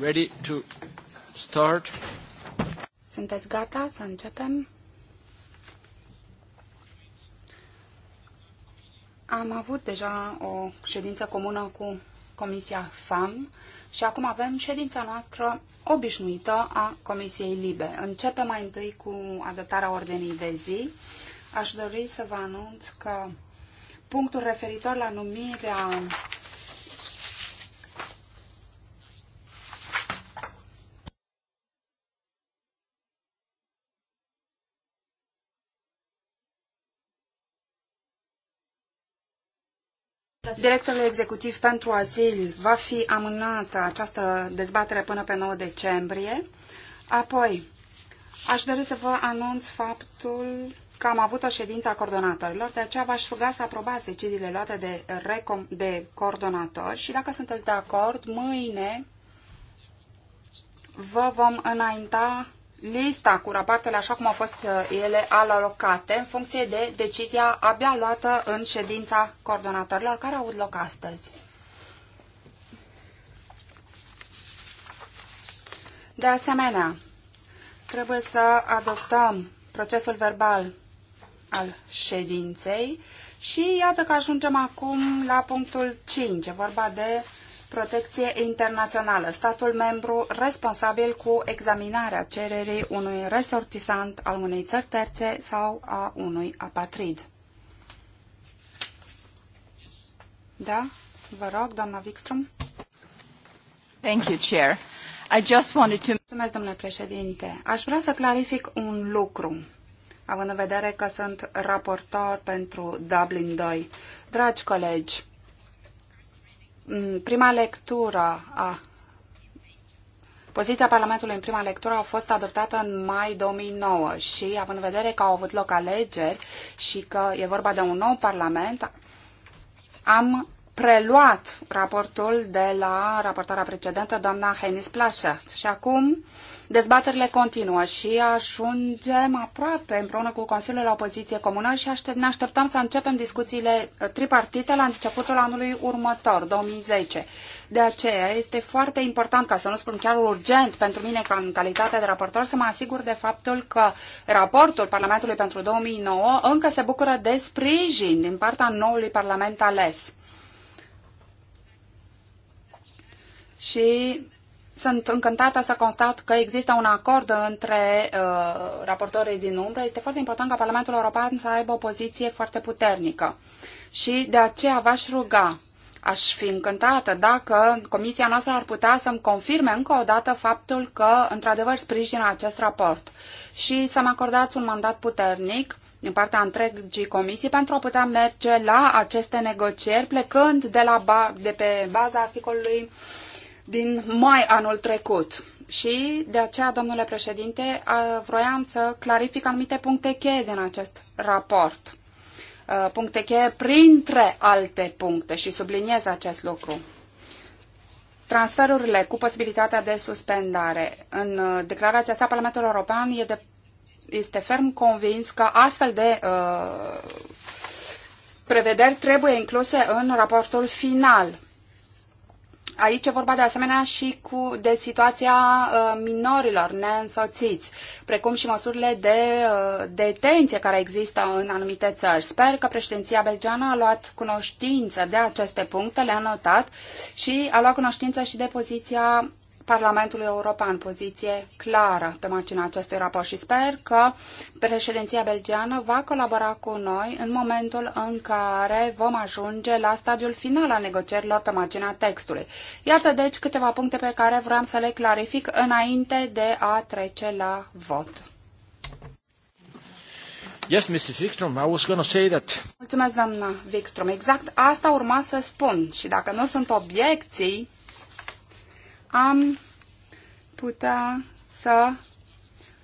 ready to start? Sunteți gata să începem? Am avut deja o ședință comună cu Comisia FAM și acum avem ședința noastră obișnuită a Comisiei LIBE. Începem mai întâi cu adoptarea ordinii de zi. Aș dori să vă anunț că punctul referitor la numirea Directorul executiv pentru azil va fi amânată această dezbatere până pe 9 decembrie. Apoi, aș dori să vă anunț faptul că am avut o ședință a coordonatorilor, de aceea v-aș ruga să aprobați deciziile luate de, de coordonatori și dacă sunteți de acord, mâine vă vom înainta lista cu rapoartele așa cum au fost uh, ele alocate în funcție de decizia abia luată în ședința coordonatorilor care au avut loc astăzi. De asemenea, trebuie să adoptăm procesul verbal al ședinței și iată că ajungem acum la punctul 5, vorba de protecție internațională, statul membru responsabil cu examinarea cererii unui resortisant al unei țări terțe sau a unui apatrid. Da? Vă rog, doamna Wikström. Thank you, Chair. I just wanted to... Mulțumesc, domnule președinte. Aș vrea să clarific un lucru, având în vedere că sunt raportor pentru Dublin 2. Dragi colegi, prima lectură a Poziția Parlamentului în prima lectură a fost adoptată în mai 2009 și, având în vedere că au avut loc alegeri și că e vorba de un nou Parlament, am preluat raportul de la raportarea precedentă, doamna Henis Plașa. Și acum Dezbaterile continuă și ajungem aproape împreună cu Consiliul la o poziție comună și ne așteptăm să începem discuțiile uh, tripartite la începutul anului următor, 2010. De aceea este foarte important, ca să nu spun chiar urgent pentru mine ca în calitate de raportor, să mă asigur de faptul că raportul Parlamentului pentru 2009 încă se bucură de sprijin din partea noului Parlament ales. Și sunt încântată să constat că există un acord între uh, raportorii din umbră. Este foarte important ca Parlamentul European să aibă o poziție foarte puternică. Și de aceea v-aș ruga, aș fi încântată dacă comisia noastră ar putea să-mi confirme încă o dată faptul că, într-adevăr, sprijină acest raport și să-mi acordați un mandat puternic din partea întregii comisii pentru a putea merge la aceste negocieri plecând de, la ba- de pe baza articolului din mai anul trecut. Și de aceea, domnule președinte, vroiam să clarific anumite puncte cheie din acest raport. Puncte cheie printre alte puncte și subliniez acest lucru. Transferurile cu posibilitatea de suspendare. În declarația sa, Parlamentul European e de, este ferm convins că astfel de uh, prevederi trebuie incluse în raportul final Aici e vorba de asemenea și cu, de situația uh, minorilor neînsoțiți, precum și măsurile de uh, detenție care există în anumite țări. Sper că președinția belgeană a luat cunoștință de aceste puncte, le-a notat și a luat cunoștință și de poziția Parlamentului European poziție clară pe marginea acestui raport și sper că președinția belgiană va colabora cu noi în momentul în care vom ajunge la stadiul final al negocierilor pe marginea textului. Iată deci câteva puncte pe care vreau să le clarific înainte de a trece la vot. Yes, Mrs. Wikström, I was going to say that. Mulțumesc, doamna Wikström. Exact asta urma să spun. Și dacă nu sunt obiecții, am putea să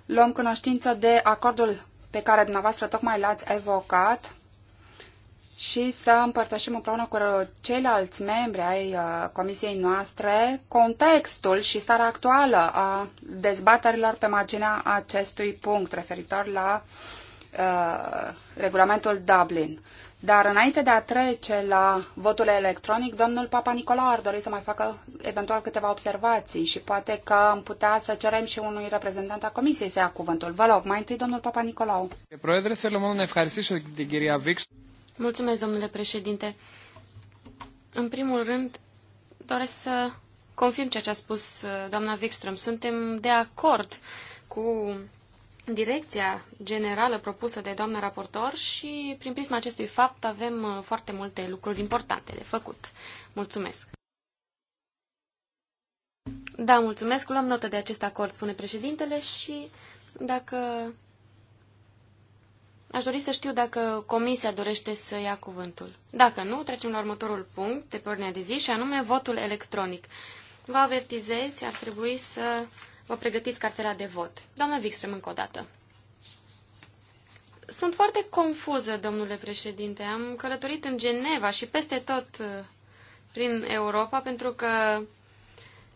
luăm cunoștință de acordul pe care dumneavoastră tocmai l-ați evocat și să împărtășim împreună cu ceilalți membri ai uh, comisiei noastre contextul și starea actuală a dezbaterilor pe marginea acestui punct referitor la uh, regulamentul Dublin. Dar înainte de a trece la votul electronic, domnul Papa Nicolau ar dori să mai facă eventual câteva observații și poate că am putea să cerem și unui reprezentant a Comisiei să ia cuvântul. Vă rog, mai întâi domnul Papa Nicolau. Mulțumesc, domnule președinte. În primul rând, doresc să confirm ceea ce a spus uh, doamna Wikström. Suntem de acord cu direcția generală propusă de doamna raportor și prin prisma acestui fapt avem uh, foarte multe lucruri importante de făcut. Mulțumesc! Da, mulțumesc, luăm notă de acest acord, spune președintele și dacă... Aș dori să știu dacă comisia dorește să ia cuvântul. Dacă nu, trecem la următorul punct de pe ordinea de zi și anume votul electronic. Vă avertizez, ar trebui să vă pregătiți cartela de vot. Doamna Wikström, încă o dată. Sunt foarte confuză, domnule președinte. Am călătorit în Geneva și peste tot uh, prin Europa pentru că,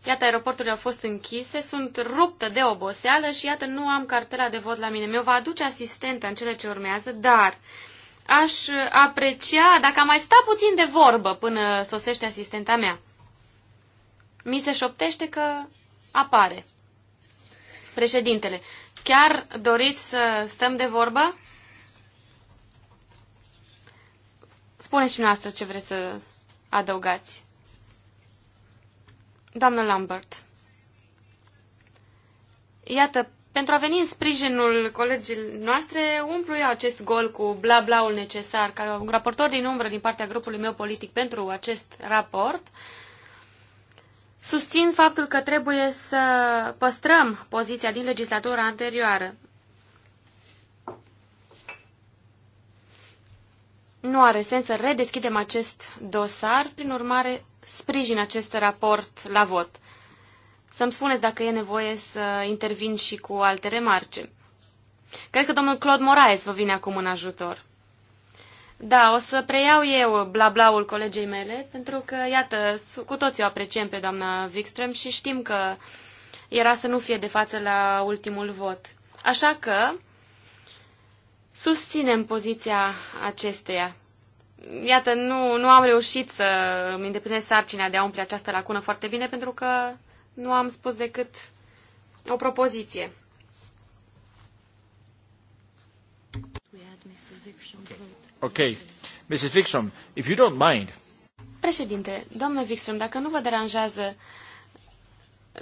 iată, aeroporturile au fost închise, sunt ruptă de oboseală și, iată, nu am cartela de vot la mine. Mi-o va aduce asistenta în cele ce urmează, dar aș uh, aprecia dacă am mai sta puțin de vorbă până sosește asistenta mea. Mi se șoptește că apare. Președintele, chiar doriți să stăm de vorbă? Spuneți și noastră ce vreți să adăugați. Doamnă Lambert, iată, pentru a veni în sprijinul colegii noastre, umplu eu acest gol cu bla blaul necesar. Ca un raportor din umbră din partea grupului meu politic pentru acest raport, uh, Susțin faptul că trebuie să păstrăm poziția din legislatura anterioară. Nu are sens să redeschidem acest dosar, prin urmare sprijin acest raport la vot. Să-mi spuneți dacă e nevoie să intervin și cu alte remarce. Cred că domnul Claude Moraes vă vine acum în ajutor. Da, o să preiau eu blablaul colegei mele, pentru că, iată, cu toții o apreciem pe doamna Wikström și știm că era să nu fie de față la ultimul vot. Așa că susținem poziția acesteia. Iată, nu, nu am reușit să îmi îndeplinesc sarcina de a umple această lacună foarte bine, pentru că nu am spus decât o propoziție. Okay. Mrs. Wikström, if you don't mind. Președinte, domnule Wikström, dacă nu vă deranjează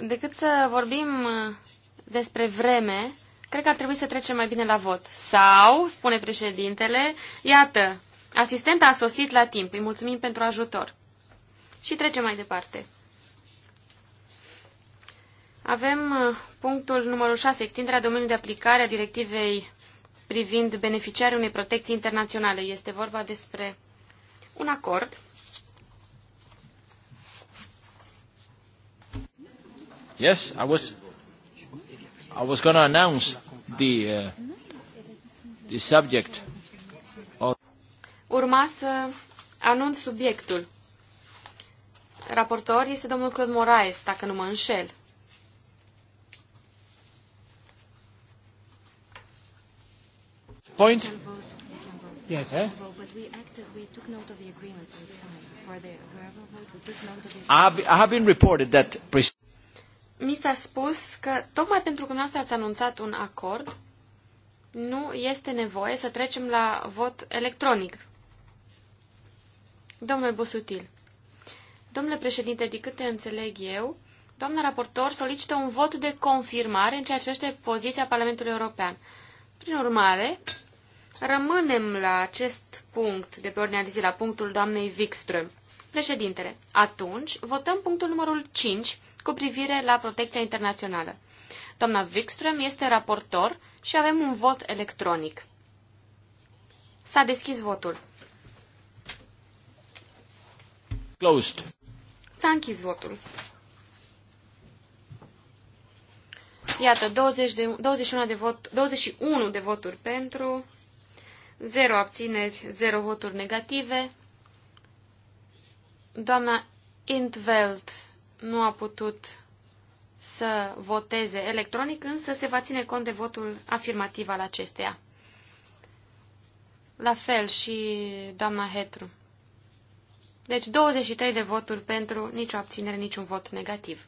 decât să vorbim uh, despre vreme, cred că ar trebui să trecem mai bine la vot. Sau, spune președintele, iată, asistenta a sosit la timp, îi mulțumim pentru ajutor. Și trecem mai departe. Avem uh, punctul numărul 6, extinderea domeniului de aplicare a directivei privind beneficiarii unei protecții internaționale. Este vorba despre un acord. Yes, I was I was going to announce the uh, the subject. Of... Urma să anunț subiectul. Raportor este domnul Claude Moraes, dacă nu mă înșel. point? Yes. Eh? I have been reported that mi s-a spus că tocmai pentru că noastră ați anunțat un acord, nu este nevoie să trecem la vot electronic. Domnul Busutil. Domnule președinte, de câte înțeleg eu, doamna raportor solicită un vot de confirmare în ceea ce privește poziția Parlamentului European. Prin urmare, Rămânem la acest punct de pe ordinea de zi, la punctul doamnei Wikström. Președintele, atunci votăm punctul numărul 5 cu privire la protecția internațională. Doamna Wikström este raportor și avem un vot electronic. S-a deschis votul. Closed. S-a închis votul. Iată, 20 de, 21 de vot, 21 de voturi pentru, 0 abțineri, 0 voturi negative. Doamna Intveld nu a putut să voteze electronic, însă se va ține cont de votul afirmativ al acesteia. La fel și doamna Hetru. Deci 23 de voturi pentru, nicio abținere, niciun vot negativ.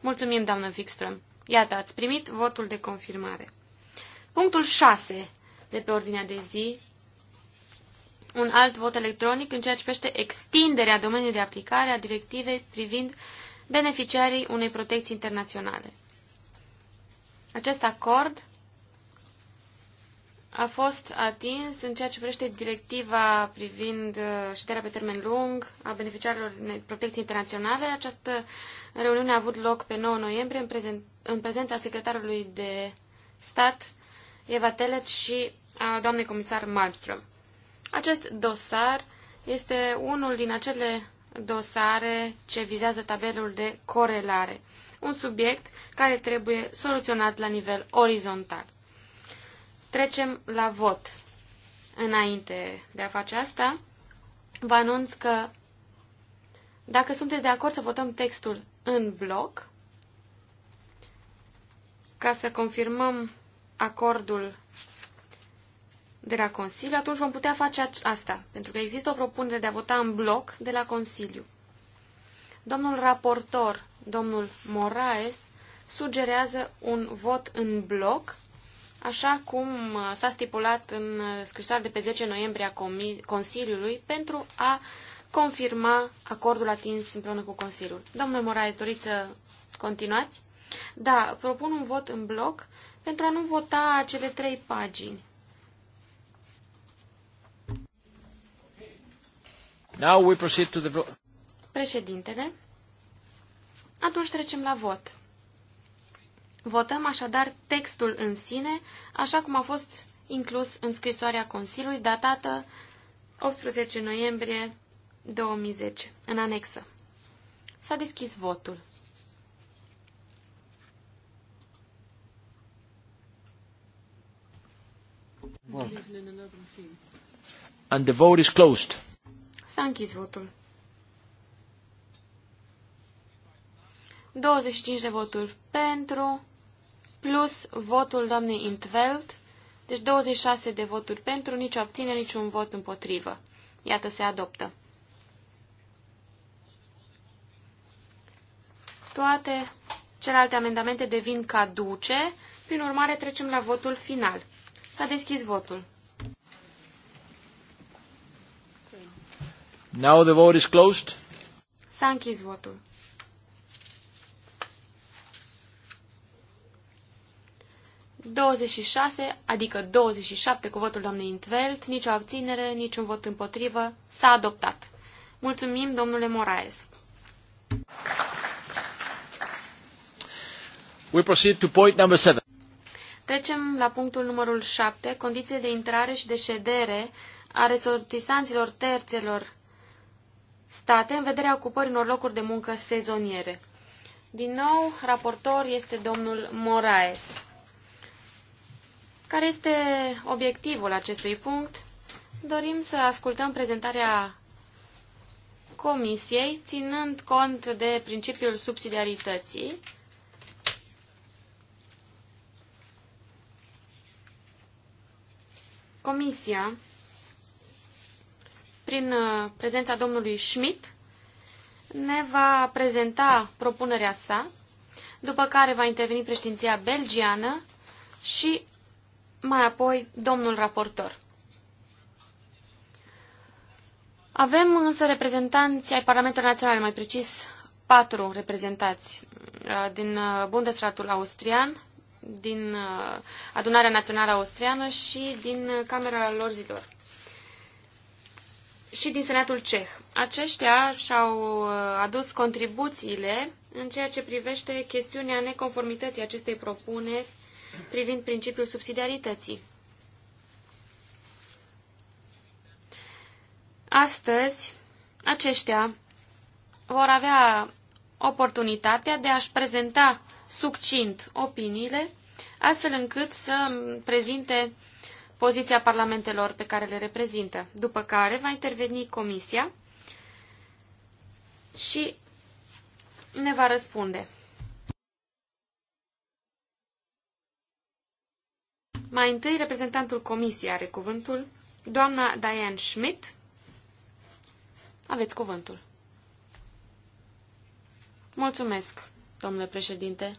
Mulțumim, doamnă Wikström. Iată, ați primit votul de confirmare. Punctul 6 de pe ordinea de zi un alt vot electronic în ceea ce privește extinderea domeniului de aplicare a directivei privind beneficiarii unei protecții internaționale. Acest acord a fost atins în ceea ce privește directiva privind uh, șederea pe termen lung a beneficiarilor de protecții internaționale. Această reuniune a avut loc pe 9 noiembrie în, prezen- în prezența secretarului de stat Eva Telet și a doamnei comisar Malmström. Acest dosar este unul din acele dosare ce vizează tabelul de corelare, un subiect care trebuie soluționat la nivel orizontal. Trecem la vot. Înainte de a face asta, vă anunț că dacă sunteți de acord să votăm textul în bloc, ca să confirmăm acordul de la Consiliu, atunci vom putea face asta, pentru că există o propunere de a vota în bloc de la Consiliu. Domnul raportor, domnul Moraes, sugerează un vot în bloc, așa cum uh, s-a stipulat în uh, scrisoare de pe 10 noiembrie a Consiliului, pentru a confirma acordul atins împreună cu Consiliul. Domnule Moraes, doriți să continuați? Da, propun un vot în bloc pentru a nu vota cele trei pagini. Now we proceed to the vote. Președintele, atunci trecem la vot. Votăm așadar textul în sine, așa cum a fost inclus în scrisoarea Consiliului datată 18 noiembrie 2010, în anexă. S-a deschis votul. And the vote is closed. S-a închis votul. 25 de voturi pentru, plus votul doamnei Intveld, deci 26 de voturi pentru, nici obține, niciun vot împotrivă. Iată, se adoptă. Toate celelalte amendamente devin caduce, prin urmare trecem la votul final. S-a deschis votul. Now the vote is closed. S-a închis votul. adică 27 cu votul doamnei Intveld, nicio abținere, niciun vot împotrivă, s-a adoptat. Mulțumim, domnule Moraes. We proceed to point number seven. Trecem la punctul numărul 7, condiții de intrare și de ședere a resortisanților terțelor state în vederea ocupării unor locuri de muncă sezoniere. Din nou, raportor este domnul Moraes. Care este obiectivul acestui punct? Dorim să ascultăm prezentarea Comisiei, ținând cont de principiul subsidiarității Comisia, prin uh, prezența domnului Schmidt, ne va prezenta propunerea sa, după care va interveni președinția belgiană și mai apoi domnul raportor. Avem însă reprezentanți ai Parlamentului Național, mai precis patru reprezentați uh, din uh, Bundesratul Austrian, din uh, Adunarea Națională Austriană și din uh, Camera Lorzilor și din Senatul Ceh. Aceștia și-au uh, adus contribuțiile în ceea ce privește chestiunea neconformității acestei propuneri privind principiul subsidiarității. Astăzi, aceștia vor avea oportunitatea de a-și prezenta succint opiniile, astfel încât să prezinte poziția parlamentelor pe care le reprezintă, după care va interveni comisia și ne va răspunde. Mai întâi, reprezentantul comisiei are cuvântul, doamna Diane Schmidt. Aveți cuvântul. Mulțumesc, domnule președinte.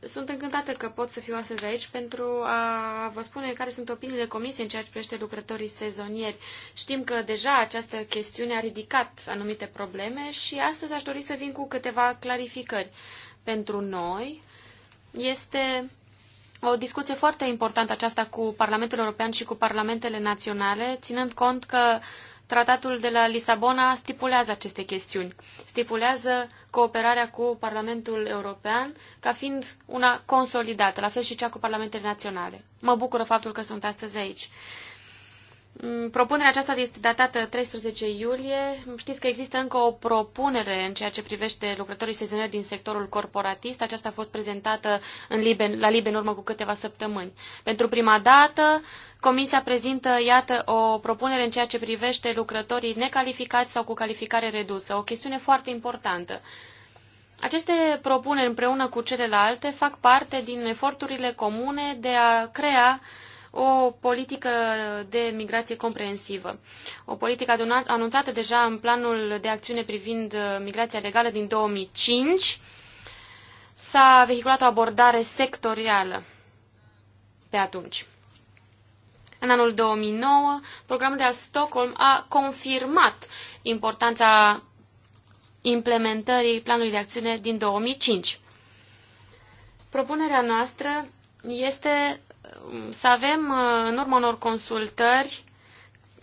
Sunt încântată că pot să fiu astăzi aici pentru a vă spune care sunt opiniile comisiei în ceea ce privește lucrătorii sezonieri. Știm că deja această chestiune a ridicat anumite probleme și astăzi aș dori să vin cu câteva clarificări. Pentru noi este o discuție foarte importantă aceasta cu Parlamentul European și cu parlamentele naționale, ținând cont că uh, Tratatul de la Lisabona stipulează aceste chestiuni. Stipulează cooperarea cu Parlamentul European ca fiind una consolidată, la fel și cea cu Parlamentele Naționale. Mă bucură faptul că sunt astăzi aici. Mm, propunerea aceasta este datată 13 iulie. Știți că există încă o propunere în ceea ce privește lucrătorii sezonieri din sectorul corporatist. Aceasta a fost prezentată în la Libe în urmă cu câteva săptămâni. Pentru prima dată, Comisia prezintă, iată, o propunere în ceea ce privește lucrătorii necalificați sau cu calificare redusă. O chestiune foarte importantă. Aceste propuneri împreună cu celelalte fac parte din eforturile comune de a crea o politică de migrație comprehensivă. O politică anunțată deja în planul de acțiune privind uh, migrația legală din 2005 s-a vehiculat o abordare sectorială pe atunci. În anul 2009, programul de la Stockholm a confirmat importanța implementării planului de acțiune din 2005. Propunerea noastră este să avem, uh, în urma unor consultări,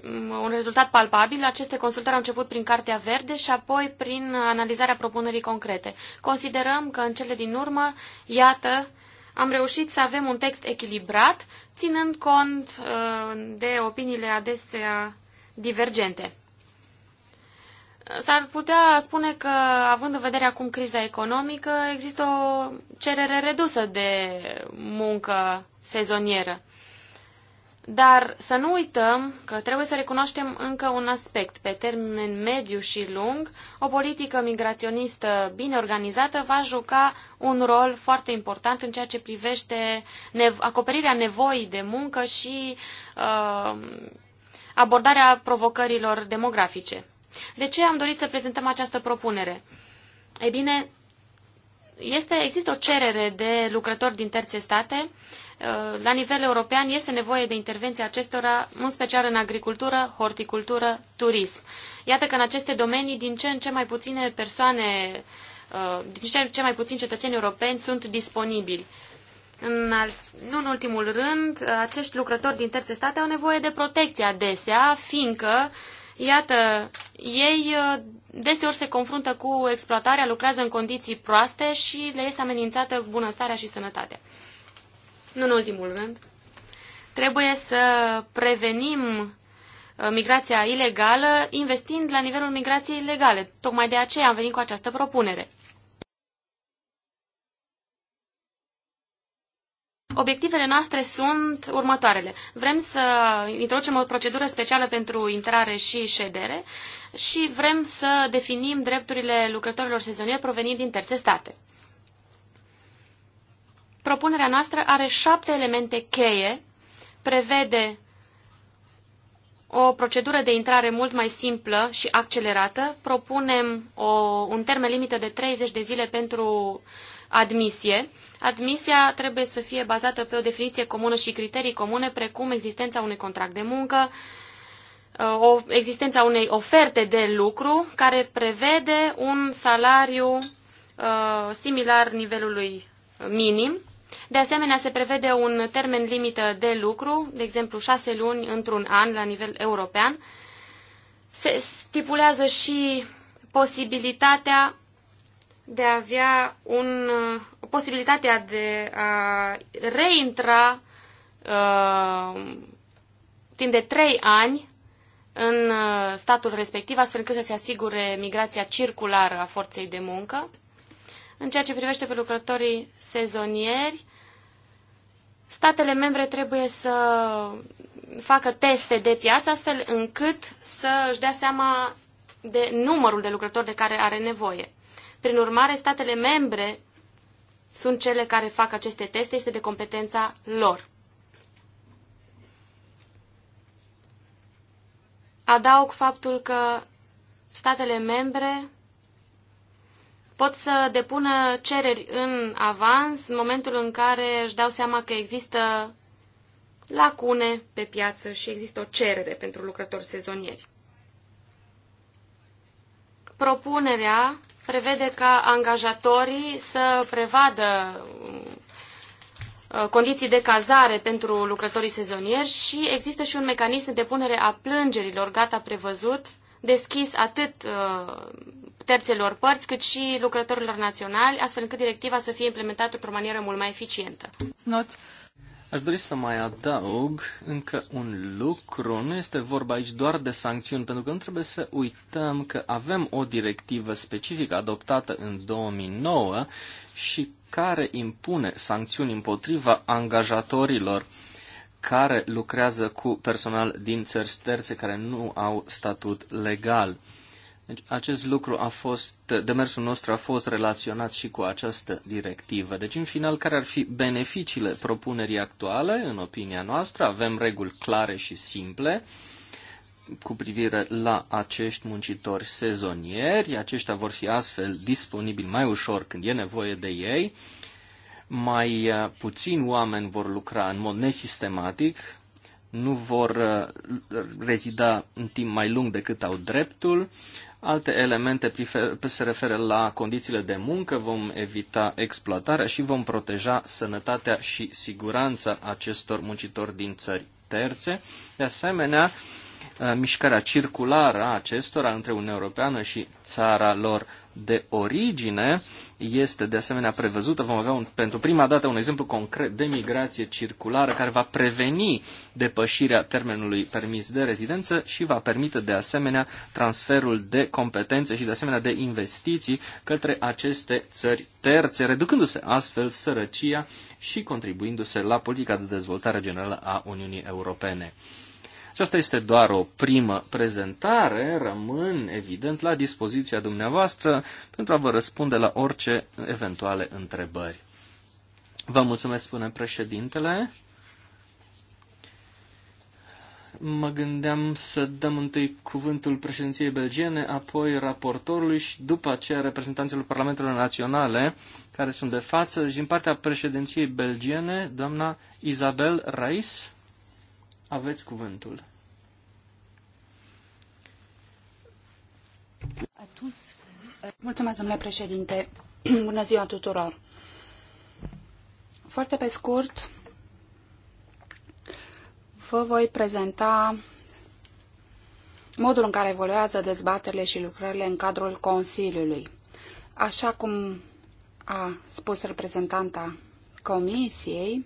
um, un rezultat palpabil. Aceste consultări au început prin Cartea Verde și apoi prin analizarea propunerii concrete. Considerăm că în cele din urmă, iată, am reușit să avem un text echilibrat, ținând cont uh, de opiniile adesea divergente. S-ar putea spune că, având în vedere acum criza economică, există o cerere redusă de muncă sezonieră. Dar să nu uităm că trebuie să recunoaștem încă un aspect. Pe termen mediu și lung, o politică migraționistă bine organizată va juca un rol foarte important în ceea ce privește acoperirea nevoii de muncă și uh, abordarea provocărilor demografice. De ce am dorit să prezentăm această propunere? Ei bine, este, există o cerere de lucrători din terțe state Uh, la nivel european este nevoie de intervenția acestora, în special în agricultură, horticultură, turism. Iată că în aceste domenii din ce în ce mai puține persoane, uh, din ce în ce mai puțini cetățeni europeni sunt disponibili. În alt, nu în ultimul rând, uh, acești lucrători din terțe state au nevoie de protecție adesea, fiindcă, iată, ei deseori se confruntă cu exploatarea, lucrează în condiții proaste și le este amenințată bunăstarea și sănătatea nu în ultimul rând, trebuie să prevenim uh, migrația ilegală investind la nivelul migrației legale. Tocmai de aceea am venit cu această propunere. Obiectivele noastre sunt următoarele. Vrem să introducem o procedură specială pentru intrare și ședere și vrem să definim drepturile lucrătorilor sezonieri provenind din terțe state propunerea noastră are șapte elemente cheie, prevede o procedură de intrare mult mai simplă și accelerată, propunem o, un termen limită de 30 de zile pentru admisie. Admisia trebuie să fie bazată pe o definiție comună și criterii comune, precum existența unui contract de muncă, o, existența unei oferte de lucru care prevede un salariu uh, similar nivelului minim de asemenea, se prevede un termen limită de lucru, de exemplu șase luni într-un an la nivel european. Se stipulează și posibilitatea de a avea un, posibilitatea de a reintra uh, timp de trei ani în uh, statul respectiv, astfel încât să se asigure migrația circulară a forței de muncă. În ceea ce privește pe lucrătorii sezonieri, statele membre trebuie să facă teste de piață astfel încât să își dea seama de numărul de lucrători de care are nevoie. Prin urmare, statele membre sunt cele care fac aceste teste, este de competența lor. Adaug faptul că statele membre pot să depună cereri în avans în momentul în care își dau seama că există lacune pe piață și există o cerere pentru lucrători sezonieri. Propunerea prevede ca angajatorii să prevadă uh, condiții de cazare pentru lucrătorii sezonieri și există și un mecanism de depunere a plângerilor gata prevăzut deschis atât uh, terțelor părți, cât și lucrătorilor naționali, astfel încât directiva să fie implementată într-o manieră mult mai eficientă. Not. Aș dori să mai adaug încă un lucru. Nu este vorba aici doar de sancțiuni, pentru că nu trebuie să uităm că avem o directivă specifică adoptată în 2009 și care impune sancțiuni împotriva angajatorilor care lucrează cu personal din țări terțe care nu au statut legal. Deci acest lucru a fost, demersul nostru a fost relaționat și cu această directivă. Deci, în final, care ar fi beneficiile propunerii actuale, în opinia noastră? Avem reguli clare și simple cu privire la acești muncitori sezonieri. Aceștia vor fi astfel disponibili mai ușor când e nevoie de ei mai uh, puțin oameni vor lucra în mod nesistematic, nu vor uh, rezida în timp mai lung decât au dreptul. Alte elemente se referă la condițiile de muncă, vom evita exploatarea și vom proteja sănătatea și siguranța acestor muncitori din țări terțe. De asemenea, uh, mișcarea circulară a acestora între Uniunea Europeană și țara lor de origine este de asemenea prevăzută. Vom avea un, pentru prima dată un exemplu concret de migrație circulară care va preveni depășirea termenului permis de rezidență și va permite de asemenea transferul de competențe și de asemenea de investiții către aceste țări terțe, reducându-se astfel sărăcia și contribuindu-se la politica de dezvoltare generală a Uniunii Europene. Și asta este doar o primă prezentare, rămân evident la dispoziția dumneavoastră pentru a vă răspunde la orice eventuale întrebări. Vă mulțumesc, spune președintele. Mă gândeam să dăm întâi cuvântul președinției belgiene, apoi raportorului și după aceea reprezentanților Parlamentelor Naționale care sunt de față și din partea președinției belgiene, doamna Isabel Rais. Aveți cuvântul. Atus. Uh, mulțumesc, domnule președinte. Bună ziua tuturor. Foarte pe scurt, vă voi prezenta modul în care evoluează dezbaterile și lucrările în cadrul Consiliului. Așa cum a spus reprezentanta Comisiei,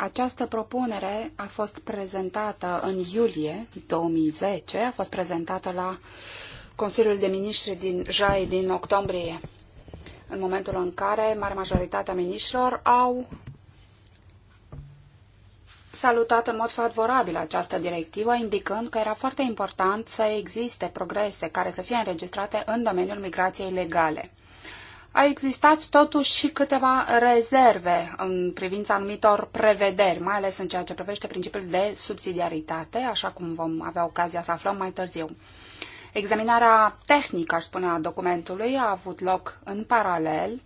această propunere a fost prezentată în iulie 2010, a fost prezentată la Consiliul de Ministri din JAI din octombrie, în momentul în care mare majoritatea ministrilor au salutat în mod favorabil această directivă, indicând că era foarte important să existe progrese care să fie înregistrate în domeniul migrației legale a existat totuși și câteva rezerve în privința anumitor prevederi, mai ales în ceea ce privește principiul de subsidiaritate, așa cum vom avea ocazia să aflăm mai târziu. Examinarea tehnică, aș spune, a documentului a avut loc în paralel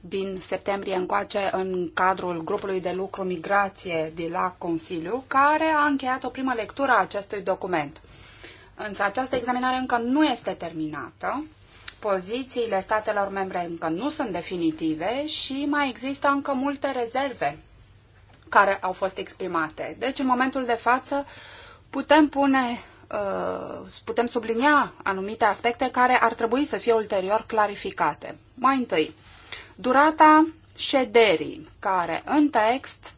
din septembrie încoace în cadrul grupului de lucru migrație de la Consiliu, care a încheiat o primă lectură a acestui document. Însă această examinare încă nu este terminată pozițiile statelor membre încă nu sunt definitive și mai există încă multe rezerve care au fost exprimate. Deci, în momentul de față, putem pune, uh, putem sublinia anumite aspecte care ar trebui să fie ulterior clarificate. Mai întâi, durata șederii, care în text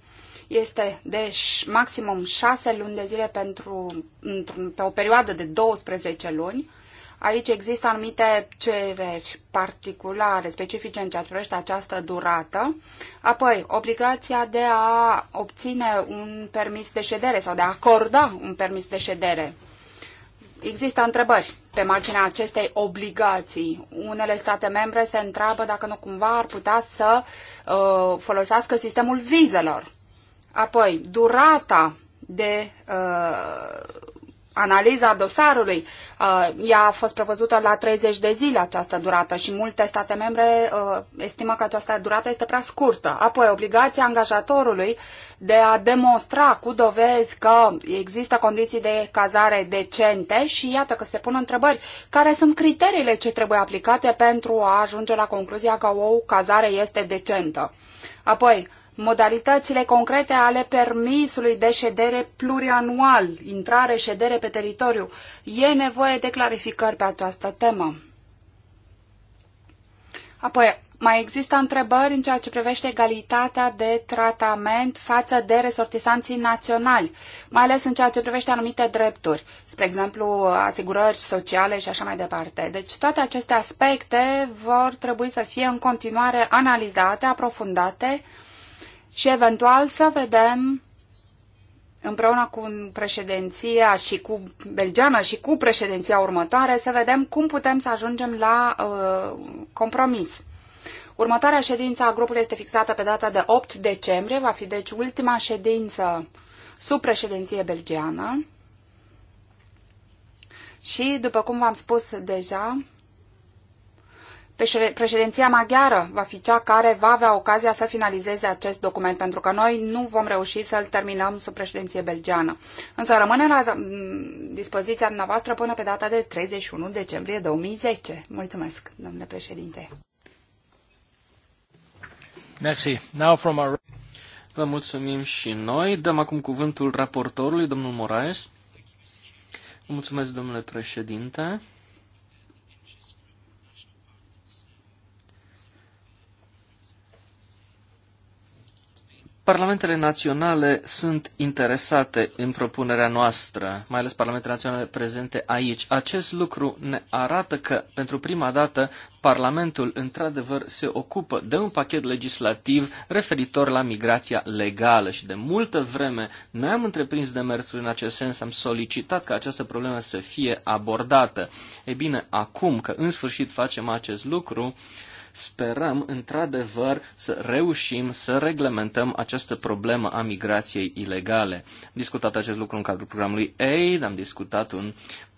este de maximum 6 luni de zile pentru, pe o perioadă de 12 luni, Aici există anumite cereri particulare, specifice în ceea ce privește această durată. Apoi, obligația de a obține un permis de ședere sau de a acorda un permis de ședere. Există întrebări pe marginea acestei obligații. Unele state membre se întreabă dacă nu cumva ar putea să uh, folosească sistemul vizelor. Apoi, durata de uh, analiza dosarului. Uh, ea a fost prevăzută la 30 de zile această durată și multe state membre uh, estimă că această durată este prea scurtă. Apoi, obligația angajatorului de a demonstra cu dovezi că există condiții de cazare decente și iată că se pun întrebări care sunt criteriile ce trebuie aplicate pentru a ajunge la concluzia că o cazare este decentă. Apoi, modalitățile concrete ale permisului de ședere plurianual, intrare, ședere pe teritoriu. E nevoie de clarificări pe această temă. Apoi, mai există întrebări în ceea ce privește egalitatea de tratament față de resortisanții naționali, mai ales în ceea ce privește anumite drepturi, spre exemplu asigurări sociale și așa mai departe. Deci toate aceste aspecte vor trebui să fie în continuare analizate, aprofundate și eventual să vedem împreună cu președinția și cu belgiana și cu președinția următoare să vedem cum putem să ajungem la uh, compromis. Următoarea ședință a grupului este fixată pe data de 8 decembrie, va fi deci ultima ședință sub președinție belgeană. Și, după cum v-am spus deja, Președinția maghiară va fi cea care va avea ocazia să finalizeze acest document, pentru că noi nu vom reuși să-l terminăm sub președinție belgeană. Însă rămâne la mm, dispoziția dumneavoastră până pe data de 31 decembrie 2010. Mulțumesc, domnule președinte. Merci. Now from our... Vă mulțumim și noi. Dăm acum cuvântul raportorului, domnul Moraes. Mulțumesc, domnule președinte. Parlamentele naționale sunt interesate în propunerea noastră, mai ales parlamentele naționale prezente aici. Acest lucru ne arată că, pentru prima dată, Parlamentul într-adevăr se ocupă de un pachet legislativ referitor la migrația legală și de multă vreme noi am întreprins demersuri în acest sens, am solicitat ca această problemă să fie abordată. E bine, acum că în sfârșit facem acest lucru, uh, Sperăm, într-adevăr, să reușim să reglementăm această problemă a migrației ilegale. Am discutat acest lucru în cadrul programului AID, am discutat un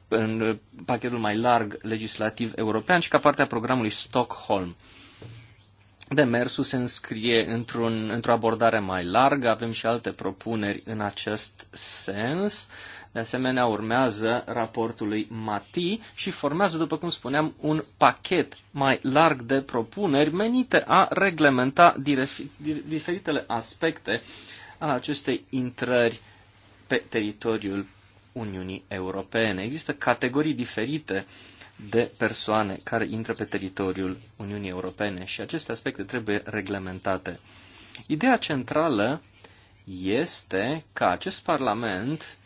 în pachetul mai larg legislativ european și ca parte a programului Stockholm. Demersul se înscrie într-un, într-o abordare mai largă, avem și alte propuneri în acest sens. Uh, de asemenea urmează raportului Mati și formează, după cum spuneam, un pachet mai larg de propuneri menite a reglementa diferitele aspecte ale acestei intrări pe teritoriul Uniunii Europene. Există categorii diferite de persoane care intră pe teritoriul Uniunii Europene și aceste aspecte trebuie reglementate. Ideea centrală este ca acest Parlament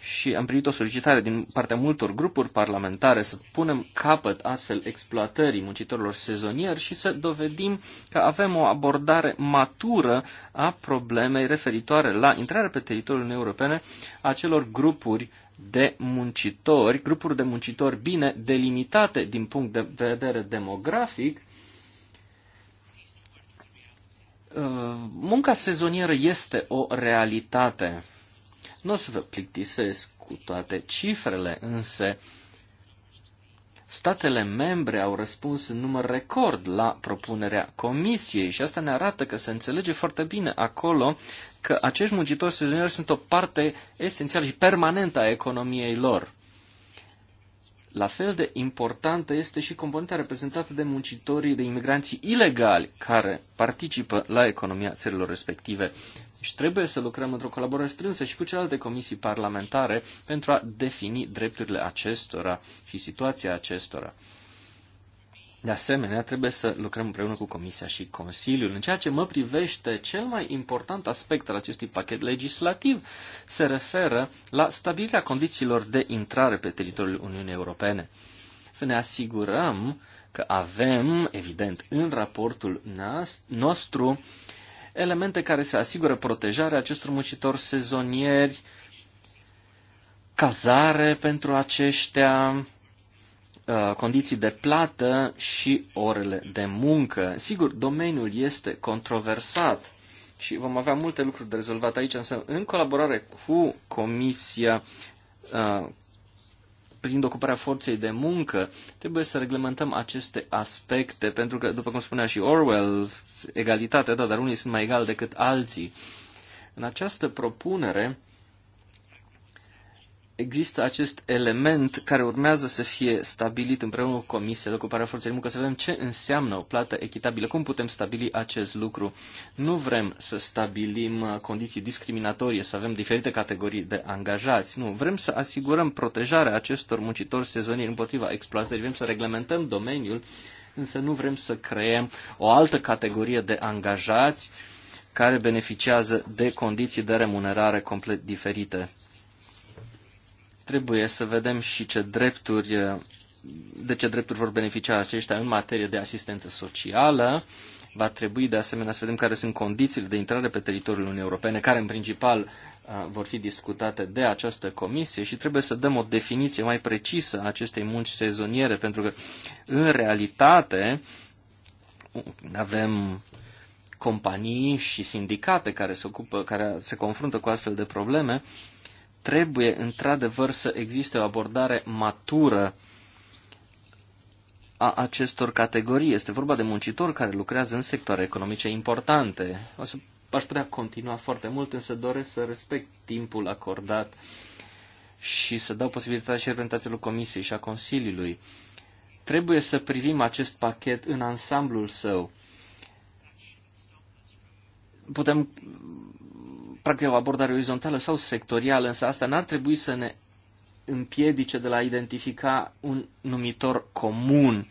și am primit o solicitare din partea multor grupuri parlamentare să punem capăt astfel exploatării muncitorilor sezonieri și să dovedim că avem o abordare matură a problemei referitoare la intrarea pe teritoriul Uniunii Europene a celor grupuri de muncitori, grupuri de muncitori bine delimitate din punct de vedere demografic, uh, munca sezonieră este o realitate nu o să vă plictisesc cu toate cifrele, însă statele membre au răspuns în număr record la propunerea comisiei și asta ne arată că se înțelege foarte bine acolo că acești muncitori sezonieri sunt o parte esențială și permanentă a economiei lor. La fel de importantă este și componenta reprezentată de muncitorii, de imigranții ilegali care participă la economia țărilor respective. Și trebuie să lucrăm într-o colaborare strânsă și cu celelalte comisii parlamentare pentru a defini drepturile acestora și situația acestora. De asemenea, trebuie să lucrăm împreună cu Comisia și Consiliul. În ceea ce mă privește, cel mai important aspect al acestui pachet legislativ se referă la stabilirea condițiilor de intrare pe teritoriul Uniunii Europene. Să ne asigurăm că avem, evident, în raportul nostru elemente care să asigură protejarea acestor muncitori sezonieri, cazare pentru aceștia, Uh, condiții de plată și orele de muncă. Sigur, domeniul este controversat și vom avea multe lucruri de rezolvat aici, însă în colaborare cu Comisia uh, privind ocuparea forței de muncă, trebuie să reglementăm aceste aspecte, pentru că, după cum spunea și Orwell, egalitatea, da, dar unii sunt mai egali decât alții. În această propunere există acest element care urmează să fie stabilit împreună cu Comisia de Ocupare a Forței de Muncă, să vedem ce înseamnă o plată echitabilă, cum putem stabili acest lucru. Nu vrem să stabilim uh, condiții discriminatorie, să avem diferite categorii de angajați, nu. Vrem să asigurăm protejarea acestor muncitori sezonieri împotriva exploatării, vrem să reglementăm domeniul, însă nu vrem să creăm o altă categorie de angajați care beneficiază de condiții de remunerare complet diferite. Trebuie să vedem și ce drepturi, de ce drepturi vor beneficia aceștia în materie de asistență socială. Va trebui de asemenea să vedem care sunt condițiile de intrare pe teritoriul Uniunii Europene, care în principal uh, vor fi discutate de această comisie și trebuie să dăm o definiție mai precisă a acestei munci sezoniere, pentru că în realitate avem companii și sindicate care se ocupă, care se confruntă cu astfel de probleme trebuie într-adevăr să existe o abordare matură a acestor categorii. Este vorba de muncitori care lucrează în sectoare economice importante. O să aș putea continua foarte mult, însă doresc să respect timpul acordat și să dau posibilitatea și reprezentațiilor Comisiei și a Consiliului. Trebuie să privim acest pachet în ansamblul său. Putem practic o abordare orizontală sau sectorială, însă asta n-ar trebui să ne împiedice de la a identifica un numitor comun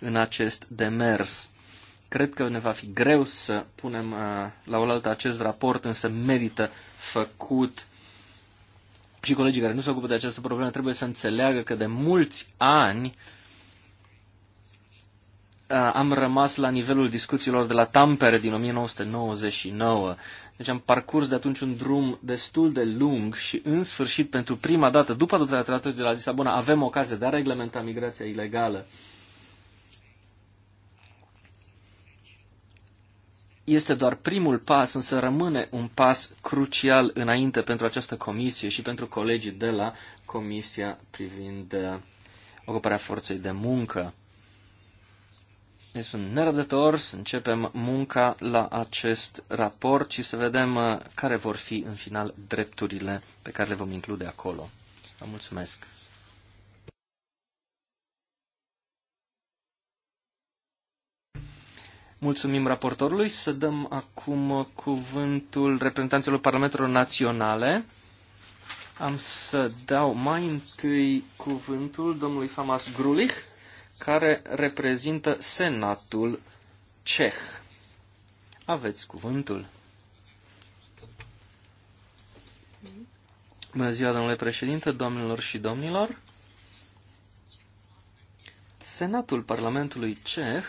în acest demers. Cred că ne va fi greu să punem uh, la oaltă acest raport, însă merită făcut. Și colegii care nu se ocupă de această problemă trebuie să înțeleagă că de mulți ani uh, Uh, am rămas la nivelul discuțiilor de la Tampere din 1999. Deci am parcurs de atunci un drum destul de lung și în sfârșit, pentru prima dată, după adoptarea tratatului de la Lisabona, avem ocazia de a reglementa migrația ilegală. Este doar primul pas, însă rămâne un pas crucial înainte pentru această comisie și pentru colegii de la Comisia privind uh, ocuparea forței de muncă. Deci sunt nerăbdător să începem munca la acest raport și să vedem uh, care vor fi în final drepturile pe care le vom include acolo. Vă mulțumesc! Mulțumim raportorului. Să dăm acum cuvântul reprezentanților Parlamentelor Naționale. Am să dau mai întâi cuvântul domnului Famas Grulich care reprezintă Senatul Ceh. Aveți cuvântul. Bună ziua, domnule președinte, doamnelor și domnilor. Senatul Parlamentului Ceh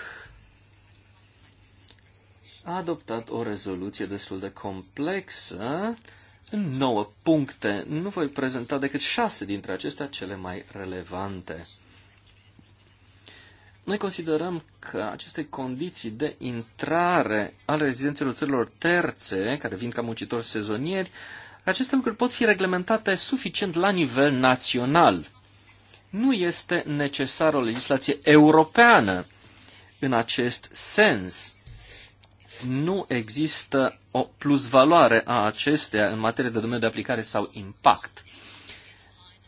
a adoptat o rezoluție destul de complexă în nouă puncte. Nu voi prezenta decât șase dintre acestea cele mai relevante. Noi considerăm că aceste condiții de intrare ale rezidențelor țărilor terțe, care vin ca muncitori sezonieri, aceste lucruri pot fi reglementate suficient la nivel național. Nu este necesară o legislație europeană în acest sens. Nu există o plusvaloare a acesteia în materie de domeniu de aplicare sau impact.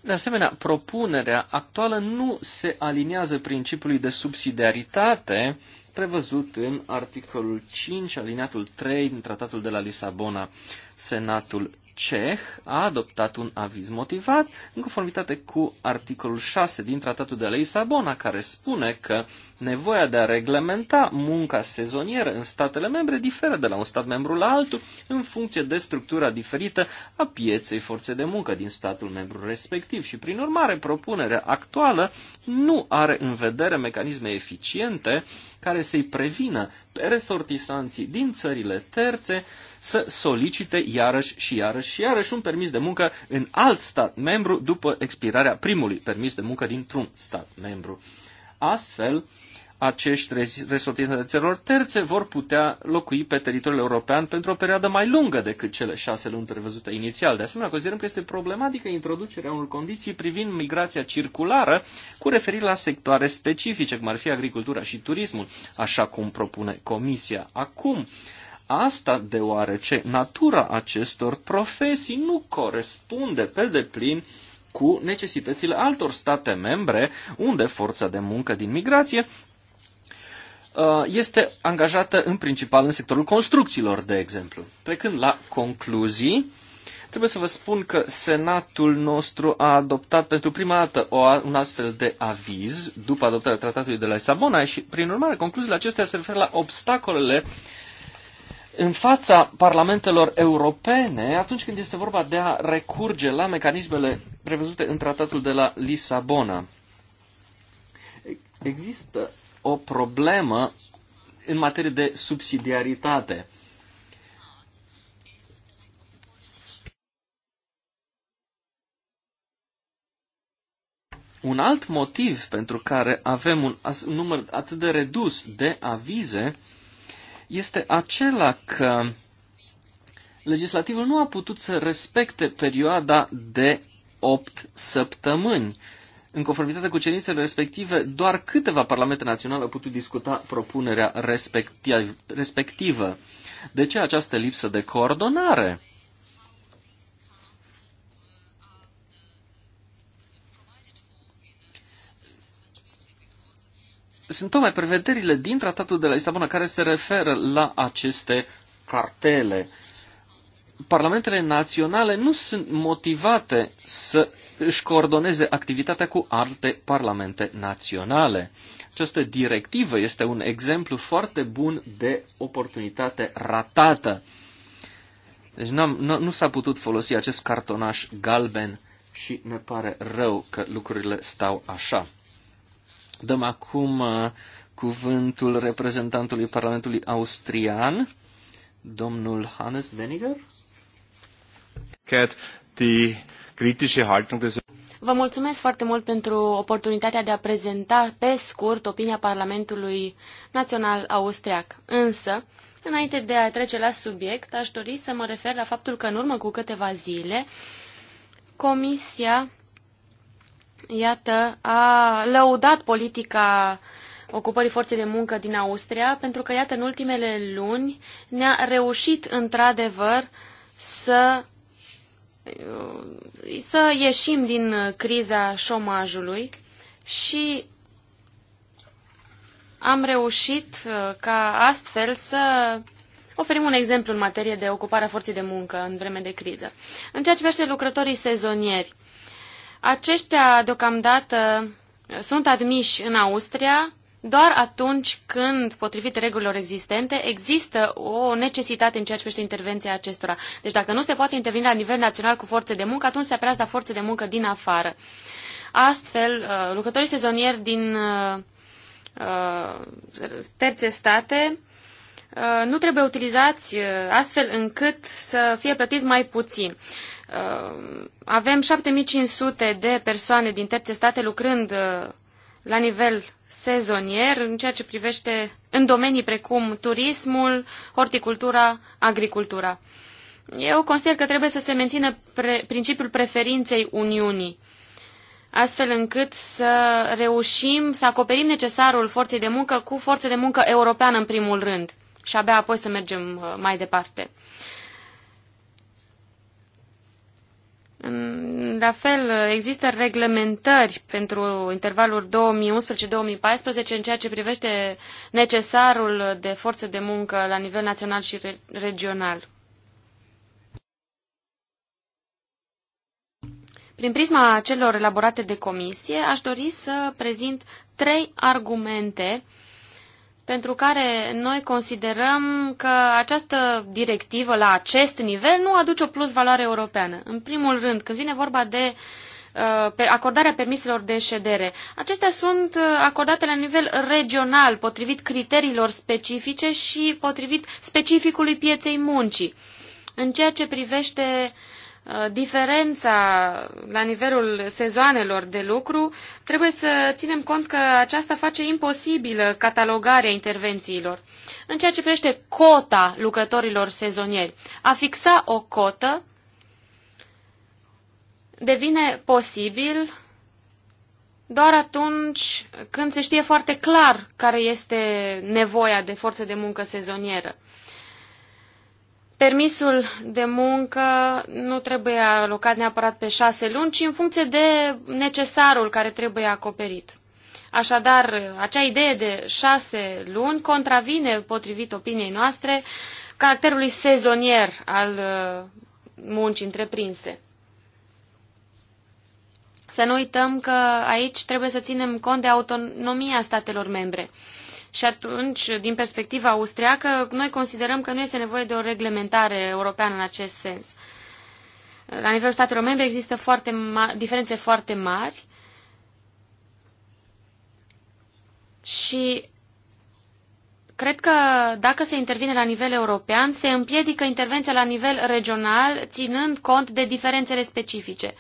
De asemenea, propunerea actuală nu se aliniază principiului de subsidiaritate prevăzut în articolul 5, aliniatul 3 din Tratatul de la Lisabona. Senatul ceh a adoptat un aviz motivat în conformitate cu articolul 6 din Tratatul de la Lisabona, care spune că nevoia de a reglementa munca sezonieră în statele membre diferă de la un stat membru la altul în funcție de structura diferită a pieței forței de muncă din statul membru respectiv și, prin urmare, propunerea actuală nu are în vedere mecanisme eficiente care să-i prevină resortisanții din țările terțe să solicite iarăși și iarăși și iarăși un permis de muncă în alt stat membru după expirarea primului permis de muncă dintr-un stat membru. Astfel, acești resortiți de terțe vor putea locui pe teritoriul european pentru o perioadă mai lungă decât cele șase luni prevăzute inițial. De asemenea, considerăm că este problematică introducerea unor condiții privind migrația circulară cu referire la sectoare specifice, cum ar fi agricultura și turismul, așa cum propune Comisia acum. Asta deoarece natura acestor profesii nu corespunde pe deplin cu necesitățile altor state membre, unde forța de muncă din migrație Uh, este angajată în principal în sectorul construcțiilor, de exemplu. Trecând la concluzii, trebuie să vă spun că Senatul nostru a adoptat pentru prima dată o, un astfel de aviz după adoptarea tratatului de la Lisabona și, prin urmare, concluziile acestea se referă la obstacolele în fața parlamentelor europene atunci când este vorba de a recurge la mecanismele prevăzute în tratatul de la Lisabona. Există o problemă în materie de subsidiaritate. Un alt motiv pentru care avem un număr atât de redus de avize este acela că legislativul nu a putut să respecte perioada de 8 săptămâni în conformitate cu cerințele respective, doar câteva parlamente naționale au putut discuta propunerea respectivă. De ce această lipsă de coordonare? Sunt tocmai prevederile din Tratatul de la Lisabona care se referă la aceste cartele parlamentele naționale nu sunt motivate să își coordoneze activitatea cu alte parlamente naționale. Această directivă este un exemplu foarte bun de oportunitate ratată. Deci nu, nu s-a putut folosi acest cartonaș galben și ne pare rău că lucrurile stau așa. Dăm acum uh, cuvântul reprezentantului Parlamentului Austrian, domnul Hannes Weniger. Cat, the Vă mulțumesc foarte mult pentru oportunitatea de a prezenta pe scurt opinia Parlamentului Național Austriac. Însă, înainte de a trece la subiect, aș dori să mă refer la faptul că în urmă cu câteva zile, Comisia, iată, a lăudat politica ocupării forței de muncă din Austria, pentru că, iată, în ultimele luni ne-a reușit într-adevăr să să ieșim din criza șomajului și am reușit uh, ca astfel să oferim un exemplu în materie de ocuparea forței de muncă în vreme de criză. În ceea ce privește lucrătorii sezonieri, aceștia deocamdată sunt admiși în Austria doar atunci când, potrivit regulilor existente, există o necesitate în ceea ce privește intervenția acestora. Deci dacă nu se poate interveni la nivel național cu forțe de muncă, atunci se apreaz la forțe de muncă din afară. Astfel, uh, lucrătorii sezonieri din uh, uh, terțe state nu trebuie utilizați astfel încât să fie plătiți mai puțin. Avem 7500 de persoane din terțe state lucrând la nivel sezonier în ceea ce privește în domenii precum turismul, horticultura, agricultura. Eu consider că trebuie să se mențină pre principiul preferinței Uniunii, astfel încât să reușim să acoperim necesarul forței de muncă cu forță de muncă europeană în primul rând și abia apoi să mergem uh, mai departe. La fel, există reglementări pentru intervalul 2011-2014 în ceea ce privește necesarul de forță de muncă la nivel național și re regional. Prin prisma celor elaborate de comisie, aș dori să prezint trei argumente uh, pentru care noi considerăm că această directivă la acest nivel nu aduce o plus valoare europeană. În primul rând, când vine vorba de uh, acordarea permiselor de ședere. Acestea sunt uh, acordate la nivel regional, potrivit criteriilor specifice și potrivit specificului pieței muncii. În ceea ce privește uh, Uh, diferența la nivelul sezoanelor de lucru, trebuie să ținem cont că aceasta face imposibilă catalogarea intervențiilor. În ceea ce privește cota lucrătorilor sezonieri, a fixa o cotă devine posibil doar atunci când se știe foarte clar care este nevoia de forță de muncă sezonieră. Permisul de muncă nu trebuie alocat neapărat pe șase luni, ci în funcție de necesarul care trebuie acoperit. Așadar, acea idee de șase luni contravine, potrivit opiniei noastre, caracterului sezonier al uh, muncii întreprinse. Să nu uităm că aici trebuie să ținem cont de autonomia statelor membre. Și atunci, din perspectiva austriacă, noi considerăm că nu este nevoie de o reglementare europeană în acest sens. La nivelul statelor membre există foarte diferențe foarte mari și cred că dacă se intervine la nivel european, se împiedică intervenția la nivel regional, ținând cont de diferențele specifice.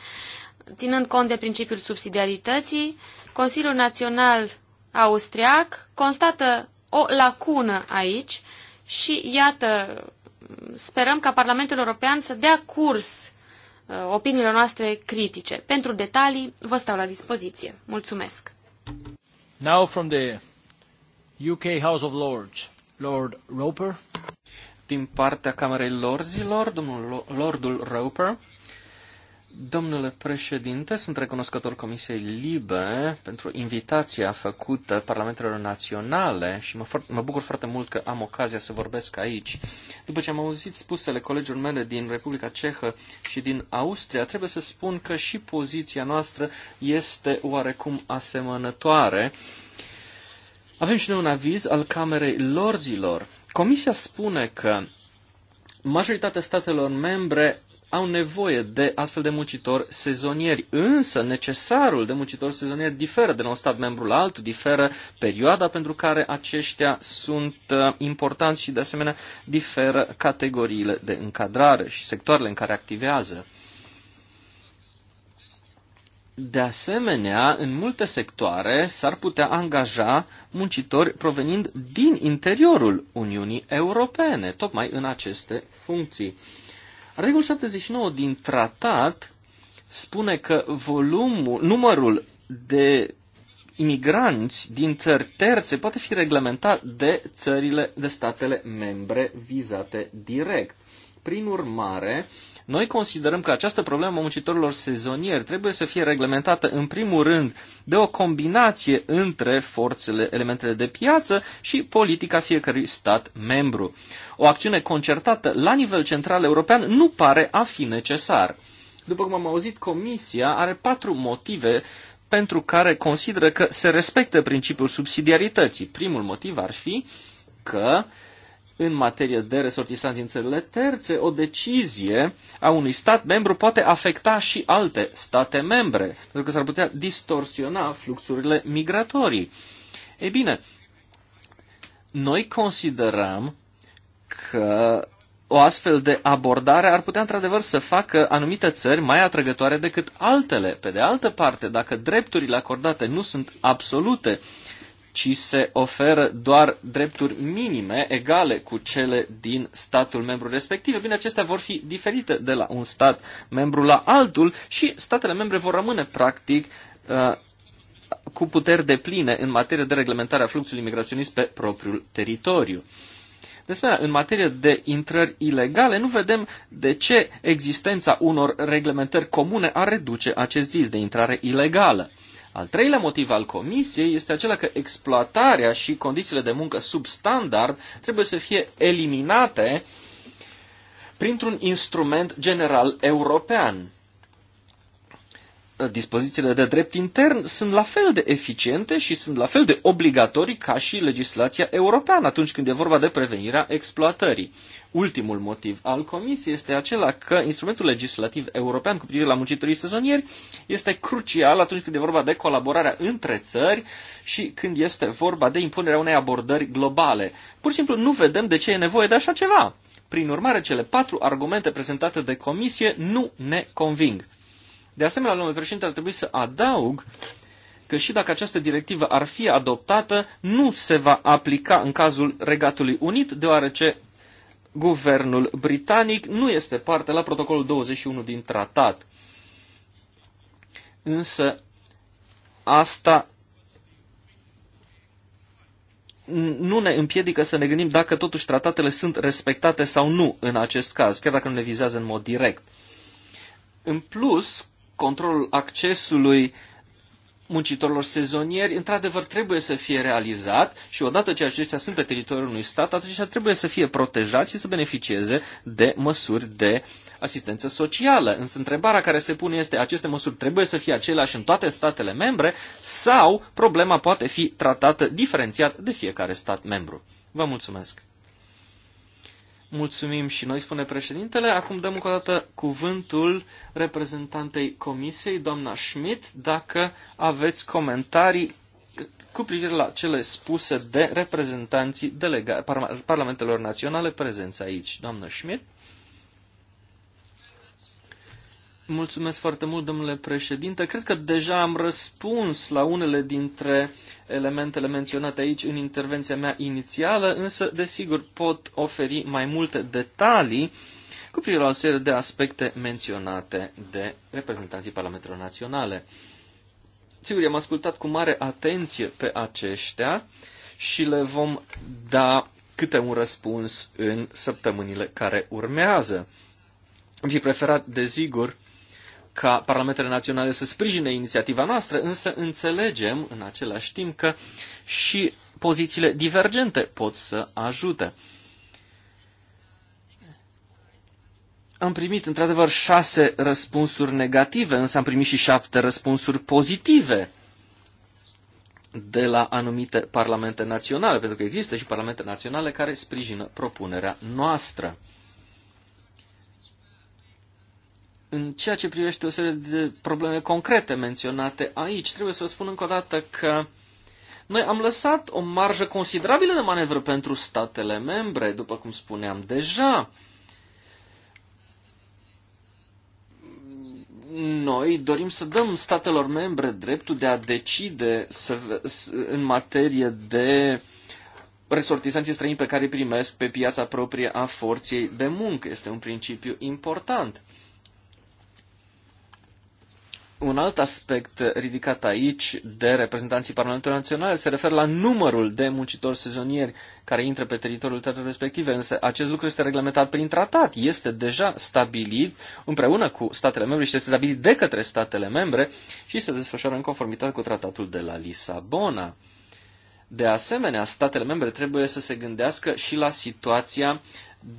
Ținând cont de principiul subsidiarității, Consiliul Național austriac constată o lacună aici și iată, sperăm ca Parlamentul European să dea curs uh, opiniilor noastre critice. Pentru detalii vă stau la dispoziție. Mulțumesc. Now from the UK House of Lords, Lord Roper. Din partea Camerei Lorzilor, domnul Lordul Roper. Domnule președinte, sunt recunoscător Comisiei Libe pentru invitația făcută Parlamentelor Naționale și mă, mă bucur foarte mult că am ocazia să vorbesc aici. După ce am auzit spusele colegilor mele din Republica Cehă și din Austria, trebuie să spun că și poziția noastră este oarecum asemănătoare. Avem și noi un aviz al Camerei Lorzilor. Comisia spune că majoritatea statelor membre au nevoie de astfel de muncitori sezonieri, însă necesarul de muncitori sezonieri diferă de la un stat membru la altul, diferă perioada pentru care aceștia sunt uh, importanți și de asemenea diferă categoriile de încadrare și sectoarele în care activează. De asemenea, în multe sectoare s-ar putea angaja muncitori provenind din interiorul Uniunii Europene, tocmai în aceste funcții. Regul 79 din tratat spune că volumul, numărul de imigranți din țări terțe poate fi reglementat de țările, de statele membre vizate direct. Prin urmare, noi considerăm că această problemă a muncitorilor sezonieri trebuie să fie reglementată în primul rând de o combinație între forțele, elementele de piață și politica fiecărui stat membru. O acțiune concertată la nivel central european nu pare a fi necesar. După cum am auzit, Comisia are patru motive pentru care consideră că se respectă principiul subsidiarității. Primul motiv ar fi că uh, în materie de resortisanți în țările terțe, o decizie a unui stat membru poate afecta și alte state membre, pentru că s-ar putea distorsiona fluxurile migratorii. Ei bine, noi considerăm că o astfel de abordare ar putea într-adevăr să facă anumite țări mai atrăgătoare decât altele. Pe de altă parte, dacă drepturile acordate nu sunt absolute, ci se oferă doar drepturi minime egale cu cele din statul membru respectiv. Bine, acestea vor fi diferite de la un stat membru la altul și statele membre vor rămâne practic uh, cu puteri de pline în materie de reglementare a fluxului migraționist pe propriul teritoriu. Despre în materie de intrări ilegale, nu vedem de ce existența unor reglementări comune ar reduce acest dis de intrare ilegală. Al treilea motiv al comisiei este acela că exploatarea și condițiile de muncă substandard trebuie să fie eliminate printr-un instrument general european. Uh, dispozițiile de drept intern sunt la fel de eficiente și sunt la fel de obligatorii ca și legislația europeană atunci când e vorba de prevenirea exploatării. Ultimul motiv al Comisiei este acela că instrumentul legislativ european cu privire la muncitorii sezonieri este crucial atunci când e vorba de colaborarea între țări și când este vorba de impunerea unei abordări globale. Pur și simplu nu vedem de ce e nevoie de așa ceva. Prin urmare, cele patru argumente prezentate de Comisie nu ne conving. De asemenea, domnule președinte, ar trebui să adaug că și dacă această directivă ar fi adoptată, nu se va aplica în cazul Regatului Unit, deoarece guvernul britanic nu este parte la protocolul 21 din tratat. Însă asta nu ne împiedică să ne gândim dacă totuși tratatele sunt respectate sau nu în acest caz, chiar dacă nu ne vizează în mod direct. În plus, controlul accesului muncitorilor sezonieri, într-adevăr, trebuie să fie realizat și odată ce aceștia sunt pe teritoriul unui stat, aceștia trebuie să fie protejați și să beneficieze de măsuri de asistență socială. Însă întrebarea care se pune este, aceste măsuri trebuie să fie aceleași în toate statele membre sau problema poate fi tratată diferențiat de fiecare stat membru? Vă mulțumesc! Mulțumim și noi, spune președintele. Acum dăm încă o dată cuvântul reprezentantei comisiei, doamna Schmidt, dacă aveți comentarii cu privire la cele spuse de reprezentanții delega- parlamentelor naționale prezenți aici. Doamna Schmidt? Mulțumesc foarte mult, domnule președinte. Cred că deja am răspuns la unele dintre elementele menționate aici în intervenția mea inițială, însă, desigur, pot oferi mai multe detalii cu privire la o serie de aspecte menționate de reprezentanții Parlamentelor Naționale. Sigur, i-am ascultat cu mare atenție pe aceștia și le vom da câte un răspuns în săptămânile care urmează. Am fi preferat, desigur, ca parlamentele naționale să sprijine inițiativa noastră, însă înțelegem în același timp că și pozițiile divergente pot să ajute. Am primit într-adevăr șase răspunsuri negative, însă am primit și șapte răspunsuri pozitive de la anumite parlamente naționale, pentru că există și parlamente naționale care sprijină propunerea noastră. În ceea ce privește o serie de probleme concrete menționate aici, trebuie să vă spun încă o dată că noi am lăsat o marjă considerabilă de manevră pentru statele membre, după cum spuneam deja. Noi dorim să dăm statelor membre dreptul de a decide să, în materie de resortizanții străini pe care îi primesc pe piața proprie a forței de muncă. Este un principiu important. Un alt aspect ridicat aici de reprezentanții Parlamentului Național se referă la numărul de muncitori sezonieri care intră pe teritoriul țării respective, însă acest lucru este reglementat prin tratat. Este deja stabilit împreună cu statele membre și este stabilit de către statele membre și se desfășoară în conformitate cu tratatul de la Lisabona. De asemenea, statele membre trebuie să se gândească și la situația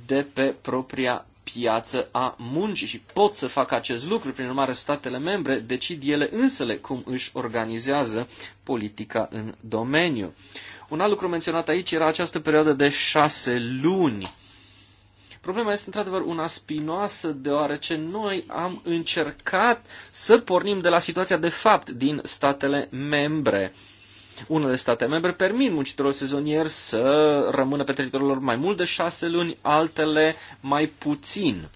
de pe propria piață a muncii și pot să facă acest lucru. Prin urmare, statele membre decid ele însele cum își organizează politica în domeniu. Un alt lucru menționat aici era această perioadă de șase luni. Problema este într-adevăr una spinoasă, deoarece noi am încercat să pornim de la situația de fapt din statele membre unele state membre permit muncitorilor sezonieri să rămână pe teritoriul lor mai mult de șase luni, altele mai puțin.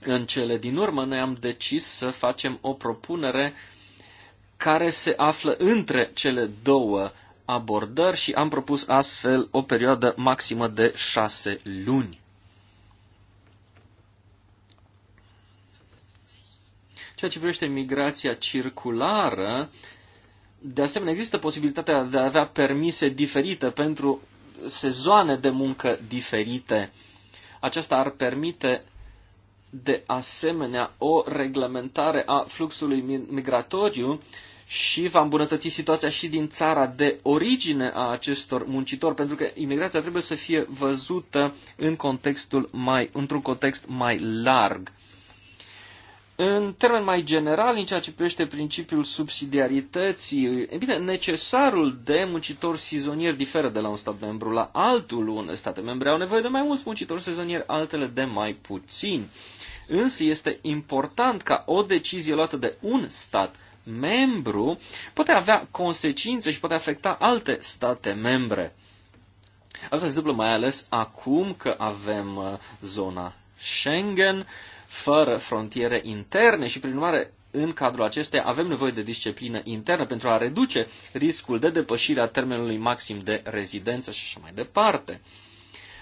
În cele din urmă, noi am decis să facem o propunere care se află între cele două abordări și am propus astfel o perioadă maximă de șase luni. Ceea ce privește migrația circulară, de asemenea, există posibilitatea de a avea permise diferite pentru sezoane de muncă diferite. Aceasta ar permite de asemenea o reglementare a fluxului migratoriu și va îmbunătăți situația și din țara de origine a acestor muncitori, pentru că imigrația trebuie să fie văzută în contextul mai, într-un context mai larg. În termen mai general, în ceea ce privește principiul subsidiarității, e bine, necesarul de muncitori sezonieri diferă de la un stat membru la altul. Unele state membre au nevoie de mai mulți muncitori sezonieri, altele de mai puțini. Însă este important ca o decizie luată de un stat membru poate avea consecințe și poate afecta alte state membre. Asta se întâmplă mai ales acum că avem uh, zona Schengen fără frontiere interne și, prin urmare, în cadrul acesteia avem nevoie de disciplină internă pentru a reduce riscul de depășire a termenului maxim de rezidență și așa mai departe.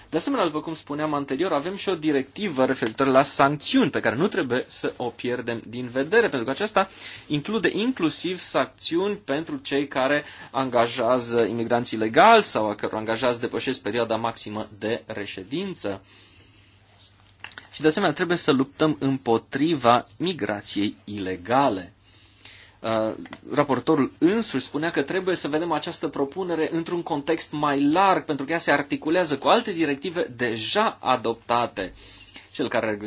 De asemenea, după cum spuneam anterior, avem și o directivă referitor la sancțiuni pe care nu trebuie să o pierdem din vedere, pentru că aceasta include inclusiv sancțiuni pentru cei care angajează imigranți ilegali sau a căror angajați depășesc perioada maximă de reședință. Și de asemenea trebuie să luptăm împotriva migrației ilegale. Uh, raportorul însuși spunea că trebuie să vedem această propunere într-un context mai larg, pentru că ea se articulează cu alte directive deja adoptate, cel care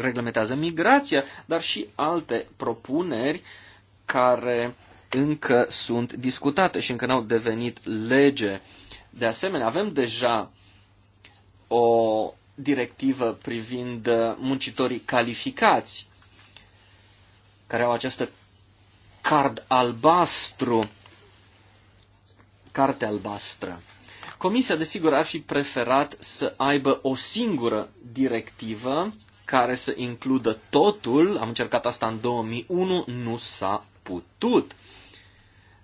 reglementează migrația, dar și alte propuneri care încă sunt discutate și încă n-au devenit lege. De asemenea, avem deja o directivă privind uh, muncitorii calificați, care au această card albastru, carte albastră. Comisia, desigur, ar fi preferat să aibă o singură directivă care să includă totul. Am încercat asta în 2001, nu s-a putut.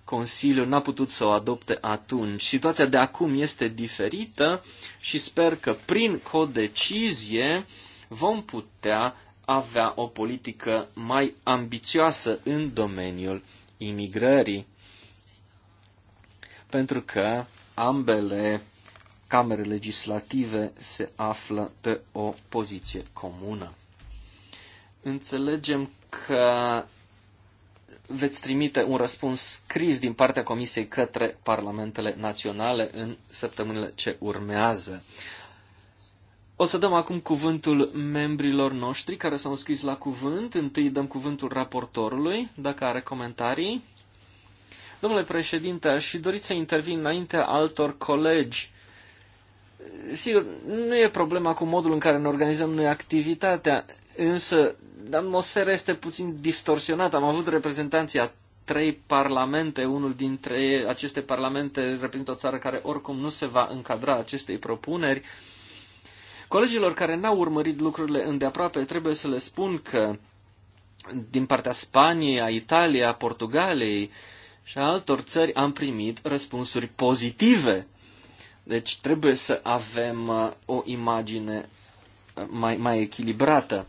Consiliul n-a putut să o adopte atunci. Situația de acum este diferită și sper că prin codecizie vom putea avea o politică mai ambițioasă în domeniul imigrării. Pentru că ambele camere legislative se află pe o poziție comună. Înțelegem că veți trimite un răspuns scris din partea Comisiei către parlamentele naționale în săptămânile ce urmează. O să dăm acum cuvântul membrilor noștri care s-au scris la cuvânt. Întâi dăm cuvântul raportorului, dacă are comentarii. Domnule președinte, aș fi dorit să intervin înaintea altor colegi. Sigur, nu e problema cu modul în care ne organizăm noi activitatea. Însă, atmosfera este puțin distorsionată. Am avut reprezentanții a trei parlamente, unul dintre aceste parlamente reprezintă o țară care oricum nu se va încadra acestei propuneri. Colegilor care n-au urmărit lucrurile îndeaproape, trebuie să le spun că din partea Spaniei, a Italiei, a Portugaliei și a altor țări am primit răspunsuri pozitive. Deci trebuie să avem uh, o imagine uh, mai, mai echilibrată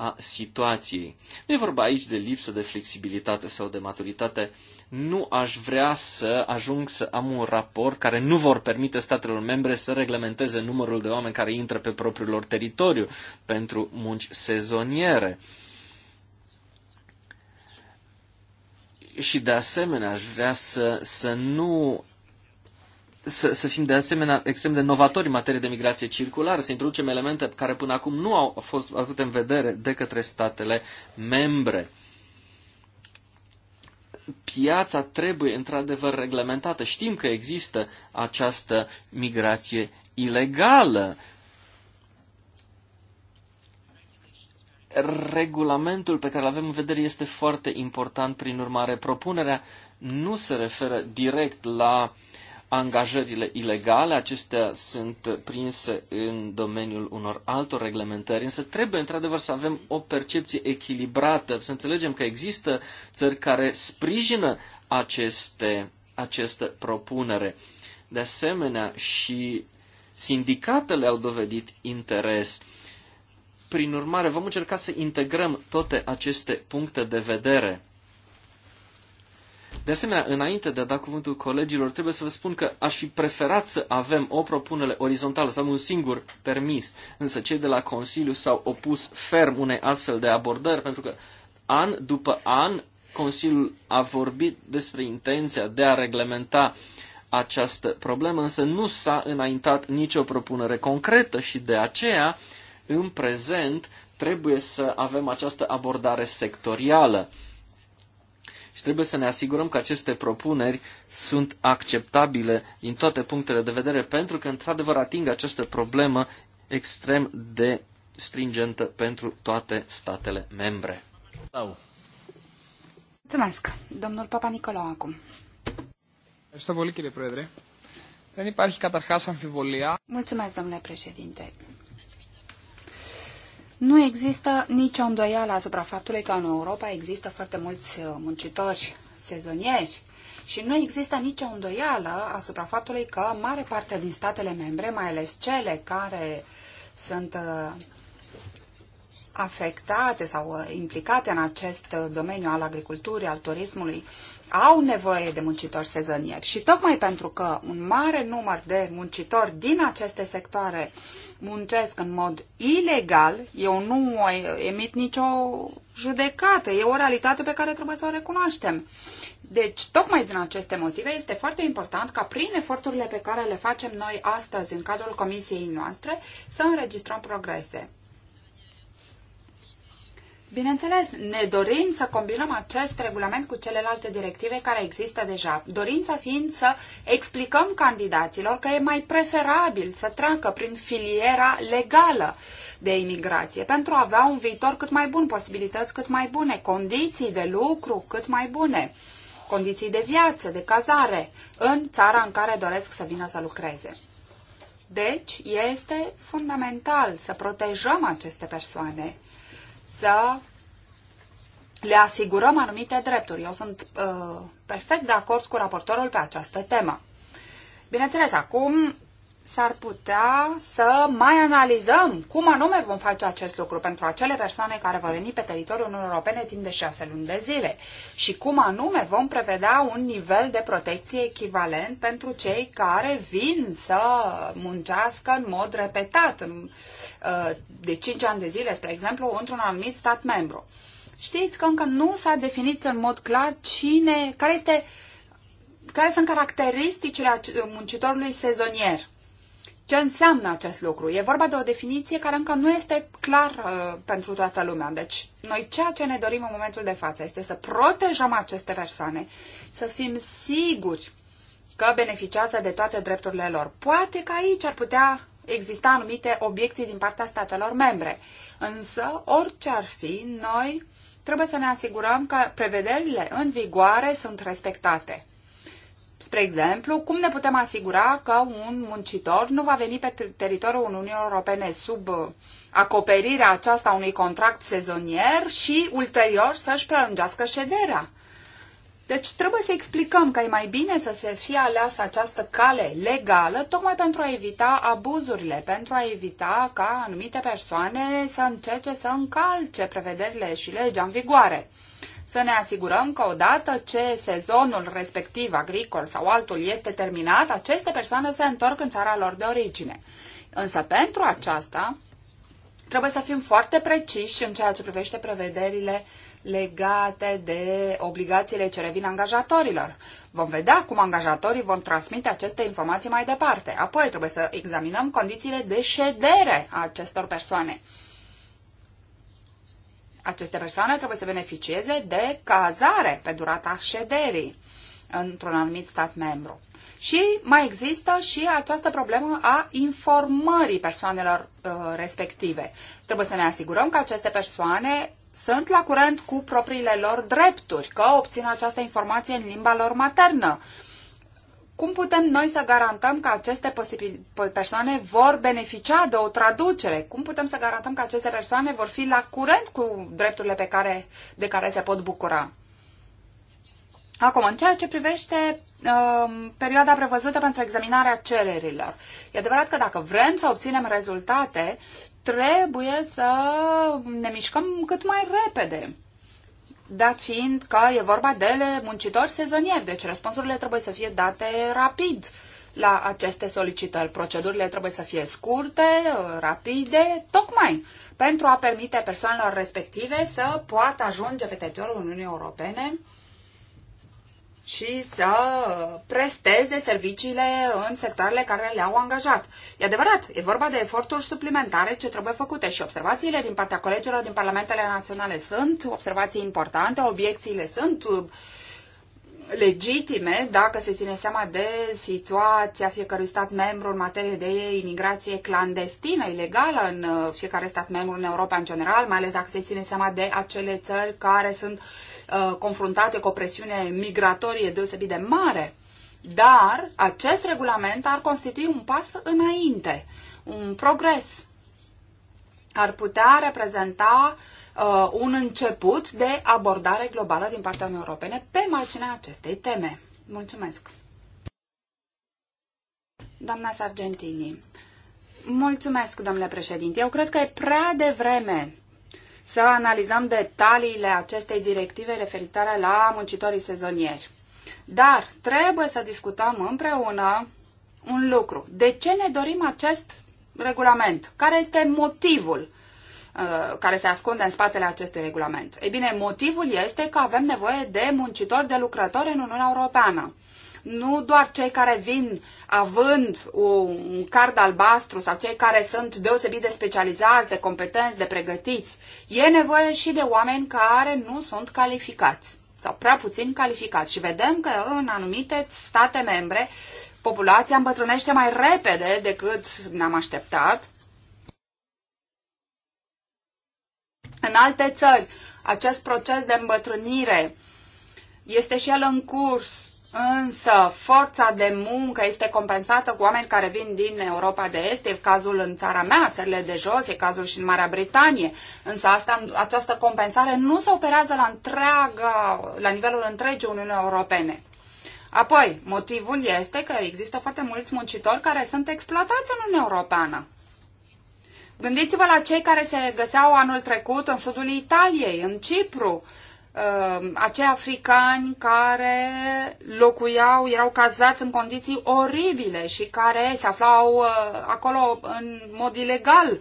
a situației. Nu e vorba aici de lipsă de flexibilitate sau de maturitate. Nu aș vrea să ajung să am un raport care nu vor permite statelor membre să reglementeze numărul de oameni care intră pe propriul lor teritoriu pentru munci sezoniere. și de asemenea aș vrea să, să nu să, să fim de asemenea extrem de novatori în materie de migrație circulară, să introducem elemente care până acum nu au fost avute în vedere de către statele membre. Piața trebuie într-adevăr reglementată. Știm că există această migrație ilegală. Regulamentul pe care îl avem în vedere este foarte important, prin urmare, propunerea nu se referă direct la uh, angajările ilegale, acestea sunt prinse în domeniul unor altor reglementări, însă trebuie într-adevăr să avem o percepție echilibrată, să înțelegem că există țări care sprijină aceste, această propunere. De asemenea, și sindicatele au dovedit interes. Prin urmare, vom încerca să integrăm toate aceste puncte de vedere. De asemenea, înainte de a da cuvântul colegilor, trebuie să vă spun că aș fi preferat să avem o propunere orizontală, să avem un singur permis, însă cei de la Consiliu s-au opus ferm unei astfel de abordări, pentru că an după an Consiliul a vorbit despre intenția de a reglementa această problemă, însă nu s-a înaintat nicio propunere concretă și de aceea, în prezent, trebuie să avem această abordare sectorială și trebuie să ne asigurăm că aceste propuneri sunt acceptabile din toate punctele de vedere, pentru că, într-adevăr, ating această problemă extrem de stringentă pentru toate statele membre. Mulțumesc. Domnul Papa Nicolau acum. Mulțumesc, domnule președinte. Nu există nicio îndoială asupra faptului că în Europa există foarte mulți uh, muncitori sezonieri și nu există nicio îndoială asupra faptului că mare parte din statele membre, mai ales cele care sunt uh, afectate sau uh, implicate în acest uh, domeniu al agriculturii, al turismului, au nevoie de muncitori sezonieri și tocmai pentru că un mare număr de muncitori din aceste sectoare muncesc în mod ilegal, eu nu emit nicio judecată, e o realitate pe care trebuie să o recunoaștem. Deci, tocmai din aceste motive, este foarte important ca prin eforturile pe care le facem noi astăzi în cadrul comisiei noastre să înregistrăm progrese. Bineînțeles, ne dorim să combinăm acest regulament cu celelalte directive care există deja, dorința fiind să explicăm candidaților că e mai preferabil să treacă prin filiera legală de imigrație pentru a avea un viitor cât mai bun, posibilități cât mai bune, condiții de lucru cât mai bune, condiții de viață, de cazare în țara în care doresc să vină să lucreze. Deci, este fundamental să protejăm aceste persoane să le asigurăm anumite drepturi. Eu sunt uh, perfect de acord cu raportorul pe această temă. Bineînțeles, acum s-ar putea să mai analizăm cum anume vom face acest lucru pentru acele persoane care vor veni pe teritoriul Uniunii Europene timp de șase luni de zile și cum anume vom prevedea un nivel de protecție echivalent pentru cei care vin să muncească în mod repetat uh, de cinci ani de zile, spre exemplu, într-un anumit stat membru. Știți că încă nu s-a definit în mod clar cine, care este care sunt caracteristicile muncitorului sezonier ce înseamnă acest lucru. E vorba de o definiție care încă nu este clar uh, pentru toată lumea. Deci, noi ceea ce ne dorim în momentul de față este să protejăm aceste persoane, să fim siguri că beneficiază de toate drepturile lor. Poate că aici ar putea exista anumite obiecții din partea statelor membre. Însă, orice ar fi, noi trebuie să ne asigurăm că prevederile în vigoare sunt respectate. Spre exemplu, cum ne putem asigura că un muncitor nu va veni pe teritoriul Uniunii Europene sub uh, acoperirea aceasta unui contract sezonier și ulterior să-și prelungească șederea? Deci trebuie să explicăm că e mai bine să se fie aleasă această cale legală tocmai pentru a evita abuzurile, pentru a evita ca anumite persoane să încerce să încalce prevederile și legea în vigoare. Să ne asigurăm că odată ce sezonul respectiv agricol sau altul este terminat, aceste persoane se întorc în țara lor de origine. Însă pentru aceasta trebuie să fim foarte preciși în ceea ce privește prevederile uh, legate de obligațiile ce revin angajatorilor. Vom vedea cum angajatorii vor transmite aceste informații mai departe. Apoi trebuie să examinăm condițiile de ședere a acestor persoane. Aceste persoane trebuie să beneficieze de cazare pe durata șederii într-un anumit stat membru. Și mai există și această problemă a informării persoanelor uh, respective. Trebuie să ne asigurăm că aceste persoane sunt la curent cu propriile lor drepturi, că obțin această informație în limba lor maternă. Cum putem noi să garantăm că aceste persoane vor beneficia de o traducere? Cum putem să garantăm că aceste persoane vor fi la curent cu drepturile pe care, de care se pot bucura? Acum, în ceea ce privește um, perioada prevăzută pentru examinarea cererilor, e adevărat că dacă vrem să obținem rezultate, trebuie să ne mișcăm cât mai repede. Dat fiind că e vorba de muncitori sezonieri, deci răspunsurile trebuie să fie date rapid la aceste solicitări. Procedurile trebuie să fie scurte, rapide, tocmai pentru a permite persoanelor respective să poată ajunge pe teritoriul Uniunii Europene și să presteze serviciile în sectoarele care le-au angajat. E adevărat, e vorba de eforturi suplimentare ce trebuie făcute și observațiile din partea colegilor din parlamentele naționale sunt observații importante, obiecțiile sunt uh, legitime dacă se ține seama de situația fiecărui stat membru în materie de imigrație clandestină, ilegală în uh, fiecare stat membru în Europa în general, mai ales dacă se ține seama de acele țări care sunt uh, Uh, confruntate cu o presiune migratorie deosebit de mare, dar acest regulament ar constitui un pas înainte, un progres. Ar putea reprezenta uh, un început de abordare globală din partea Uniunii Europene pe marginea acestei teme. Mulțumesc! Doamna Sargentini, mulțumesc, domnule președinte. Eu cred că e prea devreme să analizăm detaliile acestei directive referitoare la muncitorii sezonieri. Dar trebuie să discutăm împreună un lucru. De ce ne dorim acest regulament? Care este motivul uh, care se ascunde în spatele acestui regulament? Ei bine, motivul este că avem nevoie de muncitori, de lucrători în Uniunea Europeană nu doar cei care vin având un card albastru sau cei care sunt deosebit de specializați, de competenți, de pregătiți. E nevoie și de oameni care nu sunt calificați sau prea puțin calificați. Și vedem că în anumite state membre populația îmbătrânește mai repede decât ne-am așteptat. În alte țări, acest proces de îmbătrânire este și el în curs Însă forța de muncă este compensată cu oameni care vin din Europa de Est, e cazul în țara mea, țările de jos, e cazul și în Marea Britanie. Însă asta, această compensare nu se operează la, întreaga, la nivelul întregii Uniunii Europene. Apoi, motivul este că există foarte mulți muncitori care sunt exploatați în Uniunea Europeană. Gândiți-vă la cei care se găseau anul trecut în sudul Italiei, în Cipru, uh, uh, acei africani care locuiau, erau cazați în condiții oribile și care se aflau uh, acolo în mod ilegal.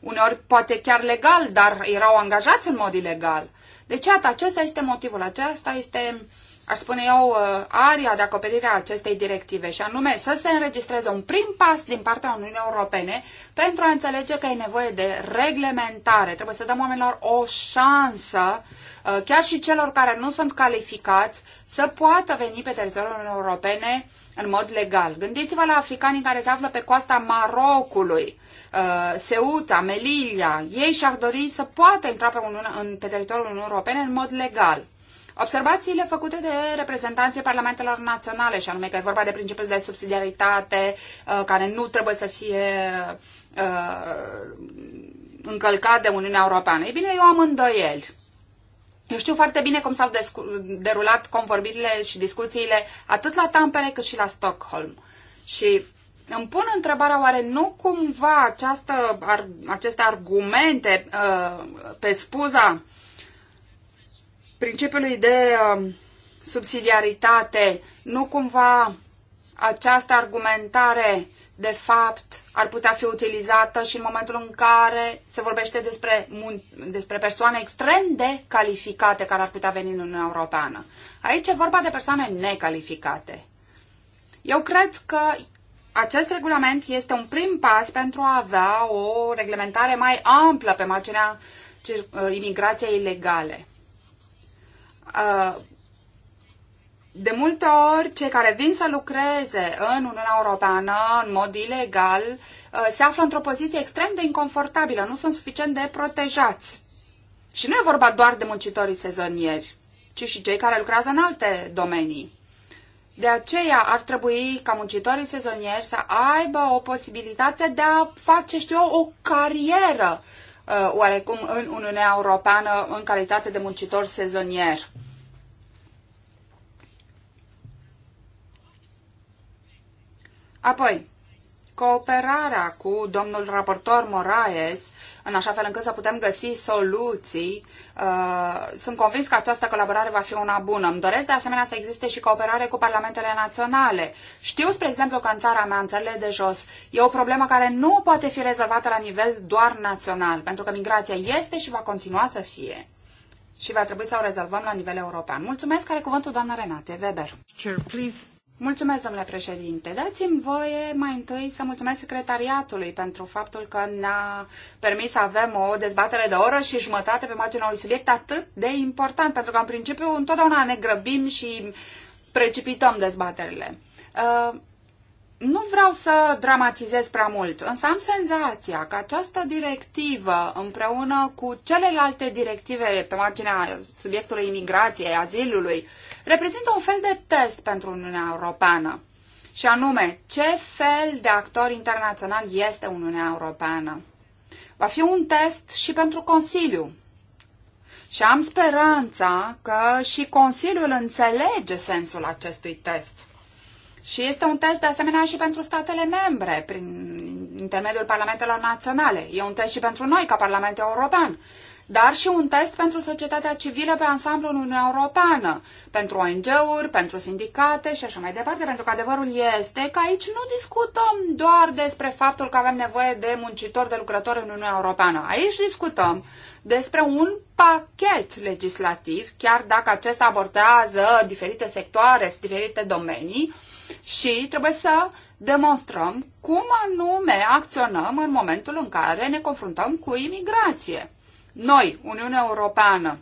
Uneori poate chiar legal, dar erau angajați în mod ilegal. Deci, iată, acesta este motivul, acesta este uh, aș spune eu, uh, aria de acoperire a acestei directive și anume să se înregistreze un prim pas din partea Uniunii Europene pentru a înțelege că e nevoie de reglementare. Trebuie să dăm oamenilor o șansă, uh, chiar și celor care nu sunt calificați, să poată veni pe teritoriul Uniunii Europene în mod legal. Gândiți-vă la africanii care se află pe coasta Marocului, uh, Ceuta, Melilla. Ei și-ar dori să poată intra pe, un, pe teritoriul Uniunii Europene în mod legal. Observațiile făcute de reprezentanții parlamentelor naționale, și anume că e vorba de principiul de subsidiaritate, uh, care nu trebuie să fie uh, încălcat de Uniunea Europeană. Ei bine, eu am îndoieli. Eu știu foarte bine cum s-au derulat convorbirile și discuțiile atât la Tampere cât și la Stockholm. Și îmi pun întrebarea oare nu cumva această, ar, aceste argumente uh, pe spuza principiului de um, subsidiaritate, nu cumva această argumentare de fapt ar putea fi utilizată și în momentul în care se vorbește despre, despre persoane extrem de calificate care ar putea veni în Uniunea Europeană. Aici e vorba de persoane necalificate. Eu cred că acest regulament este un prim pas pentru a avea o reglementare mai amplă pe marginea uh, imigrației ilegale. Uh, de multe ori, cei care vin să lucreze în Uniunea Europeană în mod ilegal uh, se află într-o poziție extrem de inconfortabilă, nu sunt suficient de protejați. Și nu e vorba doar de muncitorii sezonieri, ci și cei care lucrează în alte domenii. De aceea ar trebui ca muncitorii sezonieri să aibă o posibilitate de a face, știu eu, o carieră Uh, oarecum în Uniunea Europeană în calitate de muncitor sezonier. Apoi, cooperarea cu domnul raportor Moraes în așa fel încât să putem găsi soluții. Uh, sunt convins că această colaborare va fi una bună. Îmi doresc de asemenea să existe și cooperare cu parlamentele naționale. Știu, spre exemplu, că în țara mea, în țările de jos, e o problemă care nu poate fi rezolvată la nivel doar național, pentru că migrația este și va continua să fie și va trebui să o rezolvăm la nivel european. Mulțumesc, care cuvântul doamna Renate Weber. Sure, please. Mulțumesc, domnule președinte. Dați-mi voie mai întâi să mulțumesc secretariatului pentru faptul că ne-a permis să avem o dezbatere de o oră și jumătate pe marginea unui subiect atât de important, pentru că, în principiu, întotdeauna ne grăbim și precipităm dezbaterile. Uh, nu vreau să dramatizez prea mult, însă am senzația că această directivă, împreună cu celelalte directive pe marginea subiectului imigrației, azilului, reprezintă un fel de test pentru Uniunea Europeană. Și anume, ce fel de actor internațional este Uniunea Europeană? Va fi un test și pentru Consiliu. Și am speranța că și Consiliul înțelege sensul acestui test și este un test de asemenea și pentru statele membre, prin intermediul parlamentelor naționale. E un test și pentru noi, ca Parlament European dar și un test pentru societatea civilă pe ansamblu în Uniunea Europeană, pentru ONG-uri, pentru sindicate și așa mai departe, pentru că adevărul este că aici nu discutăm doar despre faptul că avem nevoie de muncitori, de lucrători în Uniunea Europeană. Aici discutăm despre un pachet legislativ, chiar dacă acesta abordează diferite sectoare, diferite domenii și trebuie să demonstrăm cum anume acționăm în momentul în care ne confruntăm cu imigrație. Noi, Uniunea Europeană,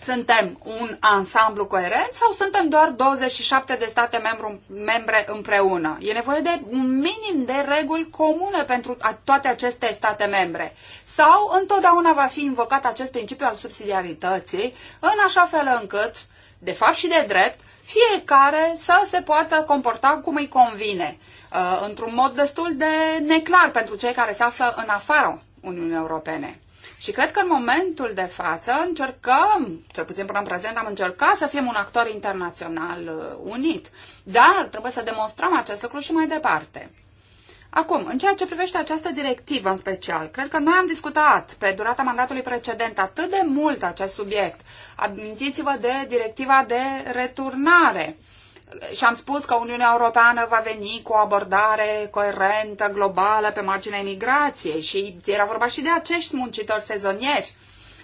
suntem un ansamblu coerent sau suntem doar 27 de state membru, membre împreună? E nevoie de un minim de reguli comune pentru toate aceste state membre. Sau întotdeauna va fi invocat acest principiu al subsidiarității în așa fel încât, de fapt și de drept, fiecare să se poată comporta cum îi convine, uh, într-un mod destul de neclar pentru cei care se află în afara Uniunii Europene. Și cred că în momentul de față încercăm, cel puțin până în prezent am încercat să fim un actor internațional uh, unit, dar trebuie să demonstrăm acest lucru și mai departe. Acum, în ceea ce privește această directivă în special, cred că noi am discutat pe durata mandatului precedent atât de mult acest subiect. Amintiți-vă de directiva de returnare și am spus că Uniunea Europeană va veni cu o abordare coerentă, globală, pe marginea imigrației și era vorba și de acești muncitori sezonieri.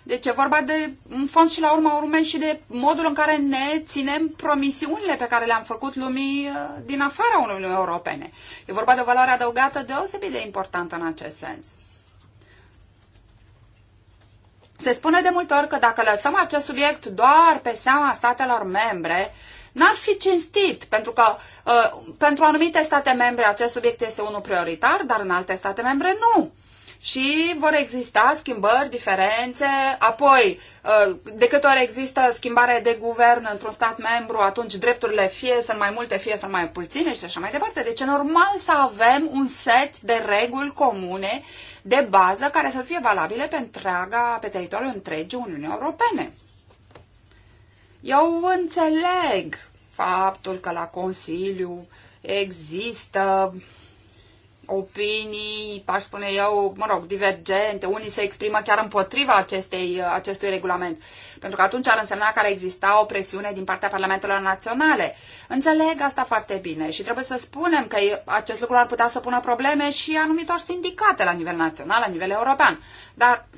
Deci e vorba de, în fond și la urma urmei, și de modul în care ne ținem promisiunile pe care le-am făcut lumii uh, din afara Uniunii Europene. E vorba de o valoare adăugată deosebit de importantă în acest sens. Se spune de multe ori că dacă lăsăm acest subiect doar pe seama statelor membre, N-ar fi cinstit, pentru că uh, pentru anumite state membre acest subiect este unul prioritar, dar în alte state membre nu și vor exista schimbări, diferențe, apoi uh, de câte ori există schimbare de guvern într-un stat membru, atunci drepturile fie sunt mai multe, fie sunt mai puține și așa mai departe. Deci e normal să avem un set de reguli comune de bază care să fie valabile pe întreaga, pe teritoriul întregii Uniunii Europene. Eu înțeleg faptul că la Consiliu există opinii, aș spune eu, mă rog, divergente. Unii se exprimă chiar împotriva acestei, acestui regulament, pentru că atunci ar însemna că ar exista o presiune din partea Parlamentelor Naționale. Înțeleg asta foarte bine și trebuie să spunem că acest lucru ar putea să pună probleme și anumitor sindicate la nivel național, la nivel european. Dar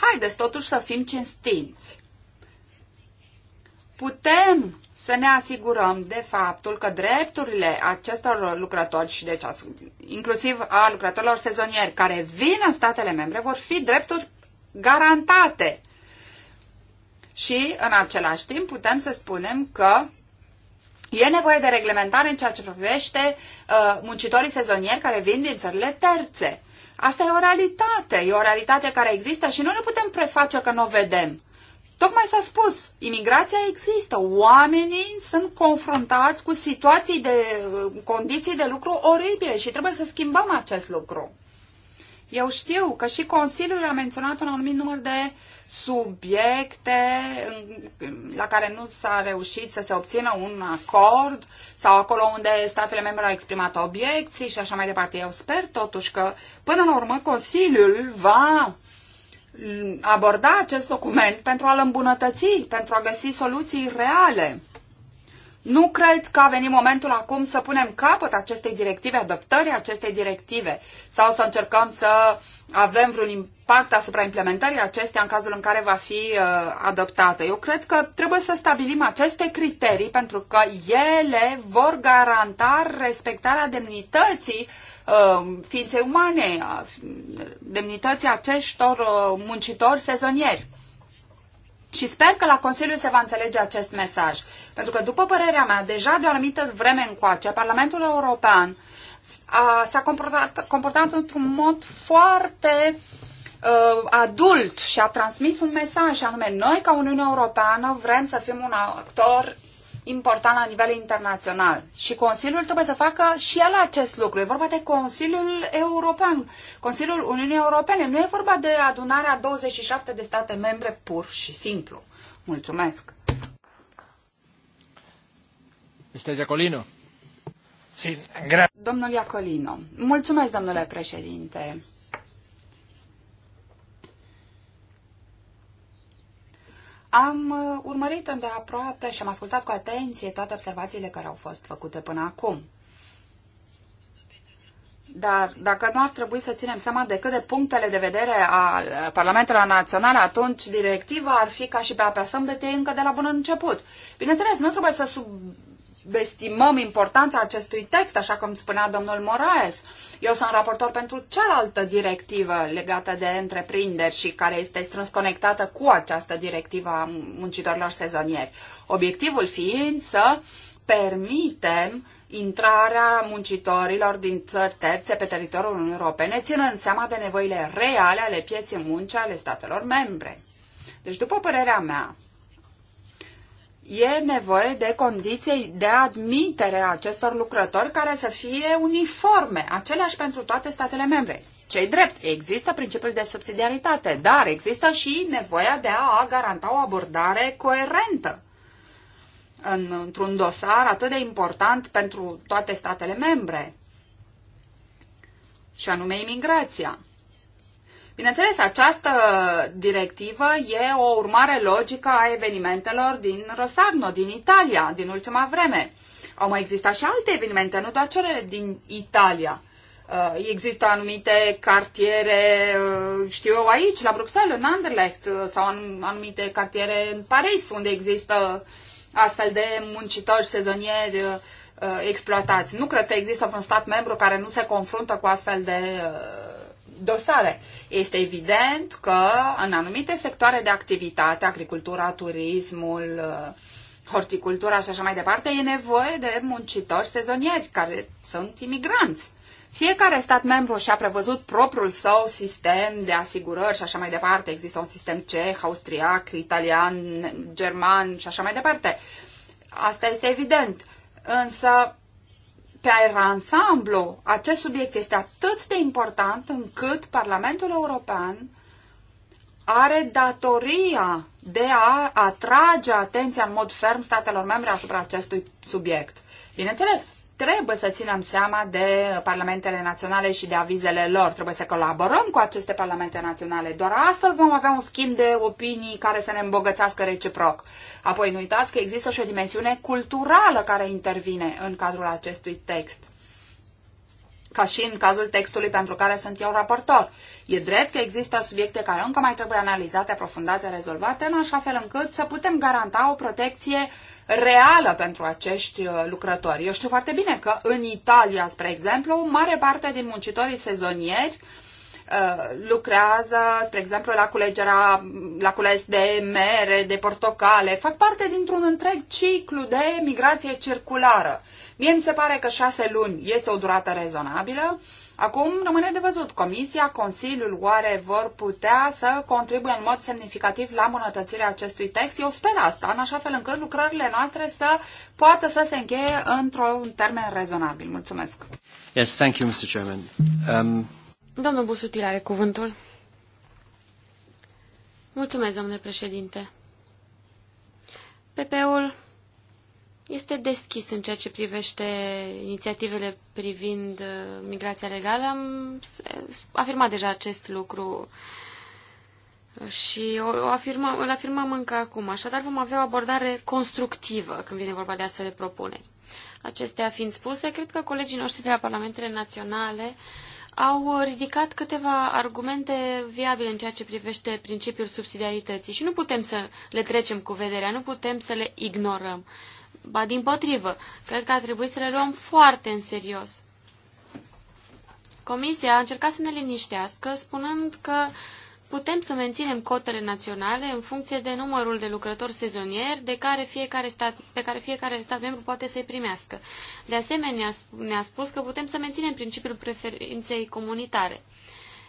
haideți totuși să fim cinstinți putem să ne asigurăm de faptul că drepturile acestor lucrători și deci inclusiv a lucrătorilor sezonieri care vin în statele membre vor fi drepturi garantate. Și în același timp putem să spunem că e nevoie de reglementare în ceea ce privește uh, muncitorii sezonieri care vin din țările terțe. Asta e o realitate, e o realitate care există și nu ne putem preface că nu o vedem. Tocmai s-a spus, imigrația există, oamenii sunt confruntați cu situații de condiții de lucru oribile și trebuie să schimbăm acest lucru. Eu știu că și Consiliul a menționat un anumit număr de subiecte la care nu s-a reușit să se obțină un acord sau acolo unde statele membre au exprimat obiecții și așa mai departe. Eu sper totuși că până la urmă Consiliul va aborda acest document pentru a-l îmbunătăți, pentru a găsi soluții reale. Nu cred că a venit momentul acum să punem capăt acestei directive, adoptării acestei directive, sau să încercăm să avem vreun impact asupra implementării acesteia în cazul în care va fi uh, adoptată. Eu cred că trebuie să stabilim aceste criterii pentru că ele vor garanta respectarea demnității uh, Uh, ființe umane, demnitatea demnității acestor uh, muncitori sezonieri. Și sper că la Consiliu se va înțelege acest mesaj. Pentru că, după părerea mea, deja de o anumită vreme încoace, Parlamentul European s-a comportat, comportat într-un mod foarte uh, adult și a transmis un mesaj, anume noi, ca Uniunea Europeană, vrem să fim un actor important la nivel internațional. Și Consiliul trebuie să facă și el acest lucru. E vorba de Consiliul European, Consiliul Uniunii Europene. Nu e vorba de adunarea 27 de state membre pur și simplu. Mulțumesc. Este Iacolino. Domnul Iacolino. Mulțumesc, domnule președinte. Am uh, urmărit îndeaproape și am ascultat cu atenție toate observațiile care au fost făcute până acum. Dar dacă nu ar trebui să ținem seama decât de punctele de vedere al Parlamentului Național, atunci directiva ar fi ca și pe apă sâmbete încă de la bun început. Bineînțeles, nu trebuie să sub, subestimăm importanța acestui text, așa cum spunea domnul Moraes. Eu sunt raportor pentru cealaltă directivă legată de întreprinderi și care este strâns conectată cu această directivă a muncitorilor sezonieri. Obiectivul fiind să permitem intrarea muncitorilor din țări terțe pe teritoriul Uniunii Europene, ținând seama de nevoile reale ale pieței muncii ale statelor membre. Deci, după părerea mea, e nevoie de condiții de admitere a acestor lucrători care să fie uniforme, aceleași pentru toate statele membre. Cei drept, există principiul de subsidiaritate, dar există și nevoia de a garanta o abordare coerentă în, într-un dosar atât de important pentru toate statele membre, și anume imigrația. Bineînțeles, această directivă e o urmare logică a evenimentelor din Rosarno, din Italia, din ultima vreme. Au mai existat și alte evenimente, nu doar cele din Italia. Uh, există anumite cartiere, uh, știu eu, aici, la Bruxelles, în Anderlecht, uh, sau anumite cartiere în Paris, unde există astfel de muncitori sezonieri exploatați. Nu cred că există un stat membru care nu se confruntă cu astfel de dosare. Este evident că în anumite sectoare de activitate, agricultura, turismul, uh, horticultura și așa mai departe, e nevoie de muncitori sezonieri care sunt imigranți. Fiecare stat membru și-a prevăzut propriul său sistem de asigurări și așa mai departe. Există un sistem ceh, austriac, italian, german și așa mai departe. Asta este evident. Însă pe ansamblu, acest subiect este atât de important încât Parlamentul European are datoria de a atrage atenția în mod ferm statelor membre asupra acestui subiect. Bineînțeles, trebuie să ținem seama de parlamentele naționale și de avizele lor. Trebuie să colaborăm cu aceste parlamente naționale. Doar astfel vom avea un schimb de opinii care să ne îmbogățească reciproc. Apoi nu uitați că există și o dimensiune culturală care intervine în cadrul acestui text ca și în cazul textului pentru care sunt eu raportor. E drept că există subiecte care încă mai trebuie analizate, aprofundate, rezolvate, în așa fel încât să putem garanta o protecție reală pentru acești uh, lucrători. Eu știu foarte bine că în Italia, spre exemplu, mare parte din muncitorii sezonieri uh, Uh, lucrează, spre exemplu, la culegerea, la cules de mere, de portocale, fac parte dintr-un întreg ciclu de migrație circulară. Mie mi se pare că șase luni este o durată rezonabilă. Acum rămâne de văzut. Comisia, Consiliul, oare vor putea să contribuie în mod semnificativ la îmbunătățirea acestui text? Eu sper asta, în așa fel încât lucrările noastre să poată să se încheie într-un termen rezonabil. Mulțumesc. Yes, thank you, Mr. Chairman. Um... Domnul Busutil are cuvântul. Mulțumesc, domnule președinte. PP-ul este deschis în ceea ce privește inițiativele privind uh, migrația legală. Am afirmat deja acest lucru și o afirmăm, îl afirmăm încă acum. Așadar vom avea o abordare constructivă când vine vorba de astfel de propuneri. Acestea fiind spuse, cred că colegii noștri de la Parlamentele Naționale au ridicat câteva argumente viabile în ceea ce privește principiul subsidiarității și nu putem să le trecem cu vederea, nu putem să le ignorăm. Ba din potrivă, cred că ar trebui să le luăm foarte în serios. Comisia a încercat să ne liniștească, spunând că uh, putem să menținem cotele naționale în funcție de numărul de lucrători sezonieri de care fiecare stat, pe care fiecare stat membru poate să-i primească. De asemenea, ne-a spus că putem să menținem principiul preferinței comunitare.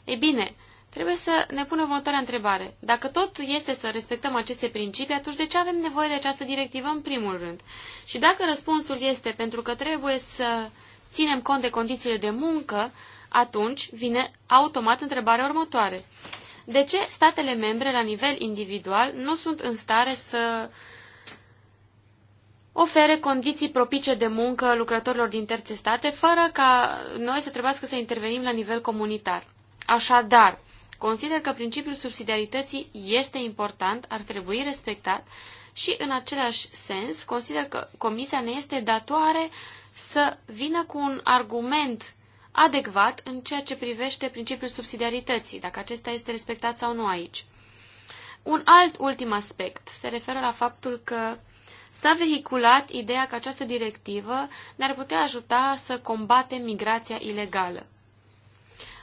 Ei bine, trebuie să ne punem următoarea întrebare. Dacă tot este să respectăm aceste principii, atunci de ce avem nevoie de această directivă în primul rând? Și dacă răspunsul este pentru că trebuie să ținem cont de condițiile de muncă, atunci vine automat întrebarea următoare de ce statele membre, la nivel individual, nu sunt în stare să ofere condiții propice de muncă lucrătorilor din terțe state, fără ca noi să trebuiască să intervenim la nivel comunitar. Așadar, consider că principiul subsidiarității este important, ar trebui respectat și, în același sens, consider că Comisia ne este datoare să vină cu un argument adecvat în ceea ce privește principiul subsidiarității, dacă acesta este respectat sau nu aici. Un alt ultim aspect se referă la faptul că s-a vehiculat ideea că această directivă ne-ar putea ajuta să combatem migrația ilegală.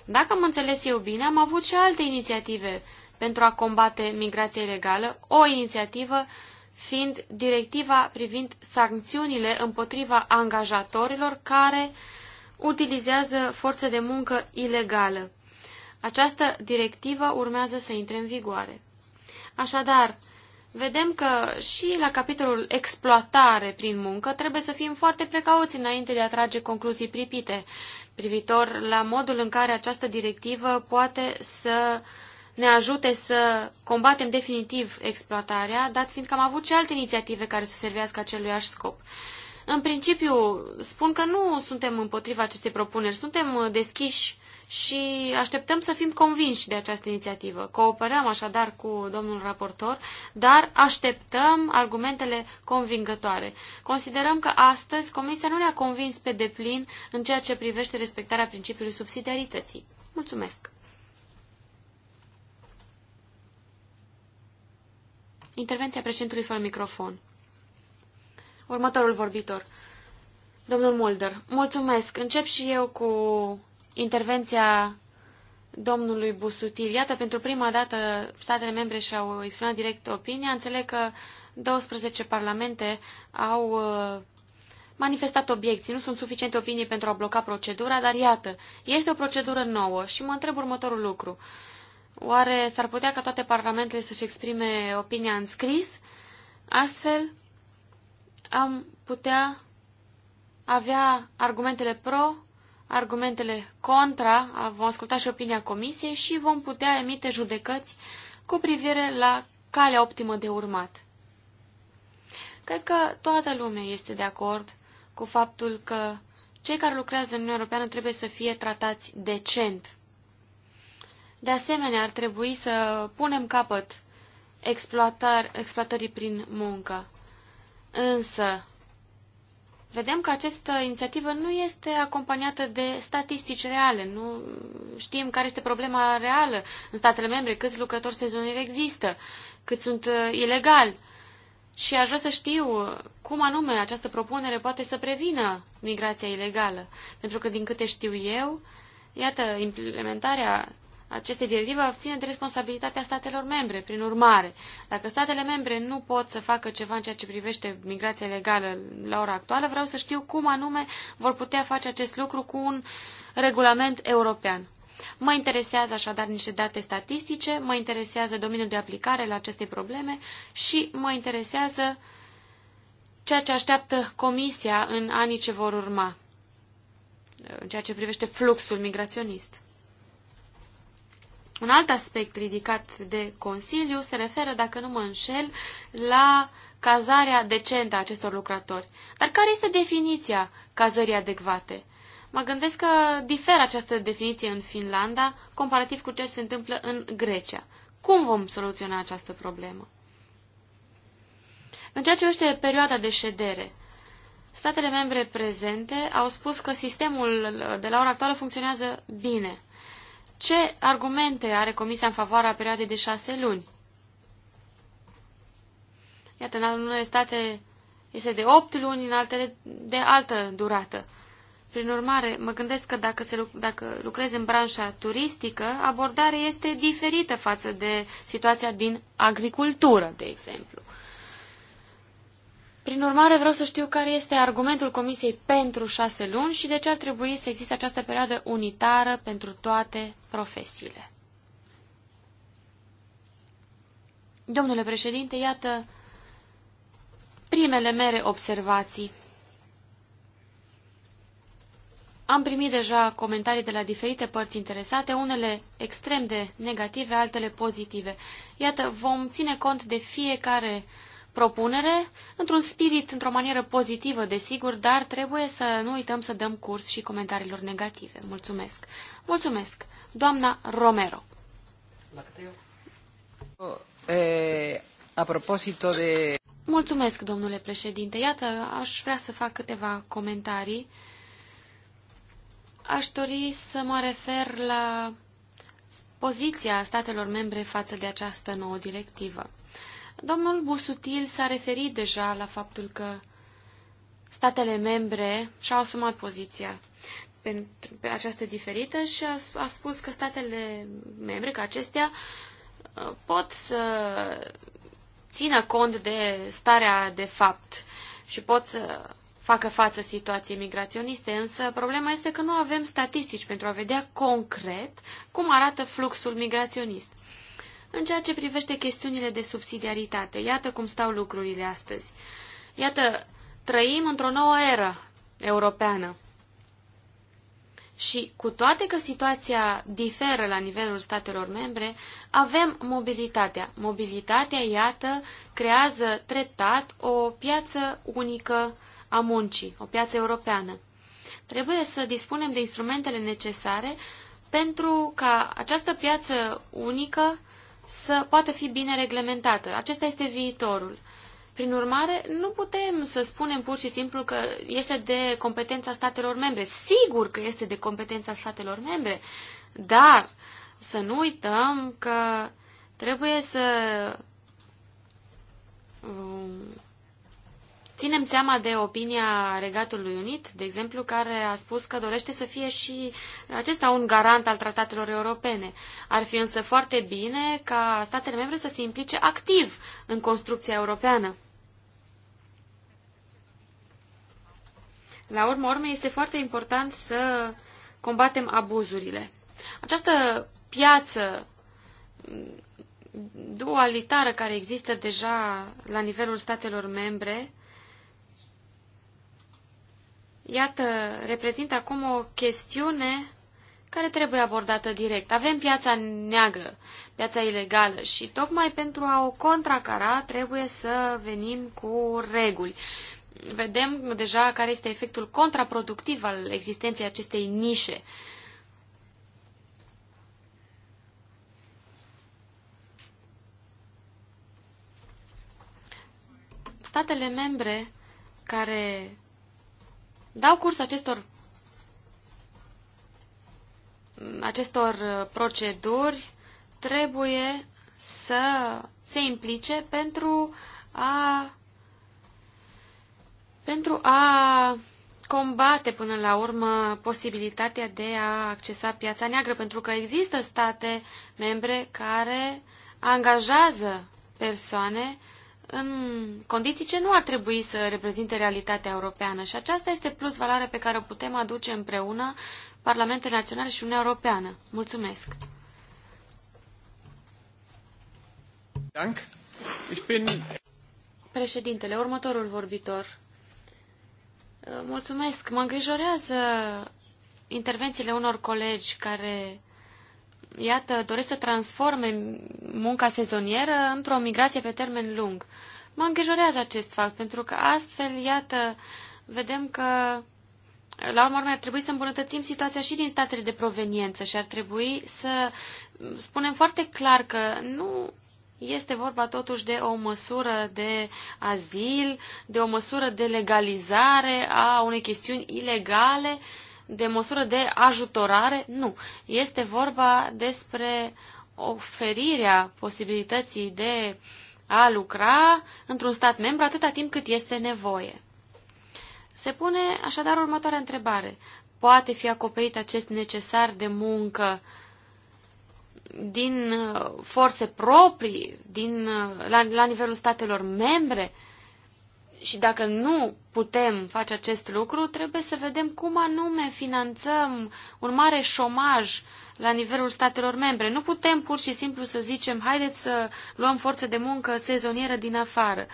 Dacă am înțeles eu bine, am avut și alte inițiative pentru a combate migrația ilegală, o inițiativă fiind directiva privind sancțiunile împotriva angajatorilor care utilizează forță de muncă ilegală. Această directivă urmează să intre în vigoare. Așadar, vedem că și la capitolul exploatare prin muncă trebuie să fim foarte precauți înainte de a trage concluzii pripite privitor la modul în care această directivă poate să ne ajute să combatem definitiv exploatarea, dat fiindcă am avut și alte inițiative care să servească aceluiași scop. În principiu, spun că nu suntem împotriva acestei propuneri, suntem uh, deschiși și așteptăm să fim convinși de această inițiativă. Cooperăm așadar cu domnul raportor, dar așteptăm argumentele convingătoare. Considerăm că astăzi Comisia nu ne-a convins pe deplin în ceea ce privește respectarea principiului subsidiarității. Mulțumesc! Intervenția președintului fără microfon. Următorul vorbitor. Domnul Mulder, mulțumesc. Încep și eu cu intervenția domnului Busutil. Iată, pentru prima dată statele membre și-au exprimat direct opinia. Înțeleg că 12 parlamente au uh, manifestat obiecții. Nu sunt suficiente opinii pentru a bloca procedura, dar iată, este o procedură nouă și mă întreb următorul lucru. Oare s-ar putea ca toate parlamentele să-și exprime opinia în scris? Astfel, am putea avea argumentele pro, argumentele contra, vom asculta și opinia comisiei și vom putea emite judecăți cu privire la calea optimă de urmat. Cred că toată lumea este de acord cu faptul că cei care lucrează în Uniunea Europeană trebuie să fie tratați decent. De asemenea, ar trebui să punem capăt exploatar, exploatării prin muncă. Însă, vedem că această inițiativă nu este acompaniată de statistici reale. Nu știm care este problema reală în statele membre, câți lucrători sezonieri există, cât sunt uh, ilegali. Și aș vrea să știu cum anume această propunere poate să prevină migrația ilegală. Pentru că, din câte știu eu, iată, implementarea aceste directive va de responsabilitatea statelor membre. Prin urmare, dacă statele membre nu pot să facă ceva în ceea ce privește migrația legală la ora actuală, vreau să știu cum anume vor putea face acest lucru cu un regulament european. Mă interesează așadar niște date statistice, mă interesează domeniul de aplicare la aceste probleme și mă interesează ceea ce așteaptă Comisia în anii ce vor urma, în ceea ce privește fluxul migraționist. Un alt aspect ridicat de Consiliu se referă, dacă nu mă înșel, la cazarea decentă a acestor lucrători. Dar care este definiția cazării adecvate? Mă gândesc că diferă această definiție în Finlanda comparativ cu ce se întâmplă în Grecia. Cum vom soluționa această problemă? În ceea ce este perioada de ședere, statele membre prezente au spus că sistemul de la ora actuală funcționează bine. Ce argumente are Comisia în favoarea perioadei de șase luni? Iată, în unele state este de opt luni, în altele de altă durată. Prin urmare, mă gândesc că dacă, se, dacă lucrezi în branșa turistică, abordarea este diferită față de situația din agricultură, de exemplu. Prin urmare, vreau să știu care este argumentul Comisiei pentru șase luni și de ce ar trebui să existe această perioadă unitară pentru toate profesiile. Domnule președinte, iată primele mere observații. Am primit deja comentarii de la diferite părți interesate, unele extrem de negative, altele pozitive. Iată, vom ține cont de fiecare propunere, într-un spirit, într-o manieră pozitivă, desigur, dar trebuie să nu uităm să dăm curs și comentariilor negative. Mulțumesc! Mulțumesc! Doamna Romero. Eh, a propósito de... Mulțumesc, domnule președinte. Iată, aș vrea să fac câteva comentarii. Aș dori să mă refer la poziția statelor membre față de această nouă directivă. Domnul Busutil s-a referit deja la faptul că statele membre și-au asumat poziția pentru pe această diferită și a, a spus că statele membre, că acestea uh, pot să țină cont de starea de fapt și pot să facă față situației migraționiste, însă problema este că nu avem statistici pentru a vedea concret cum arată fluxul migraționist. În ceea ce privește chestiunile de subsidiaritate, iată cum stau lucrurile astăzi. Iată, trăim într-o nouă eră europeană. Și cu toate că situația diferă la nivelul statelor membre, avem mobilitatea. Mobilitatea, iată, creează treptat o piață unică a muncii, o piață europeană. Trebuie să dispunem de instrumentele necesare pentru ca această piață unică să poată fi bine reglementată. Acesta este viitorul. Prin urmare, nu putem să spunem pur și simplu că este de competența statelor membre. Sigur că este de competența statelor membre, dar să nu uităm că trebuie să um, ținem seama de opinia Regatului Unit, de exemplu, care a spus că dorește să fie și acesta un garant al tratatelor europene. Ar fi însă foarte bine ca statele membre să se implice activ în construcția europeană. La urmă urmei, este foarte important să combatem abuzurile. Această piață dualitară care există deja la nivelul statelor membre iată, reprezintă acum o chestiune care trebuie abordată direct. Avem piața neagră, piața ilegală și tocmai pentru a o contracara trebuie să venim cu reguli. Vedem deja care este efectul contraproductiv al existenței acestei nișe. Statele membre care dau curs acestor acestor uh, proceduri trebuie să se implice pentru a pentru a combate până la urmă posibilitatea de a accesa piața neagră, pentru că există state membre care angajează persoane în condiții ce nu ar trebui să reprezinte realitatea europeană. Și aceasta este plus valoarea pe care o putem aduce împreună Parlamentele Naționale și Uniunea Europeană. Mulțumesc! Dank. Ich bin... Președintele, următorul vorbitor. Mulțumesc. Mă îngrijorează intervențiile unor colegi care iată, doresc să transforme munca sezonieră într-o migrație pe termen lung. Mă îngrijorează acest fapt, pentru că astfel, iată, vedem că la urmă ar trebui să îmbunătățim situația și din statele de proveniență și ar trebui să spunem foarte clar că nu este vorba totuși de o măsură de azil, de o măsură de legalizare a unei chestiuni ilegale de măsură de ajutorare, nu. Este vorba despre oferirea posibilității de a lucra într-un stat membru atâta timp cât este nevoie. Se pune așadar următoarea întrebare. Poate fi acoperit acest necesar de muncă din uh, forțe proprii, din, uh, la, la nivelul statelor membre? Uh, și dacă nu putem face acest lucru, trebuie să vedem cum anume finanțăm un mare șomaj la nivelul statelor membre. Nu putem pur și simplu să zicem, haideți să luăm forță de muncă sezonieră din afară.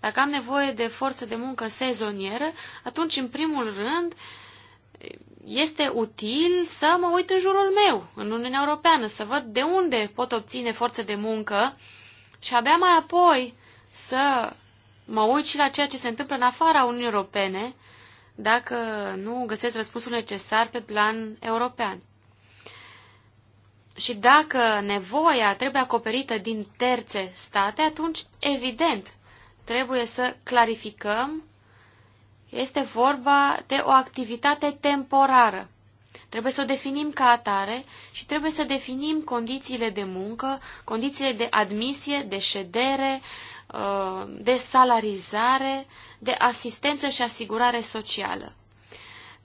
Dacă am nevoie de forță de muncă sezonieră, atunci, în primul rând, este util să mă uit în jurul meu, în Uniunea Europeană, să văd de unde pot obține forță de muncă și abia mai apoi să mă uit și la ceea ce se întâmplă în afara Uniunii Europene dacă nu găsesc răspunsul necesar pe plan european. Și dacă nevoia trebuie acoperită din terțe state, atunci, evident, trebuie să clarificăm este vorba de o activitate temporară. Trebuie să o definim ca atare și trebuie să definim condițiile de muncă, condițiile de admisie, de ședere, uh, Uh, de salarizare, de asistență și asigurare socială.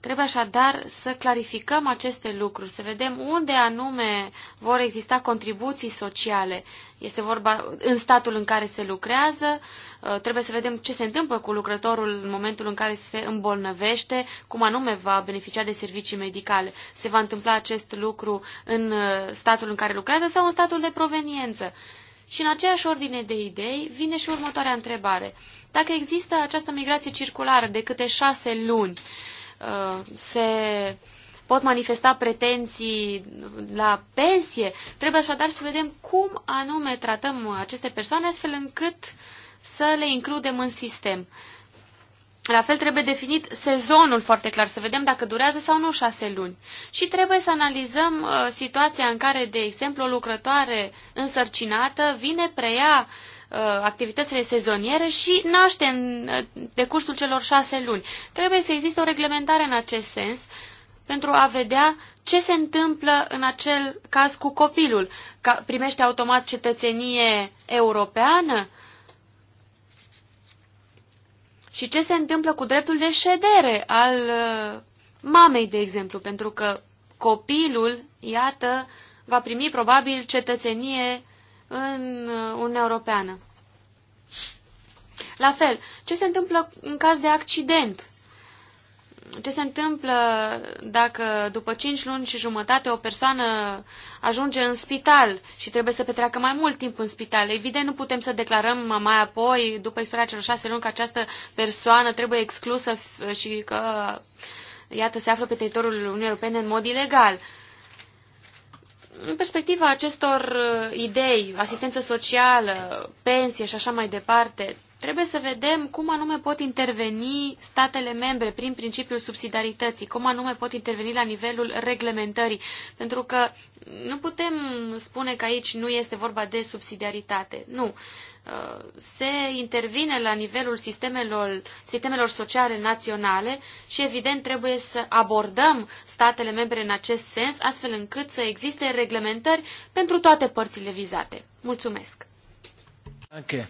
Trebuie așadar să clarificăm aceste lucruri, să vedem unde anume vor exista contribuții sociale. Este vorba în statul în care se lucrează, uh, trebuie să vedem ce se întâmplă cu lucrătorul în momentul în care se îmbolnăvește, cum anume va beneficia de servicii medicale. Se va întâmpla acest lucru în uh, statul în care lucrează sau în statul de proveniență. Și în aceeași ordine de idei vine și următoarea întrebare. Dacă există această migrație circulară de câte șase luni, uh, se pot manifesta pretenții la pensie, trebuie așadar să vedem cum anume tratăm aceste persoane astfel încât să le includem în sistem. La fel trebuie definit sezonul foarte clar, să vedem dacă durează sau nu șase luni. Și trebuie să analizăm uh, situația în care, de exemplu, o lucrătoare însărcinată vine, preia uh, activitățile sezoniere și naște în uh, decursul celor șase luni. Trebuie să existe o reglementare în acest sens pentru a vedea ce se întâmplă în acel caz cu copilul. Ca, primește automat cetățenie europeană? Uh, și ce se întâmplă cu dreptul de ședere al uh, mamei, de exemplu, pentru că copilul, iată, va primi probabil cetățenie în uh, Uniunea Europeană. La fel, ce se întâmplă în caz de accident? ce se întâmplă dacă după 5 luni și jumătate o persoană ajunge în spital și trebuie să petreacă mai mult timp în spital. Evident, nu putem să declarăm mai apoi, după istoria celor 6 luni, că această persoană trebuie exclusă și că, iată, se află pe teritoriul Uniunii Europene în mod ilegal. În perspectiva acestor uh, idei, asistență socială, pensie și așa mai departe, Trebuie să vedem cum anume pot interveni statele membre prin principiul subsidiarității, cum anume pot interveni la nivelul reglementării, pentru că nu putem spune că aici nu este vorba de subsidiaritate. Nu. Uh, se intervine la nivelul sistemelor, sistemelor sociale naționale și, evident, trebuie să abordăm statele membre în acest sens, astfel încât să existe reglementări pentru toate părțile vizate. Mulțumesc! Okay.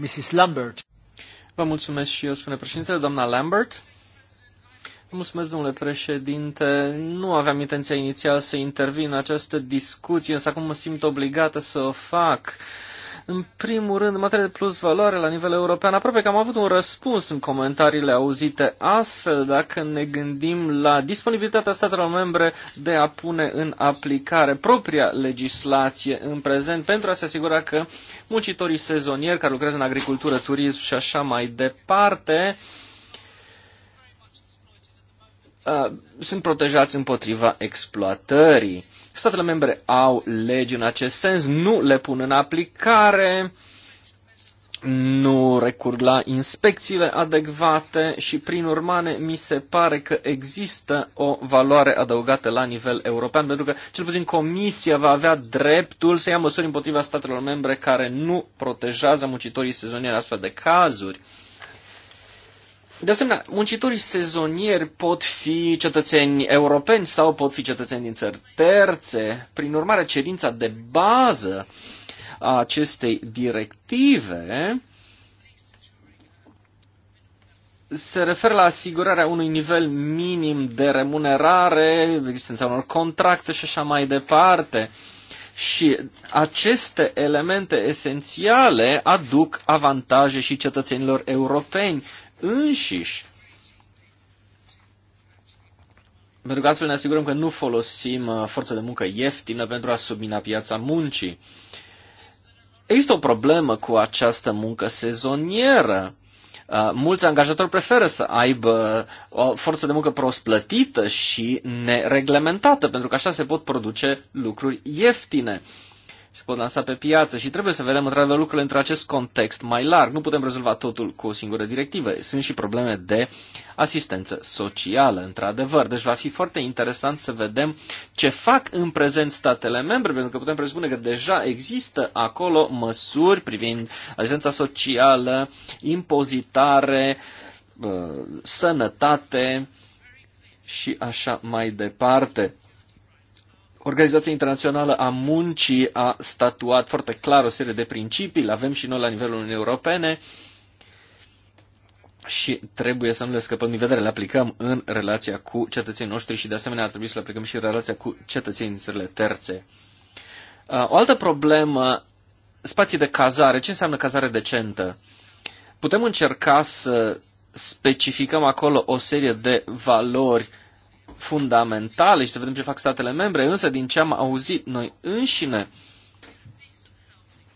Mrs. Lambert. Vă mulțumesc și eu, spune președintele, doamna Lambert. Vă mulțumesc, domnule președinte. Nu aveam intenția inițial să intervin în această discuție, însă acum mă simt obligată să o fac. Uh, în primul rând, în materie de plus valoare la nivel european, aproape că am avut un răspuns în comentariile auzite astfel, dacă ne gândim la disponibilitatea statelor membre de a pune în aplicare propria legislație în prezent pentru a se asigura că muncitorii sezonieri care lucrează în agricultură, turism și așa mai departe, uh, Uh, sunt protejați împotriva exploatării. Statele membre au legi în acest sens, nu le pun în aplicare, nu recurg la inspecțiile adecvate și, prin urmare, mi se pare că există o valoare adăugată la nivel european, pentru că, cel puțin, Comisia va avea dreptul să ia măsuri împotriva statelor membre care nu protejează muncitorii sezonieri astfel de cazuri. De asemenea, muncitorii sezonieri pot fi cetățeni europeni sau pot fi cetățeni din țări terțe. Prin urmare, cerința de bază a acestei directive se referă la asigurarea unui nivel minim de remunerare, existența unor contracte și așa mai departe. Și aceste elemente esențiale aduc avantaje și cetățenilor europeni înșiși. Pentru că astfel ne asigurăm că nu folosim uh, forță de muncă ieftină pentru a submina piața muncii. Există o problemă cu această muncă sezonieră. Uh, mulți angajatori preferă să aibă uh, o forță de muncă prost plătită și nereglementată, pentru că așa se pot produce lucruri ieftine se pot lansa pe piață și trebuie să vedem într-adevăr lucrurile într acest context mai larg. Nu putem rezolva totul cu o singură directivă. Sunt și probleme de asistență socială, într-adevăr. Deci va fi foarte interesant să vedem ce fac în prezent statele membre, pentru că putem presupune că deja există acolo măsuri privind asistența socială, impozitare, uh, sănătate și așa mai departe. Organizația Internațională a Muncii a statuat foarte clar o serie de principii, le avem și noi la nivelul Uniunii Europene și trebuie să nu le scăpăm din vedere, le aplicăm în relația cu cetățenii noștri și de asemenea ar trebui să le aplicăm și în relația cu cetățenii din țările terțe. Uh, o altă problemă, spații de cazare. Ce înseamnă cazare decentă? Putem încerca să specificăm acolo o serie de valori fundamentale și să vedem ce fac statele membre, însă din ce am auzit noi înșine,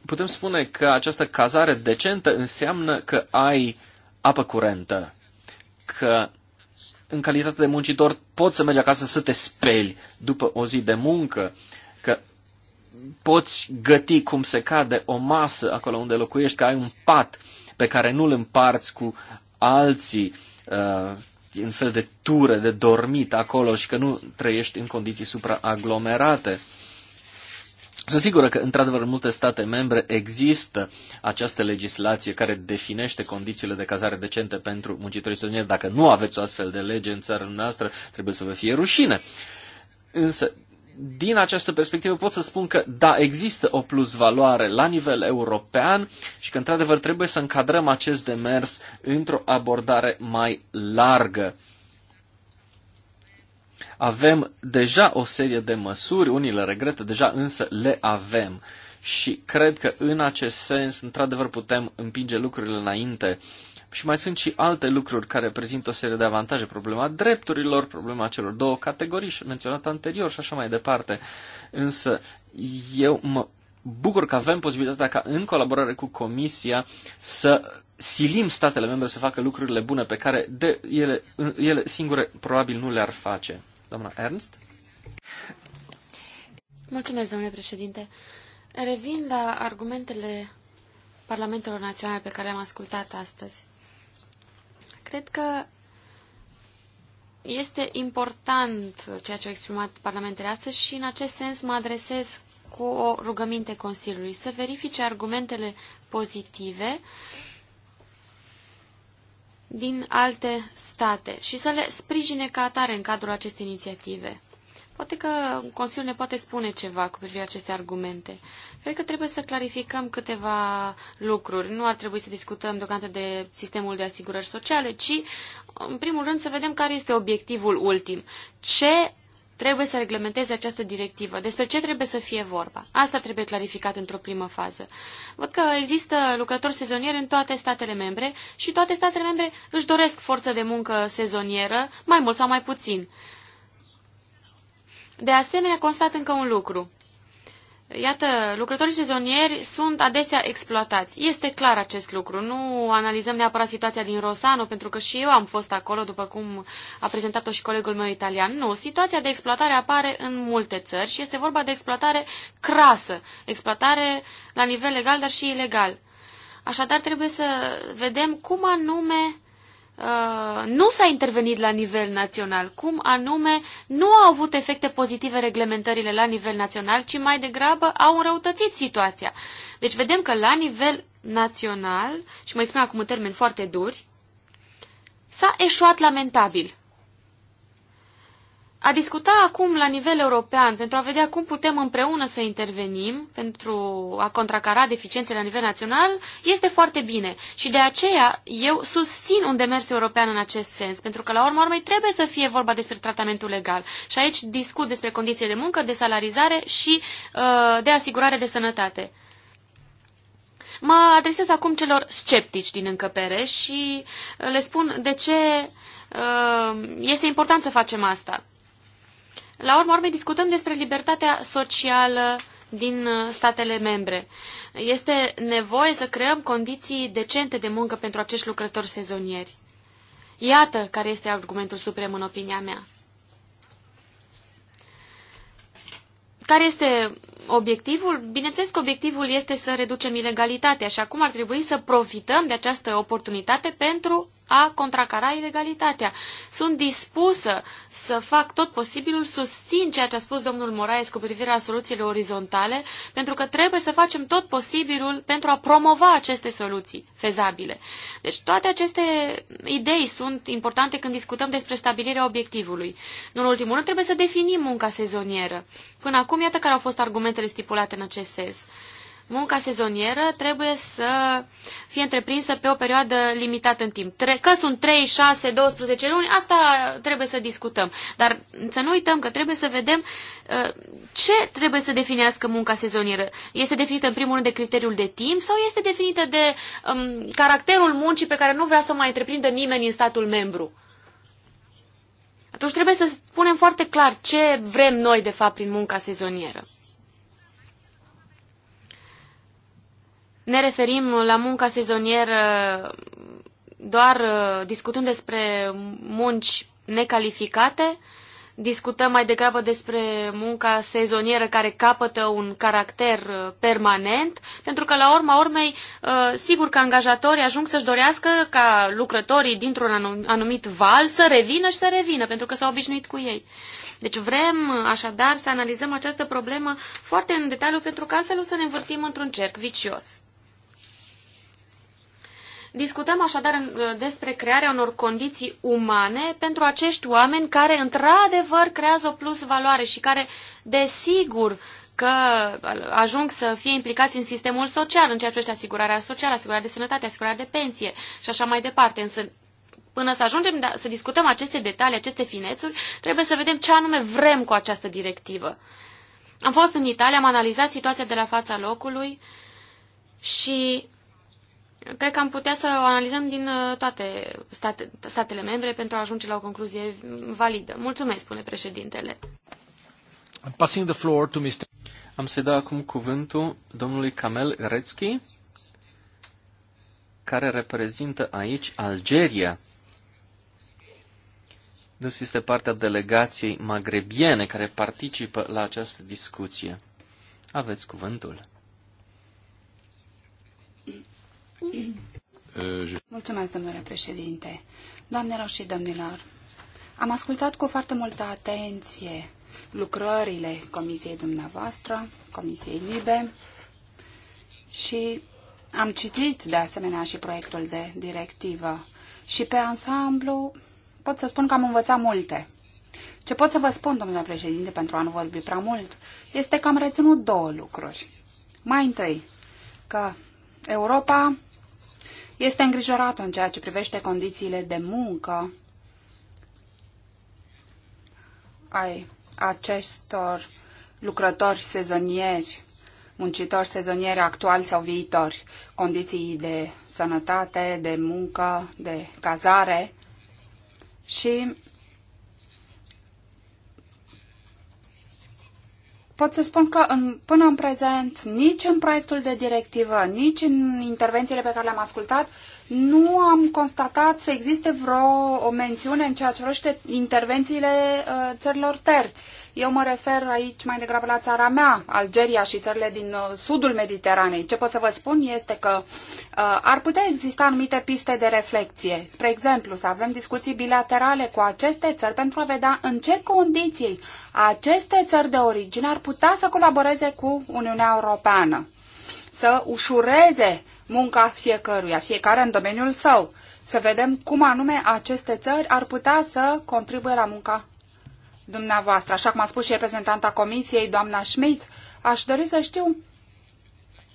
putem spune că această cazare decentă înseamnă că ai apă curentă, că în calitate de muncitor poți să mergi acasă să te speli după o zi de muncă, că poți găti cum se cade o masă acolo unde locuiești, că ai un pat pe care nu-l împarți cu alții, uh, un fel de ture de dormit acolo și că nu trăiești în condiții supraaglomerate. Sunt sigură că, într-adevăr, în multe state membre există această legislație care definește condițiile de cazare decente pentru muncitorii sezonieri. Dacă nu aveți o astfel de lege în țara noastră, trebuie să vă fie rușine. Însă, din această perspectivă pot să spun că, da, există o plusvaloare la nivel european și că, într-adevăr, trebuie să încadrăm acest demers într-o abordare mai largă. Avem deja o serie de măsuri, unii le regretă deja, însă le avem. Și cred că, în acest sens, într-adevăr, putem împinge lucrurile înainte. Uh, și mai sunt și alte lucruri care prezintă o serie de avantaje, problema drepturilor, problema celor două categorii menționate anterior și așa mai departe. Însă eu mă bucur că avem posibilitatea ca în colaborare cu Comisia să silim statele membre să facă lucrurile bune pe care de ele, ele singure probabil nu le-ar face. Doamna Ernst? Mulțumesc, domnule președinte. Revin la argumentele Parlamentelor Naționale pe care le-am ascultat astăzi. Cred că este important ceea ce au exprimat parlamentele astăzi și în acest sens mă adresez cu o rugăminte Consiliului să verifice argumentele pozitive din alte state și să le sprijine ca atare în cadrul acestei inițiative. Poate că Consiliul ne poate spune ceva cu privire aceste argumente. Cred că trebuie să clarificăm câteva lucruri. Nu ar trebui să discutăm deocamdată de sistemul de asigurări sociale, ci, în primul rând, să vedem care este obiectivul ultim. Ce trebuie să reglementeze această directivă. Despre ce trebuie să fie vorba? Asta trebuie clarificat într-o primă fază. Văd că există lucrători sezonieri în toate statele membre și toate statele membre își doresc forță de muncă sezonieră, mai mult sau mai puțin. De asemenea, constat încă un lucru. Iată, lucrătorii sezonieri sunt adesea exploatați. Este clar acest lucru. Nu analizăm neapărat situația din Rosano, pentru că și eu am fost acolo, după cum a prezentat-o și colegul meu italian. Nu, situația de exploatare apare în multe țări și este vorba de exploatare crasă, exploatare la nivel legal, dar și ilegal. Așadar, trebuie să vedem cum anume Uh, nu s-a intervenit la nivel național, cum anume nu au avut efecte pozitive reglementările la nivel național, ci mai degrabă au înrăutățit situația. Deci vedem că la nivel național, și mai spun acum în termeni foarte duri, s-a eșuat lamentabil a discuta acum la nivel european pentru a vedea cum putem împreună să intervenim pentru a contracara deficiențele la nivel național este foarte bine. Și de aceea eu susțin un demers european în acest sens, pentru că la urma urmei trebuie să fie vorba despre tratamentul legal. Și aici discut despre condiții de muncă, de salarizare și uh, de asigurare de sănătate. Mă adresez acum celor sceptici din încăpere și le spun de ce uh, este important să facem asta. La urma urmei discutăm despre libertatea socială din uh, statele membre. Este nevoie să creăm condiții decente de muncă pentru acești lucrători sezonieri. Iată care este argumentul suprem în opinia mea. Care este obiectivul? Bineînțeles că obiectivul este să reducem ilegalitatea și acum ar trebui să profităm de această oportunitate pentru a contracara ilegalitatea. Sunt dispusă să fac tot posibilul, susțin ceea ce a spus domnul Moraes cu privire la soluțiile orizontale, pentru că trebuie să facem tot posibilul pentru a promova aceste soluții fezabile. Deci toate aceste idei sunt importante când discutăm despre stabilirea obiectivului. în ultimul rând trebuie să definim munca sezonieră. Până acum, iată care au fost argumentele stipulate în acest sens munca sezonieră trebuie să fie întreprinsă pe o perioadă limitată în timp. Că sunt 3, 6, 12 luni, asta trebuie să discutăm. Dar să nu uităm că trebuie să vedem uh, ce trebuie să definească munca sezonieră. Este definită în primul rând de criteriul de timp sau este definită de um, caracterul muncii pe care nu vrea să o mai întreprindă nimeni în statul membru? Atunci trebuie să spunem foarte clar ce vrem noi, de fapt, prin munca sezonieră. ne referim la munca sezonieră doar uh, discutând despre munci necalificate, discutăm mai degrabă despre munca sezonieră care capătă un caracter uh, permanent, pentru că la urma urmei, uh, sigur că angajatorii ajung să-și dorească ca lucrătorii dintr-un anumit val să revină și să revină, pentru că s-au obișnuit cu ei. Deci vrem așadar să analizăm această problemă foarte în detaliu, pentru că altfel o să ne învârtim într-un cerc vicios. Discutăm așadar uh, despre crearea unor condiții umane pentru acești oameni care într-adevăr creează o plus valoare și care, desigur, că uh, ajung să fie implicați în sistemul social, în ceea ce este asigurarea socială, asigurarea de sănătate, asigurarea de pensie și așa mai departe. Însă, până să ajungem da, să discutăm aceste detalii, aceste finețuri, trebuie să vedem ce anume vrem cu această directivă. Am fost în Italia, am analizat situația de la fața locului și Cred că am putea să o analizăm din uh, toate state, statele membre pentru a ajunge la o concluzie validă. Mulțumesc, spune președintele. passing the floor to Mr. Am să-i dau acum cuvântul domnului Kamel Grețchi, care reprezintă aici Algeria. Dus este partea delegației magrebiene care participă la această discuție. Aveți cuvântul. Mulțumesc, domnule președinte. Doamnelor și domnilor, am ascultat cu foarte multă atenție lucrările comisiei dumneavoastră, comisiei LIBE și am citit de asemenea și proiectul de directivă și pe ansamblu pot să spun că am învățat multe. Ce pot să vă spun, domnule președinte, pentru a nu vorbi prea mult, este că am reținut două lucruri. Mai întâi, că Europa este îngrijorată în ceea ce privește condițiile de muncă ai acestor lucrători sezonieri, muncitori sezonieri actuali sau viitori, condiții de sănătate, de muncă, de cazare și pot să spun că în, până în prezent, nici în proiectul de directivă, nici în intervențiile pe care le-am ascultat, nu am constatat să existe vreo o mențiune în ceea ce privește intervențiile uh, țărilor terți. Eu mă refer aici mai degrabă la țara mea, Algeria și țările din uh, sudul Mediteranei. Ce pot să vă spun este că uh, ar putea exista anumite piste de reflexie. Spre exemplu, să avem discuții bilaterale cu aceste țări pentru a vedea în ce condiții aceste țări de origine ar putea să colaboreze cu Uniunea Europeană să ușureze munca fiecăruia, fiecare în domeniul său. Să vedem cum anume aceste țări ar putea să contribuie la munca dumneavoastră. Așa cum a spus și reprezentanta comisiei, doamna Schmidt, aș dori să știu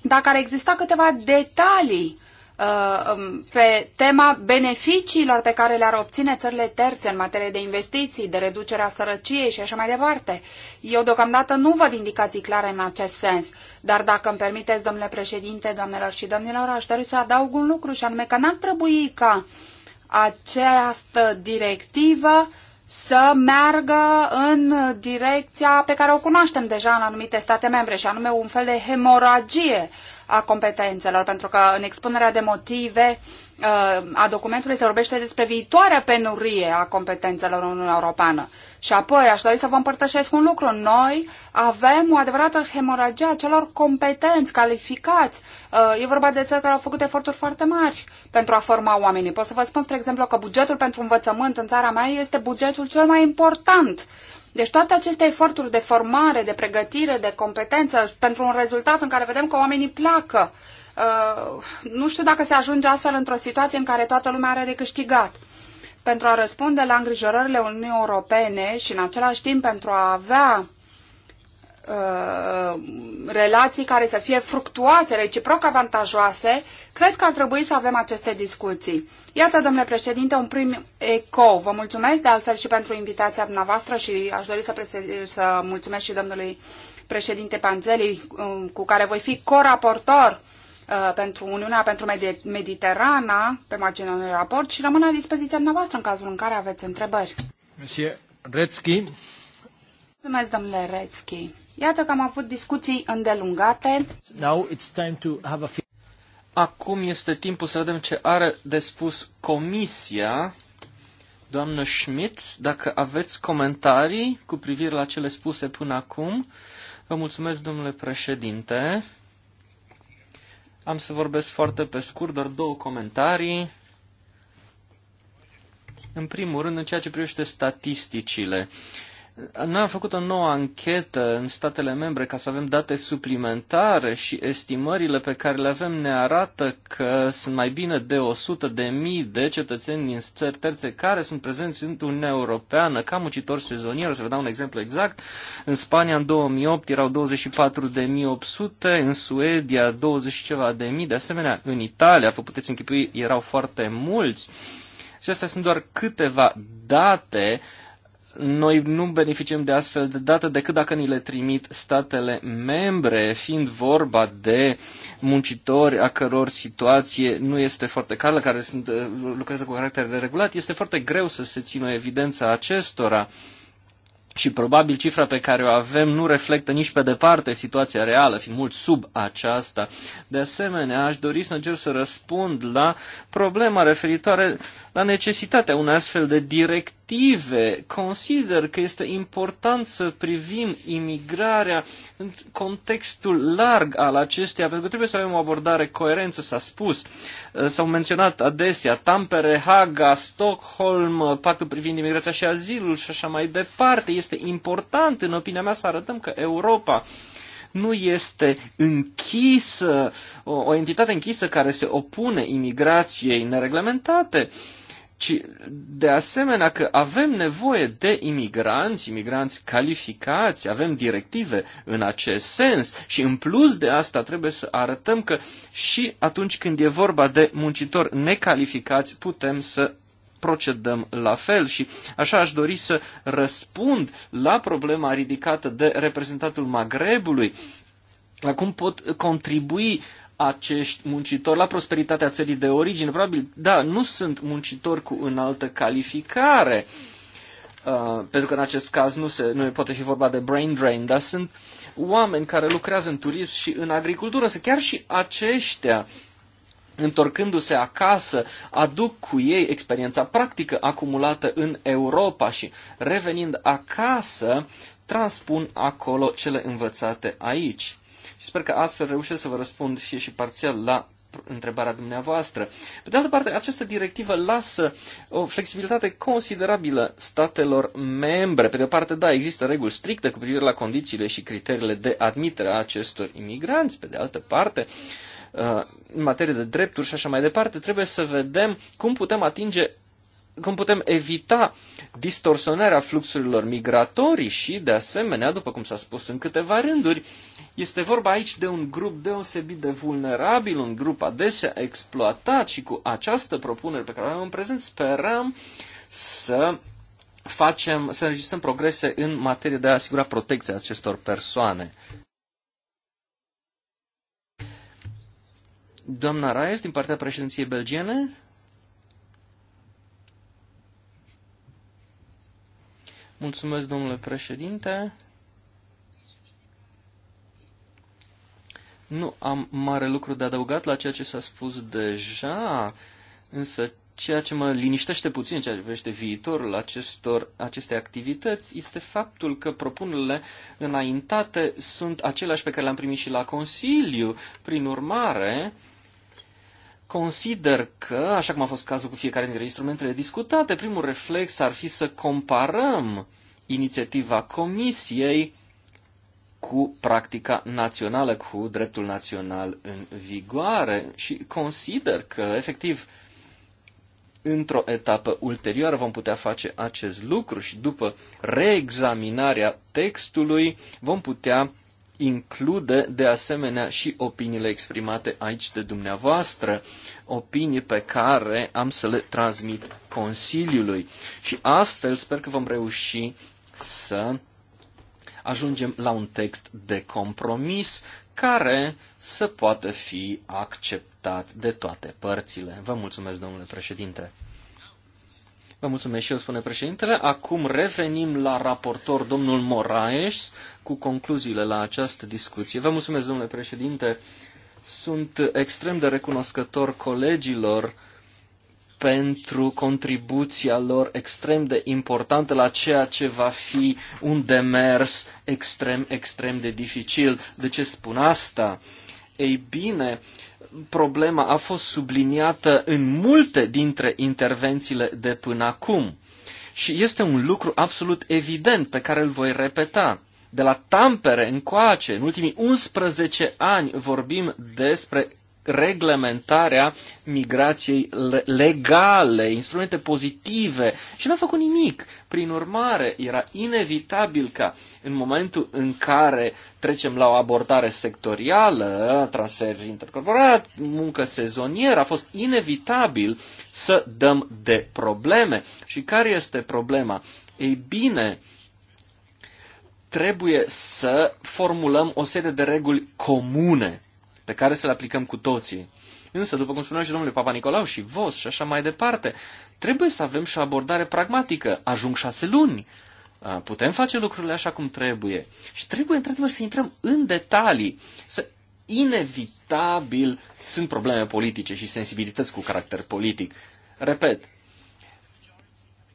dacă ar exista câteva detalii Uh, um, pe tema beneficiilor pe care le-ar obține țările terțe în materie de investiții, de reducerea sărăciei și așa mai departe. Eu deocamdată nu văd indicații clare în acest sens, dar dacă îmi permiteți, domnule președinte, doamnelor și domnilor, aș dori să adaug un lucru și anume că n-ar trebui ca această directivă să meargă în direcția pe care o cunoaștem deja în anumite state membre, și anume un fel de hemoragie a competențelor, pentru că în expunerea de motive uh, a documentului se vorbește despre viitoarea penurie a competențelor în Uniunea Europeană. Și apoi aș dori să vă împărtășesc un lucru. Noi avem o adevărată hemoragie a celor competenți, calificați. Uh, e vorba de țări care au făcut eforturi foarte mari pentru a forma oamenii. Pot să vă spun, spre exemplu, că bugetul pentru învățământ în țara mea este bugetul cel mai important deci toate aceste eforturi de formare, de pregătire, de competență pentru un rezultat în care vedem că oamenii pleacă, uh, nu știu dacă se ajunge astfel într-o situație în care toată lumea are de câștigat. Pentru a răspunde la îngrijorările Uniunii Europene și în același timp pentru a avea Uh, relații care să fie fructuoase, reciproc avantajoase, cred că ar trebui să avem aceste discuții. Iată, domnule președinte, un prim eco. Vă mulțumesc de altfel și pentru invitația dumneavoastră și aș dori să, să mulțumesc și domnului președinte Panzeli, uh, cu care voi fi coraportor uh, pentru Uniunea pentru Mediterana pe marginea unui raport și rămân la dispoziția noastră în cazul în care aveți întrebări. Monsieur Retzky. Mulțumesc, domnule Rețchi. Iată că am avut discuții îndelungate. Now it's time to have a... Acum este timpul să vedem ce are de spus comisia. Doamnă Schmidt, dacă aveți comentarii cu privire la cele spuse până acum, vă mulțumesc, domnule președinte. Am să vorbesc foarte pe scurt, doar două comentarii. În primul rând, în ceea ce privește statisticile. Uh, noi am făcut o nouă anchetă în statele membre ca să avem date suplimentare și estimările pe care le avem ne arată că sunt mai bine de 100 de mii de cetățeni din țări terțe care sunt prezenți în Uniunea Europeană ca muncitori sezonieri. O să vă dau un exemplu exact. În Spania în 2008 erau 24.800, în Suedia 20 ceva de mii, de asemenea în Italia, vă puteți închipui, erau foarte mulți. Și astea sunt doar câteva date noi nu beneficiem de astfel de date decât dacă ni le trimit statele membre, fiind vorba de muncitori a căror situație nu este foarte cală, care sunt, uh, lucrează cu caracter regulat, este foarte greu să se țină evidența acestora. Și probabil cifra pe care o avem nu reflectă nici pe departe situația reală, fiind mult sub aceasta. De asemenea, aș dori să încerc să răspund la problema referitoare la necesitatea unei astfel de directive. Consider că este important să privim imigrarea în contextul larg al acesteia, pentru că trebuie să avem o abordare coerență, s-a spus. Uh, s-au menționat adesea Tampere, Haga, Stockholm, uh, pactul privind imigrația și azilul și așa mai departe. Este important, în opinia mea, să arătăm că Europa nu este închisă, o, o entitate închisă care se opune imigrației nereglementate. Uh, ci de asemenea că avem nevoie de imigranți, imigranți calificați, avem directive în acest sens și în plus de asta trebuie să arătăm că și atunci când e vorba de muncitori necalificați putem să procedăm la fel și așa aș dori să răspund la problema ridicată de reprezentantul Magrebului la cum pot contribui acești muncitori la prosperitatea țării de origine. Probabil, da, nu sunt muncitori cu înaltă calificare, uh, pentru că în acest caz nu, se, nu poate fi vorba de brain drain, dar sunt oameni care lucrează în turism și în agricultură, să chiar și aceștia întorcându-se acasă, aduc cu ei experiența practică acumulată în Europa și revenind acasă, transpun acolo cele învățate aici. Și sper că astfel reușesc să vă răspund și, și parțial la întrebarea dumneavoastră. Pe de altă parte, această directivă lasă o flexibilitate considerabilă statelor membre. Pe de o parte, da, există reguli stricte cu privire la condițiile și criteriile de admitere a acestor imigranți. Pe de altă parte, uh, în materie de drepturi și așa mai departe, trebuie să vedem cum putem atinge cum putem evita distorsionarea fluxurilor migratorii și, de asemenea, după cum s-a spus în câteva rânduri, este vorba aici de un grup deosebit de vulnerabil, un grup adesea exploatat și cu această propunere pe care o avem în prezent sperăm să facem, să înregistrăm progrese în materie de a asigura protecția acestor persoane. Doamna Raes, din partea președinției belgiene, Mulțumesc, domnule președinte. Nu am mare lucru de adăugat la ceea ce s-a spus deja, însă ceea ce mă liniștește puțin ceea ce privește viitorul acestor, acestei activități este faptul că propunerile înaintate sunt aceleași pe care le-am primit și la Consiliu. Prin urmare, uh, Consider că, așa cum a fost cazul cu fiecare dintre instrumentele discutate, primul reflex ar fi să comparăm inițiativa Comisiei cu practica națională, cu dreptul național în vigoare și consider că, efectiv, într-o etapă ulterioară vom putea face acest lucru și după reexaminarea textului vom putea include de asemenea și opiniile exprimate aici de dumneavoastră, opinii pe care am să le transmit Consiliului. Și astfel sper că vom reuși să ajungem la un text de compromis care să poată fi acceptat de toate părțile. Vă mulțumesc, domnule președinte. Vă mulțumesc și eu, spune președintele. Acum revenim la raportor domnul Moraes cu concluziile la această discuție. Vă mulțumesc, domnule președinte. Sunt extrem de recunoscător colegilor pentru contribuția lor extrem de importantă la ceea ce va fi un demers extrem, extrem de dificil. De ce spun asta? Ei bine, uh, problema a fost subliniată în multe dintre intervențiile de până acum. Și este un lucru absolut evident pe care îl voi repeta. De la Tampere încoace, în ultimii 11 ani, vorbim despre reglementarea migrației legale, instrumente pozitive și nu a făcut nimic. Prin urmare, era inevitabil ca în momentul în care trecem la o abordare sectorială, transfer intercorporat, muncă sezonieră, a fost inevitabil să dăm de probleme. Și care este problema? Ei bine, trebuie să formulăm o serie de reguli comune pe care să le aplicăm cu toții. Însă, după cum spuneau și domnule Papa Nicolau și Vos și așa mai departe, trebuie să avem și o abordare pragmatică. Ajung șase luni, putem face lucrurile așa cum trebuie și trebuie, într-adevăr, să intrăm în detalii, să inevitabil sunt probleme politice și sensibilități cu caracter politic. Repet,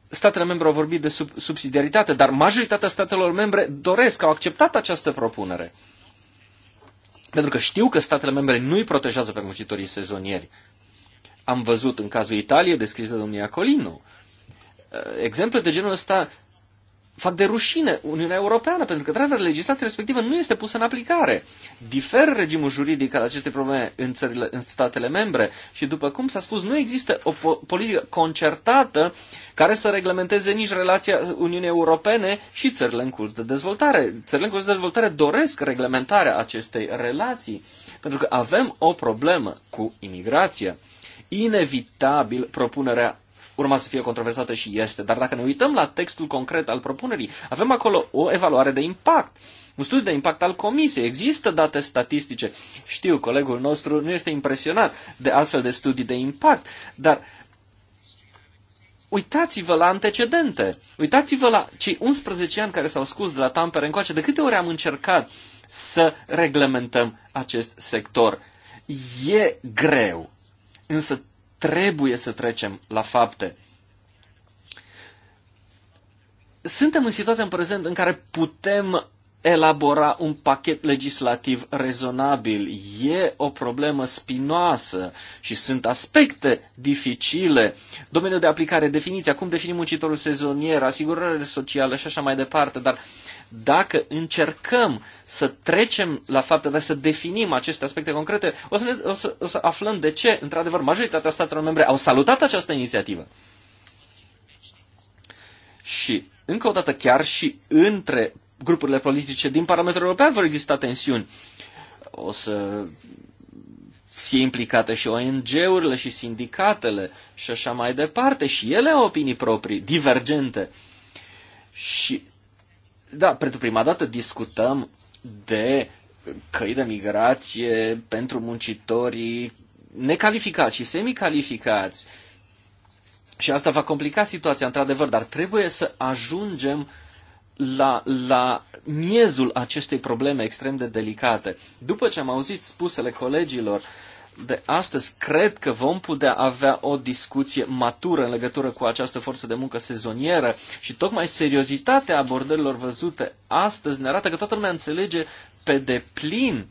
statele membre au vorbit de sub, subsidiaritate, dar majoritatea statelor membre doresc, au acceptat această propunere. Pentru că știu că statele membre nu îi protejează pe muncitorii sezonieri. Am văzut în cazul Italiei, descris de domnia Colino, exemple de genul ăsta fac de rușine Uniunea Europeană, pentru că, într-adevăr, legislația respectivă nu este pusă în aplicare. Difer regimul juridic al acestei probleme în, țările, în statele membre și, după cum s-a spus, nu există o politică concertată care să reglementeze nici relația Uniunii Europene și țările în curs de dezvoltare. Țările în curs de dezvoltare doresc reglementarea acestei relații, pentru că avem o problemă cu imigrația. Inevitabil, propunerea urma să fie controversată și este. Dar dacă ne uităm la textul concret al propunerii, avem acolo o evaluare de impact. Un studiu de impact al comisiei. Există date statistice. Știu, colegul nostru nu este impresionat de astfel de studii de impact, dar uitați-vă la antecedente. Uitați-vă la cei 11 ani care s-au scus de la Tampere încoace. De câte ori am încercat să reglementăm acest sector? E greu, însă trebuie să trecem la fapte. Suntem în situația în prezent în care putem elabora un pachet legislativ rezonabil. E o problemă spinoasă și sunt aspecte dificile. Domeniul de aplicare, definiția, cum definim muncitorul sezonier, asigurările sociale și așa mai departe, dar dacă încercăm să trecem la fapte, dar să definim aceste aspecte concrete, o să, ne, o să, o să aflăm de ce, într-adevăr, majoritatea statelor membre au salutat această inițiativă. Și încă o dată, chiar și între grupurile politice din Parlamentul European vor exista tensiuni. O să fie implicate și ONG-urile și sindicatele și așa mai departe. Și ele au opinii proprii, divergente. Și, da, pentru prima dată discutăm de căi de migrație pentru muncitorii necalificați și semicalificați. Și asta va complica situația, într-adevăr, dar trebuie să ajungem la, la miezul acestei probleme extrem de delicate. După ce am auzit spusele colegilor de astăzi, cred că vom putea avea o discuție matură în legătură cu această forță de muncă sezonieră și tocmai seriozitatea abordărilor văzute astăzi ne arată că toată lumea înțelege pe deplin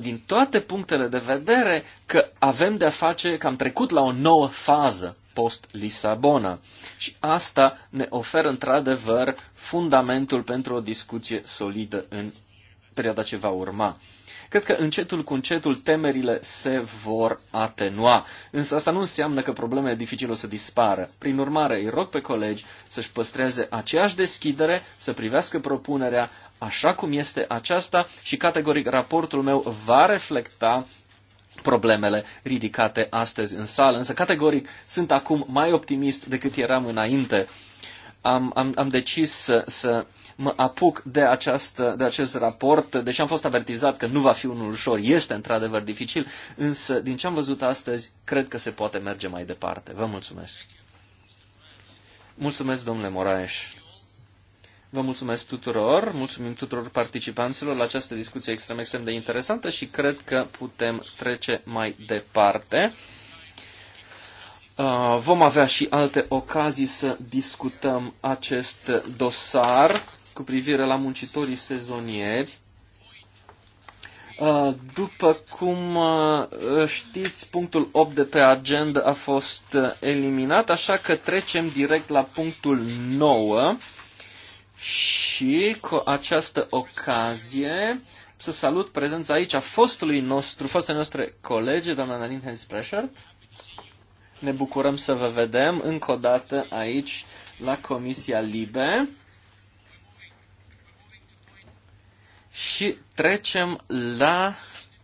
din toate punctele de vedere că avem de-a face, că am trecut la o nouă fază post-Lisabona. Și asta ne oferă într-adevăr fundamentul pentru o discuție solidă în perioada ce va urma. Cred că încetul cu încetul temerile se vor atenua, însă asta nu înseamnă că problemele dificile o să dispară. Prin urmare, îi rog pe colegi să-și păstreze aceeași deschidere, să privească propunerea așa cum este aceasta și categoric raportul meu va reflecta problemele ridicate astăzi în sală, însă categoric sunt acum mai optimist decât eram înainte. Am, am, am decis să, să mă apuc de, această, de acest raport, deși am fost avertizat că nu va fi unul ușor, este într-adevăr dificil, însă din ce am văzut astăzi, cred că se poate merge mai departe. Vă mulțumesc! Mulțumesc, domnule Moraes! Vă mulțumesc tuturor, mulțumim tuturor participanților la această discuție extrem, extrem de interesantă și cred că putem trece mai departe. Uh, vom avea și alte ocazii să discutăm acest dosar cu privire la muncitorii sezonieri. Uh, după cum uh, știți, punctul 8 de pe agenda a fost eliminat, așa că trecem direct la punctul 9 și cu această ocazie să salut prezența aici a fostului nostru, fostele noastre colege, doamna Nadine Hens Pressure. Ne bucurăm să vă vedem încă o dată aici la Comisia Libe. Și trecem la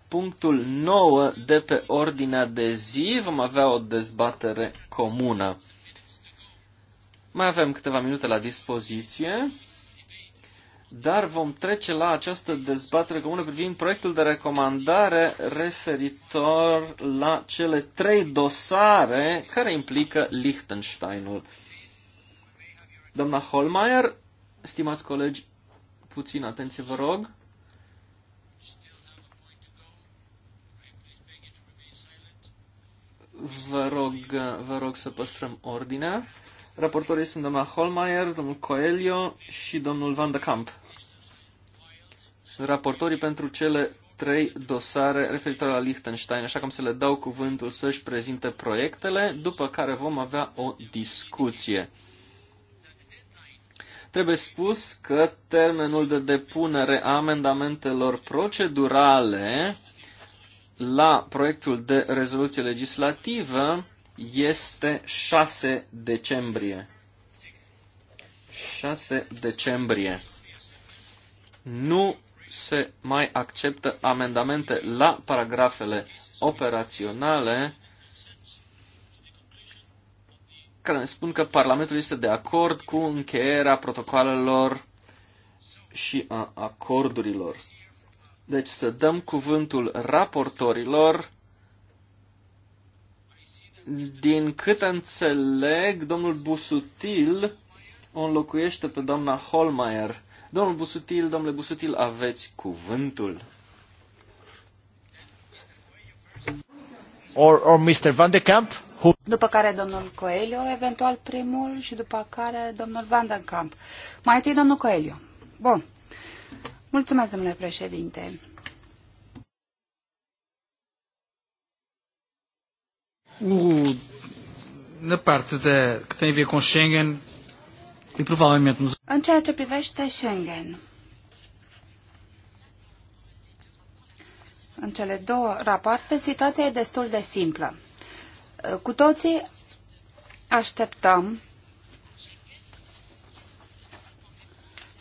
punctul 9 de pe ordinea de zi. Vom avea o dezbatere comună. Mai avem câteva minute la dispoziție, dar vom trece la această dezbatere comună privind proiectul de recomandare referitor la cele trei dosare care implică Liechtensteinul. Doamna Holmeier, stimați colegi, puțin atenție vă rog. Vă rog, vă rog să păstrăm ordinea. Raportorii sunt doamna Holmeier, domnul Coelho și domnul Van de Camp. raportorii pentru cele trei dosare referitoare la Liechtenstein, așa cum să le dau cuvântul să-și prezinte proiectele, după care vom avea o discuție. Trebuie spus că termenul de depunere a amendamentelor procedurale la proiectul de rezoluție legislativă este 6 decembrie. 6 decembrie. Nu se mai acceptă amendamente la paragrafele operaționale care ne spun că Parlamentul este de acord cu încheierea protocoalelor și a acordurilor. Deci să dăm cuvântul raportorilor din câte înțeleg, domnul Busutil o înlocuiește pe doamna Holmeier. Domnul Busutil, domnule Busutil, aveți cuvântul. Or, or Mr. Van de Camp? Who... După care domnul Coelho, eventual primul, și după care domnul Van de Camp. Mai întâi domnul Coelho. Bun. Mulțumesc, domnule președinte. o, na parte da, que tem a ver com Schengen e provavelmente nos... Em ceea ce privește Schengen, în cele două rapoarte, situația e destul de simplă. Cu toții așteptăm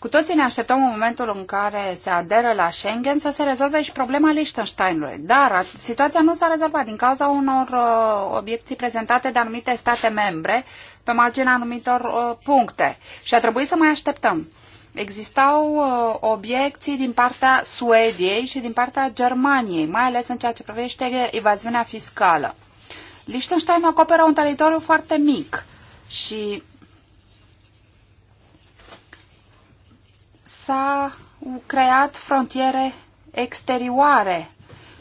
Cu toții ne așteptăm în momentul în care se aderă la Schengen să se rezolve și problema Liechtensteinului. Dar situația nu s-a rezolvat din cauza unor uh, obiecții prezentate de anumite state membre pe marginea anumitor uh, puncte. Și a trebuit să mai așteptăm. Existau uh, obiecții din partea Suediei și din partea Germaniei, mai ales în ceea ce privește evaziunea fiscală. Liechtenstein acoperă un teritoriu foarte mic și s-a creat frontiere exterioare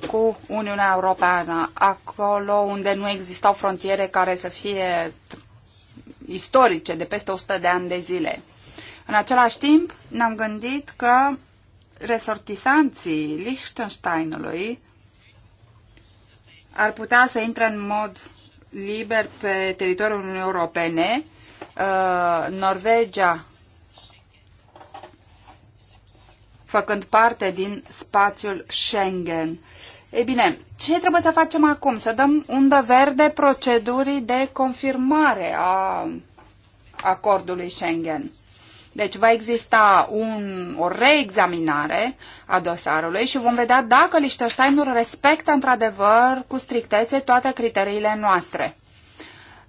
cu Uniunea Europeană, acolo unde nu existau frontiere care să fie istorice, de peste 100 de ani de zile. În același timp, ne-am gândit că resortisanții Liechtensteinului ar putea să intre în mod liber pe teritoriul Uniunii Europene. Uh, Norvegia făcând parte din spațiul Schengen. Ei bine, ce trebuie să facem acum? Să dăm undă verde procedurii de confirmare a acordului Schengen. Deci va exista un, o reexaminare a dosarului și vom vedea dacă Liechtensteinul respectă într-adevăr cu strictețe toate criteriile noastre.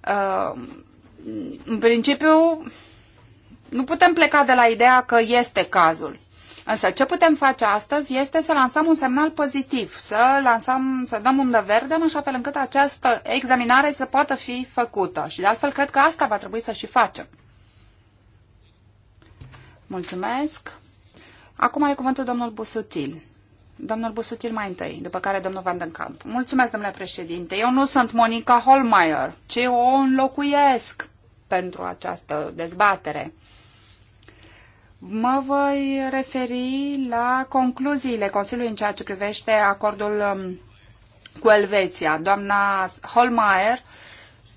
Uh, în principiu, nu putem pleca de la ideea că este cazul. Însă ce putem face astăzi este să lansăm un semnal pozitiv, să lansăm, să dăm undă verde în așa fel încât această examinare să poată fi făcută. Și de altfel cred că asta va trebui să și facem. Mulțumesc. Acum are cuvântul domnul Busutil. Domnul Busutil mai întâi, după care domnul Van den Camp. Mulțumesc, domnule președinte. Eu nu sunt Monica Holmeier, ci o înlocuiesc pentru această dezbatere. Mă voi referi la concluziile Consiliului în ceea ce privește acordul um, cu Elveția. Doamna Holmeier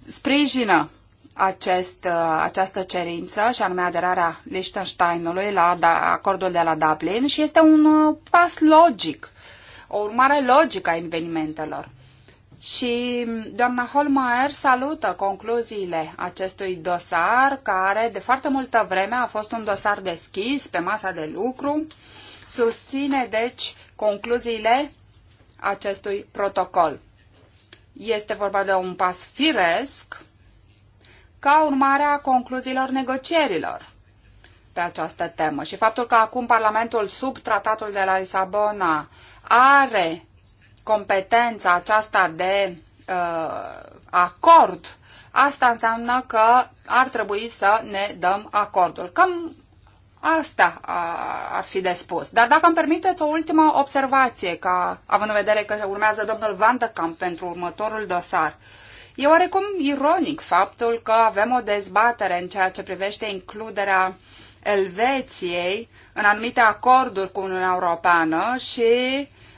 sprijină acest, uh, această cerință și anume aderarea Liechtensteinului la da, acordul de la Dublin și este un uh, pas logic, o urmare logică a evenimentelor și doamna Holmeier salută concluziile acestui dosar, care de foarte multă vreme a fost un dosar deschis pe masa de lucru. Susține, deci, concluziile acestui protocol. Este vorba de un pas firesc ca urmare a concluziilor negocierilor pe această temă. Și faptul că acum Parlamentul, sub tratatul de la Lisabona, are competența aceasta de uh, acord, asta înseamnă că ar trebui să ne dăm acordul. Cam asta ar fi de spus. Dar dacă îmi permiteți o ultimă observație, ca, având în vedere că urmează domnul Van de Camp pentru următorul dosar, E oarecum ironic faptul că avem o dezbatere în ceea ce privește includerea Elveției în anumite acorduri cu Uniunea Europeană și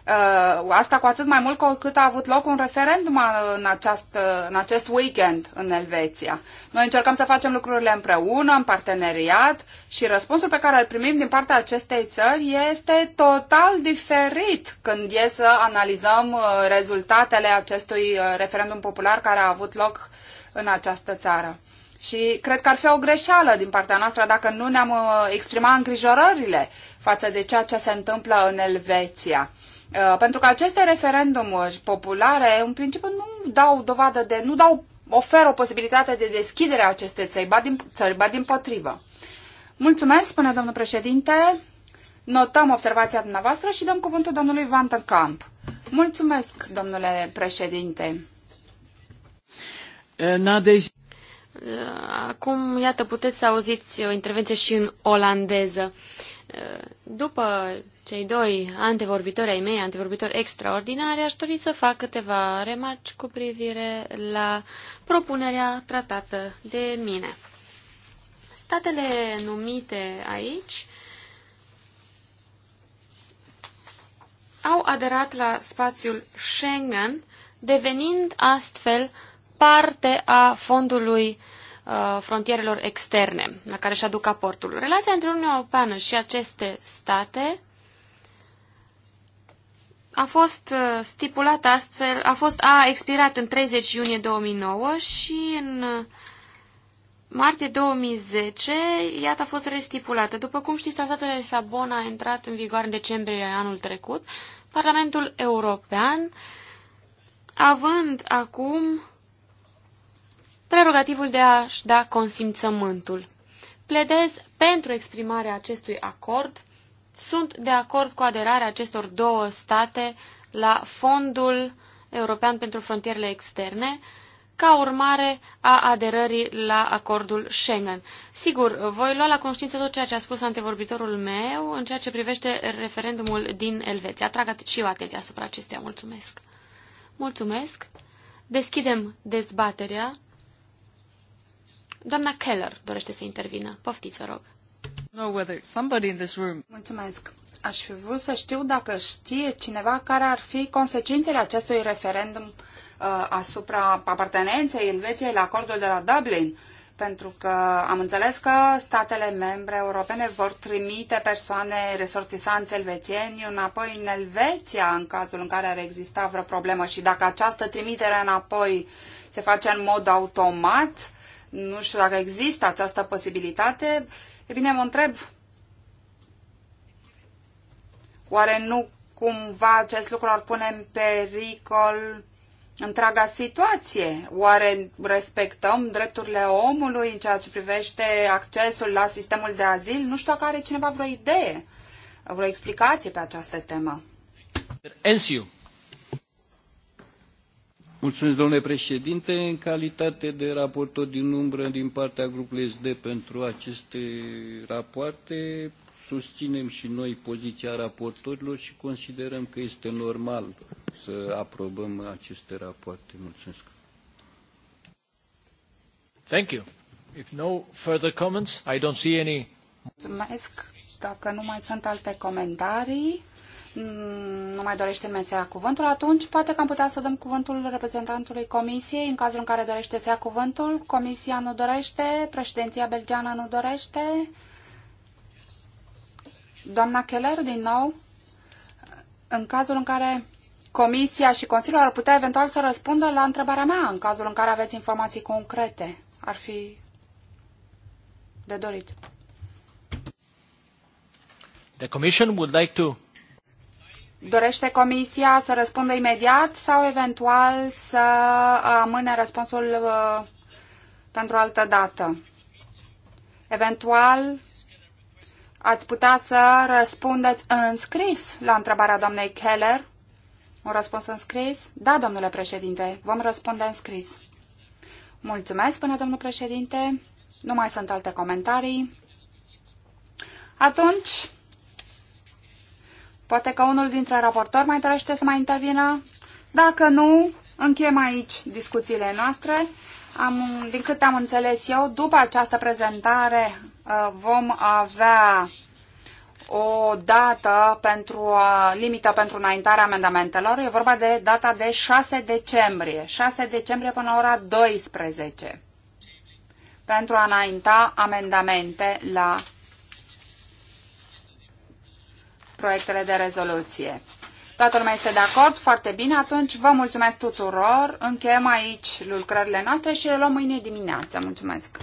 Uh, asta cu atât mai mult cu cât a avut loc un referendum în, aceast, în acest weekend în Elveția. Noi încercăm să facem lucrurile împreună, în parteneriat și răspunsul pe care îl primim din partea acestei țări este total diferit când e să analizăm uh, rezultatele acestui uh, referendum popular care a avut loc în această țară. Și cred că ar fi o greșeală din partea noastră dacă nu ne-am exprimat îngrijorările față de ceea ce se întâmplă în Elveția. Uh, pentru că aceste referendumuri populare, în principiu, nu dau dovadă de, nu dau, oferă o posibilitate de deschidere a acestei țări, ba din, țări, ba din potrivă. Mulțumesc, spune domnul președinte. Notăm observația dumneavoastră și dăm cuvântul domnului Van Camp. Mulțumesc, domnule președinte. Eh, eh, acum, iată, puteți să auziți o intervenție și în olandeză. Uh, după cei doi antevorbitori ai mei, antevorbitori extraordinari, aș dori să fac câteva remarci cu privire la propunerea tratată de mine. Statele numite aici au aderat la spațiul Schengen, devenind astfel parte a fondului Uh, frontierelor externe, la care își aduc aportul. Relația între Uniunea Europeană și aceste state a fost uh, stipulată astfel, a, fost, a expirat în 30 iunie 2009 și în uh, martie 2010, iată, a fost restipulată. După cum știți, tratatul de Lisabona a intrat în vigoare în decembrie anul trecut. Parlamentul European, având acum prerogativul de a-și da consimțământul. Pledez pentru exprimarea acestui acord. Sunt de acord cu aderarea acestor două state la Fondul European pentru Frontierele Externe, ca urmare a aderării la acordul Schengen. Sigur, voi lua la conștiință tot ceea ce a spus antevorbitorul meu în ceea ce privește referendumul din Elveția. Atrag și eu atenția asupra acesteia. Mulțumesc. Mulțumesc. Deschidem dezbaterea. Doamna Keller dorește să intervină. Poftiți, vă rog. Mulțumesc. Aș fi vrut să știu dacă știe cineva care ar fi consecințele acestui referendum uh, asupra apartenenței Elveției la acordul de la Dublin pentru că am înțeles că statele membre europene vor trimite persoane resortisanțe elvețieni înapoi în Elveția în cazul în care ar exista vreo problemă și dacă această trimitere înapoi se face în mod automat, nu știu dacă există această posibilitate, e bine, mă întreb, oare nu cumva acest lucru ar pune în pericol întreaga situație? Oare respectăm drepturile omului în ceea ce privește accesul la sistemul de azil? Nu știu dacă are cineva vreo idee, vreo explicație pe această temă. Mulțumesc, domnule președinte. În calitate de raportor din umbră din partea grupului SD pentru aceste rapoarte, susținem și noi poziția raportorilor și considerăm că este normal să aprobăm aceste rapoarte. Mulțumesc. Thank you. If no further comments, I don't see any... Mulțumesc. Dacă nu mai sunt alte comentarii, Mm, nu mai dorește nimeni să ia cuvântul, atunci poate că am putea să dăm cuvântul reprezentantului Comisiei în cazul în care dorește să ia cuvântul. Comisia nu dorește, președinția belgiană nu dorește. Doamna Keller, din nou, în cazul în care Comisia și Consiliul ar putea eventual să răspundă la întrebarea mea, în cazul în care aveți informații concrete, ar fi de dorit. The Commission would like to Dorește comisia să răspundă imediat sau eventual să uh, amâne răspunsul uh, pentru altă dată? Eventual ați putea să răspundeți în scris la întrebarea doamnei Keller? Un răspuns în scris? Da, domnule președinte, vom răspunde în scris. Mulțumesc, până domnul președinte. Nu mai sunt alte comentarii. Atunci, Poate că unul dintre raportori mai dorește să mai intervină? Dacă nu, încheiem aici discuțiile noastre. Am, din câte am înțeles eu, după această prezentare uh, vom avea o dată pentru a, limită pentru înaintarea amendamentelor. E vorba de data de 6 decembrie. 6 decembrie până la ora 12 pentru a înainta amendamente la proiectele de rezoluție. Toată lumea este de acord? Foarte bine. Atunci vă mulțumesc tuturor. Încheiem aici lucrările noastre și le luăm mâine dimineață. Mulțumesc!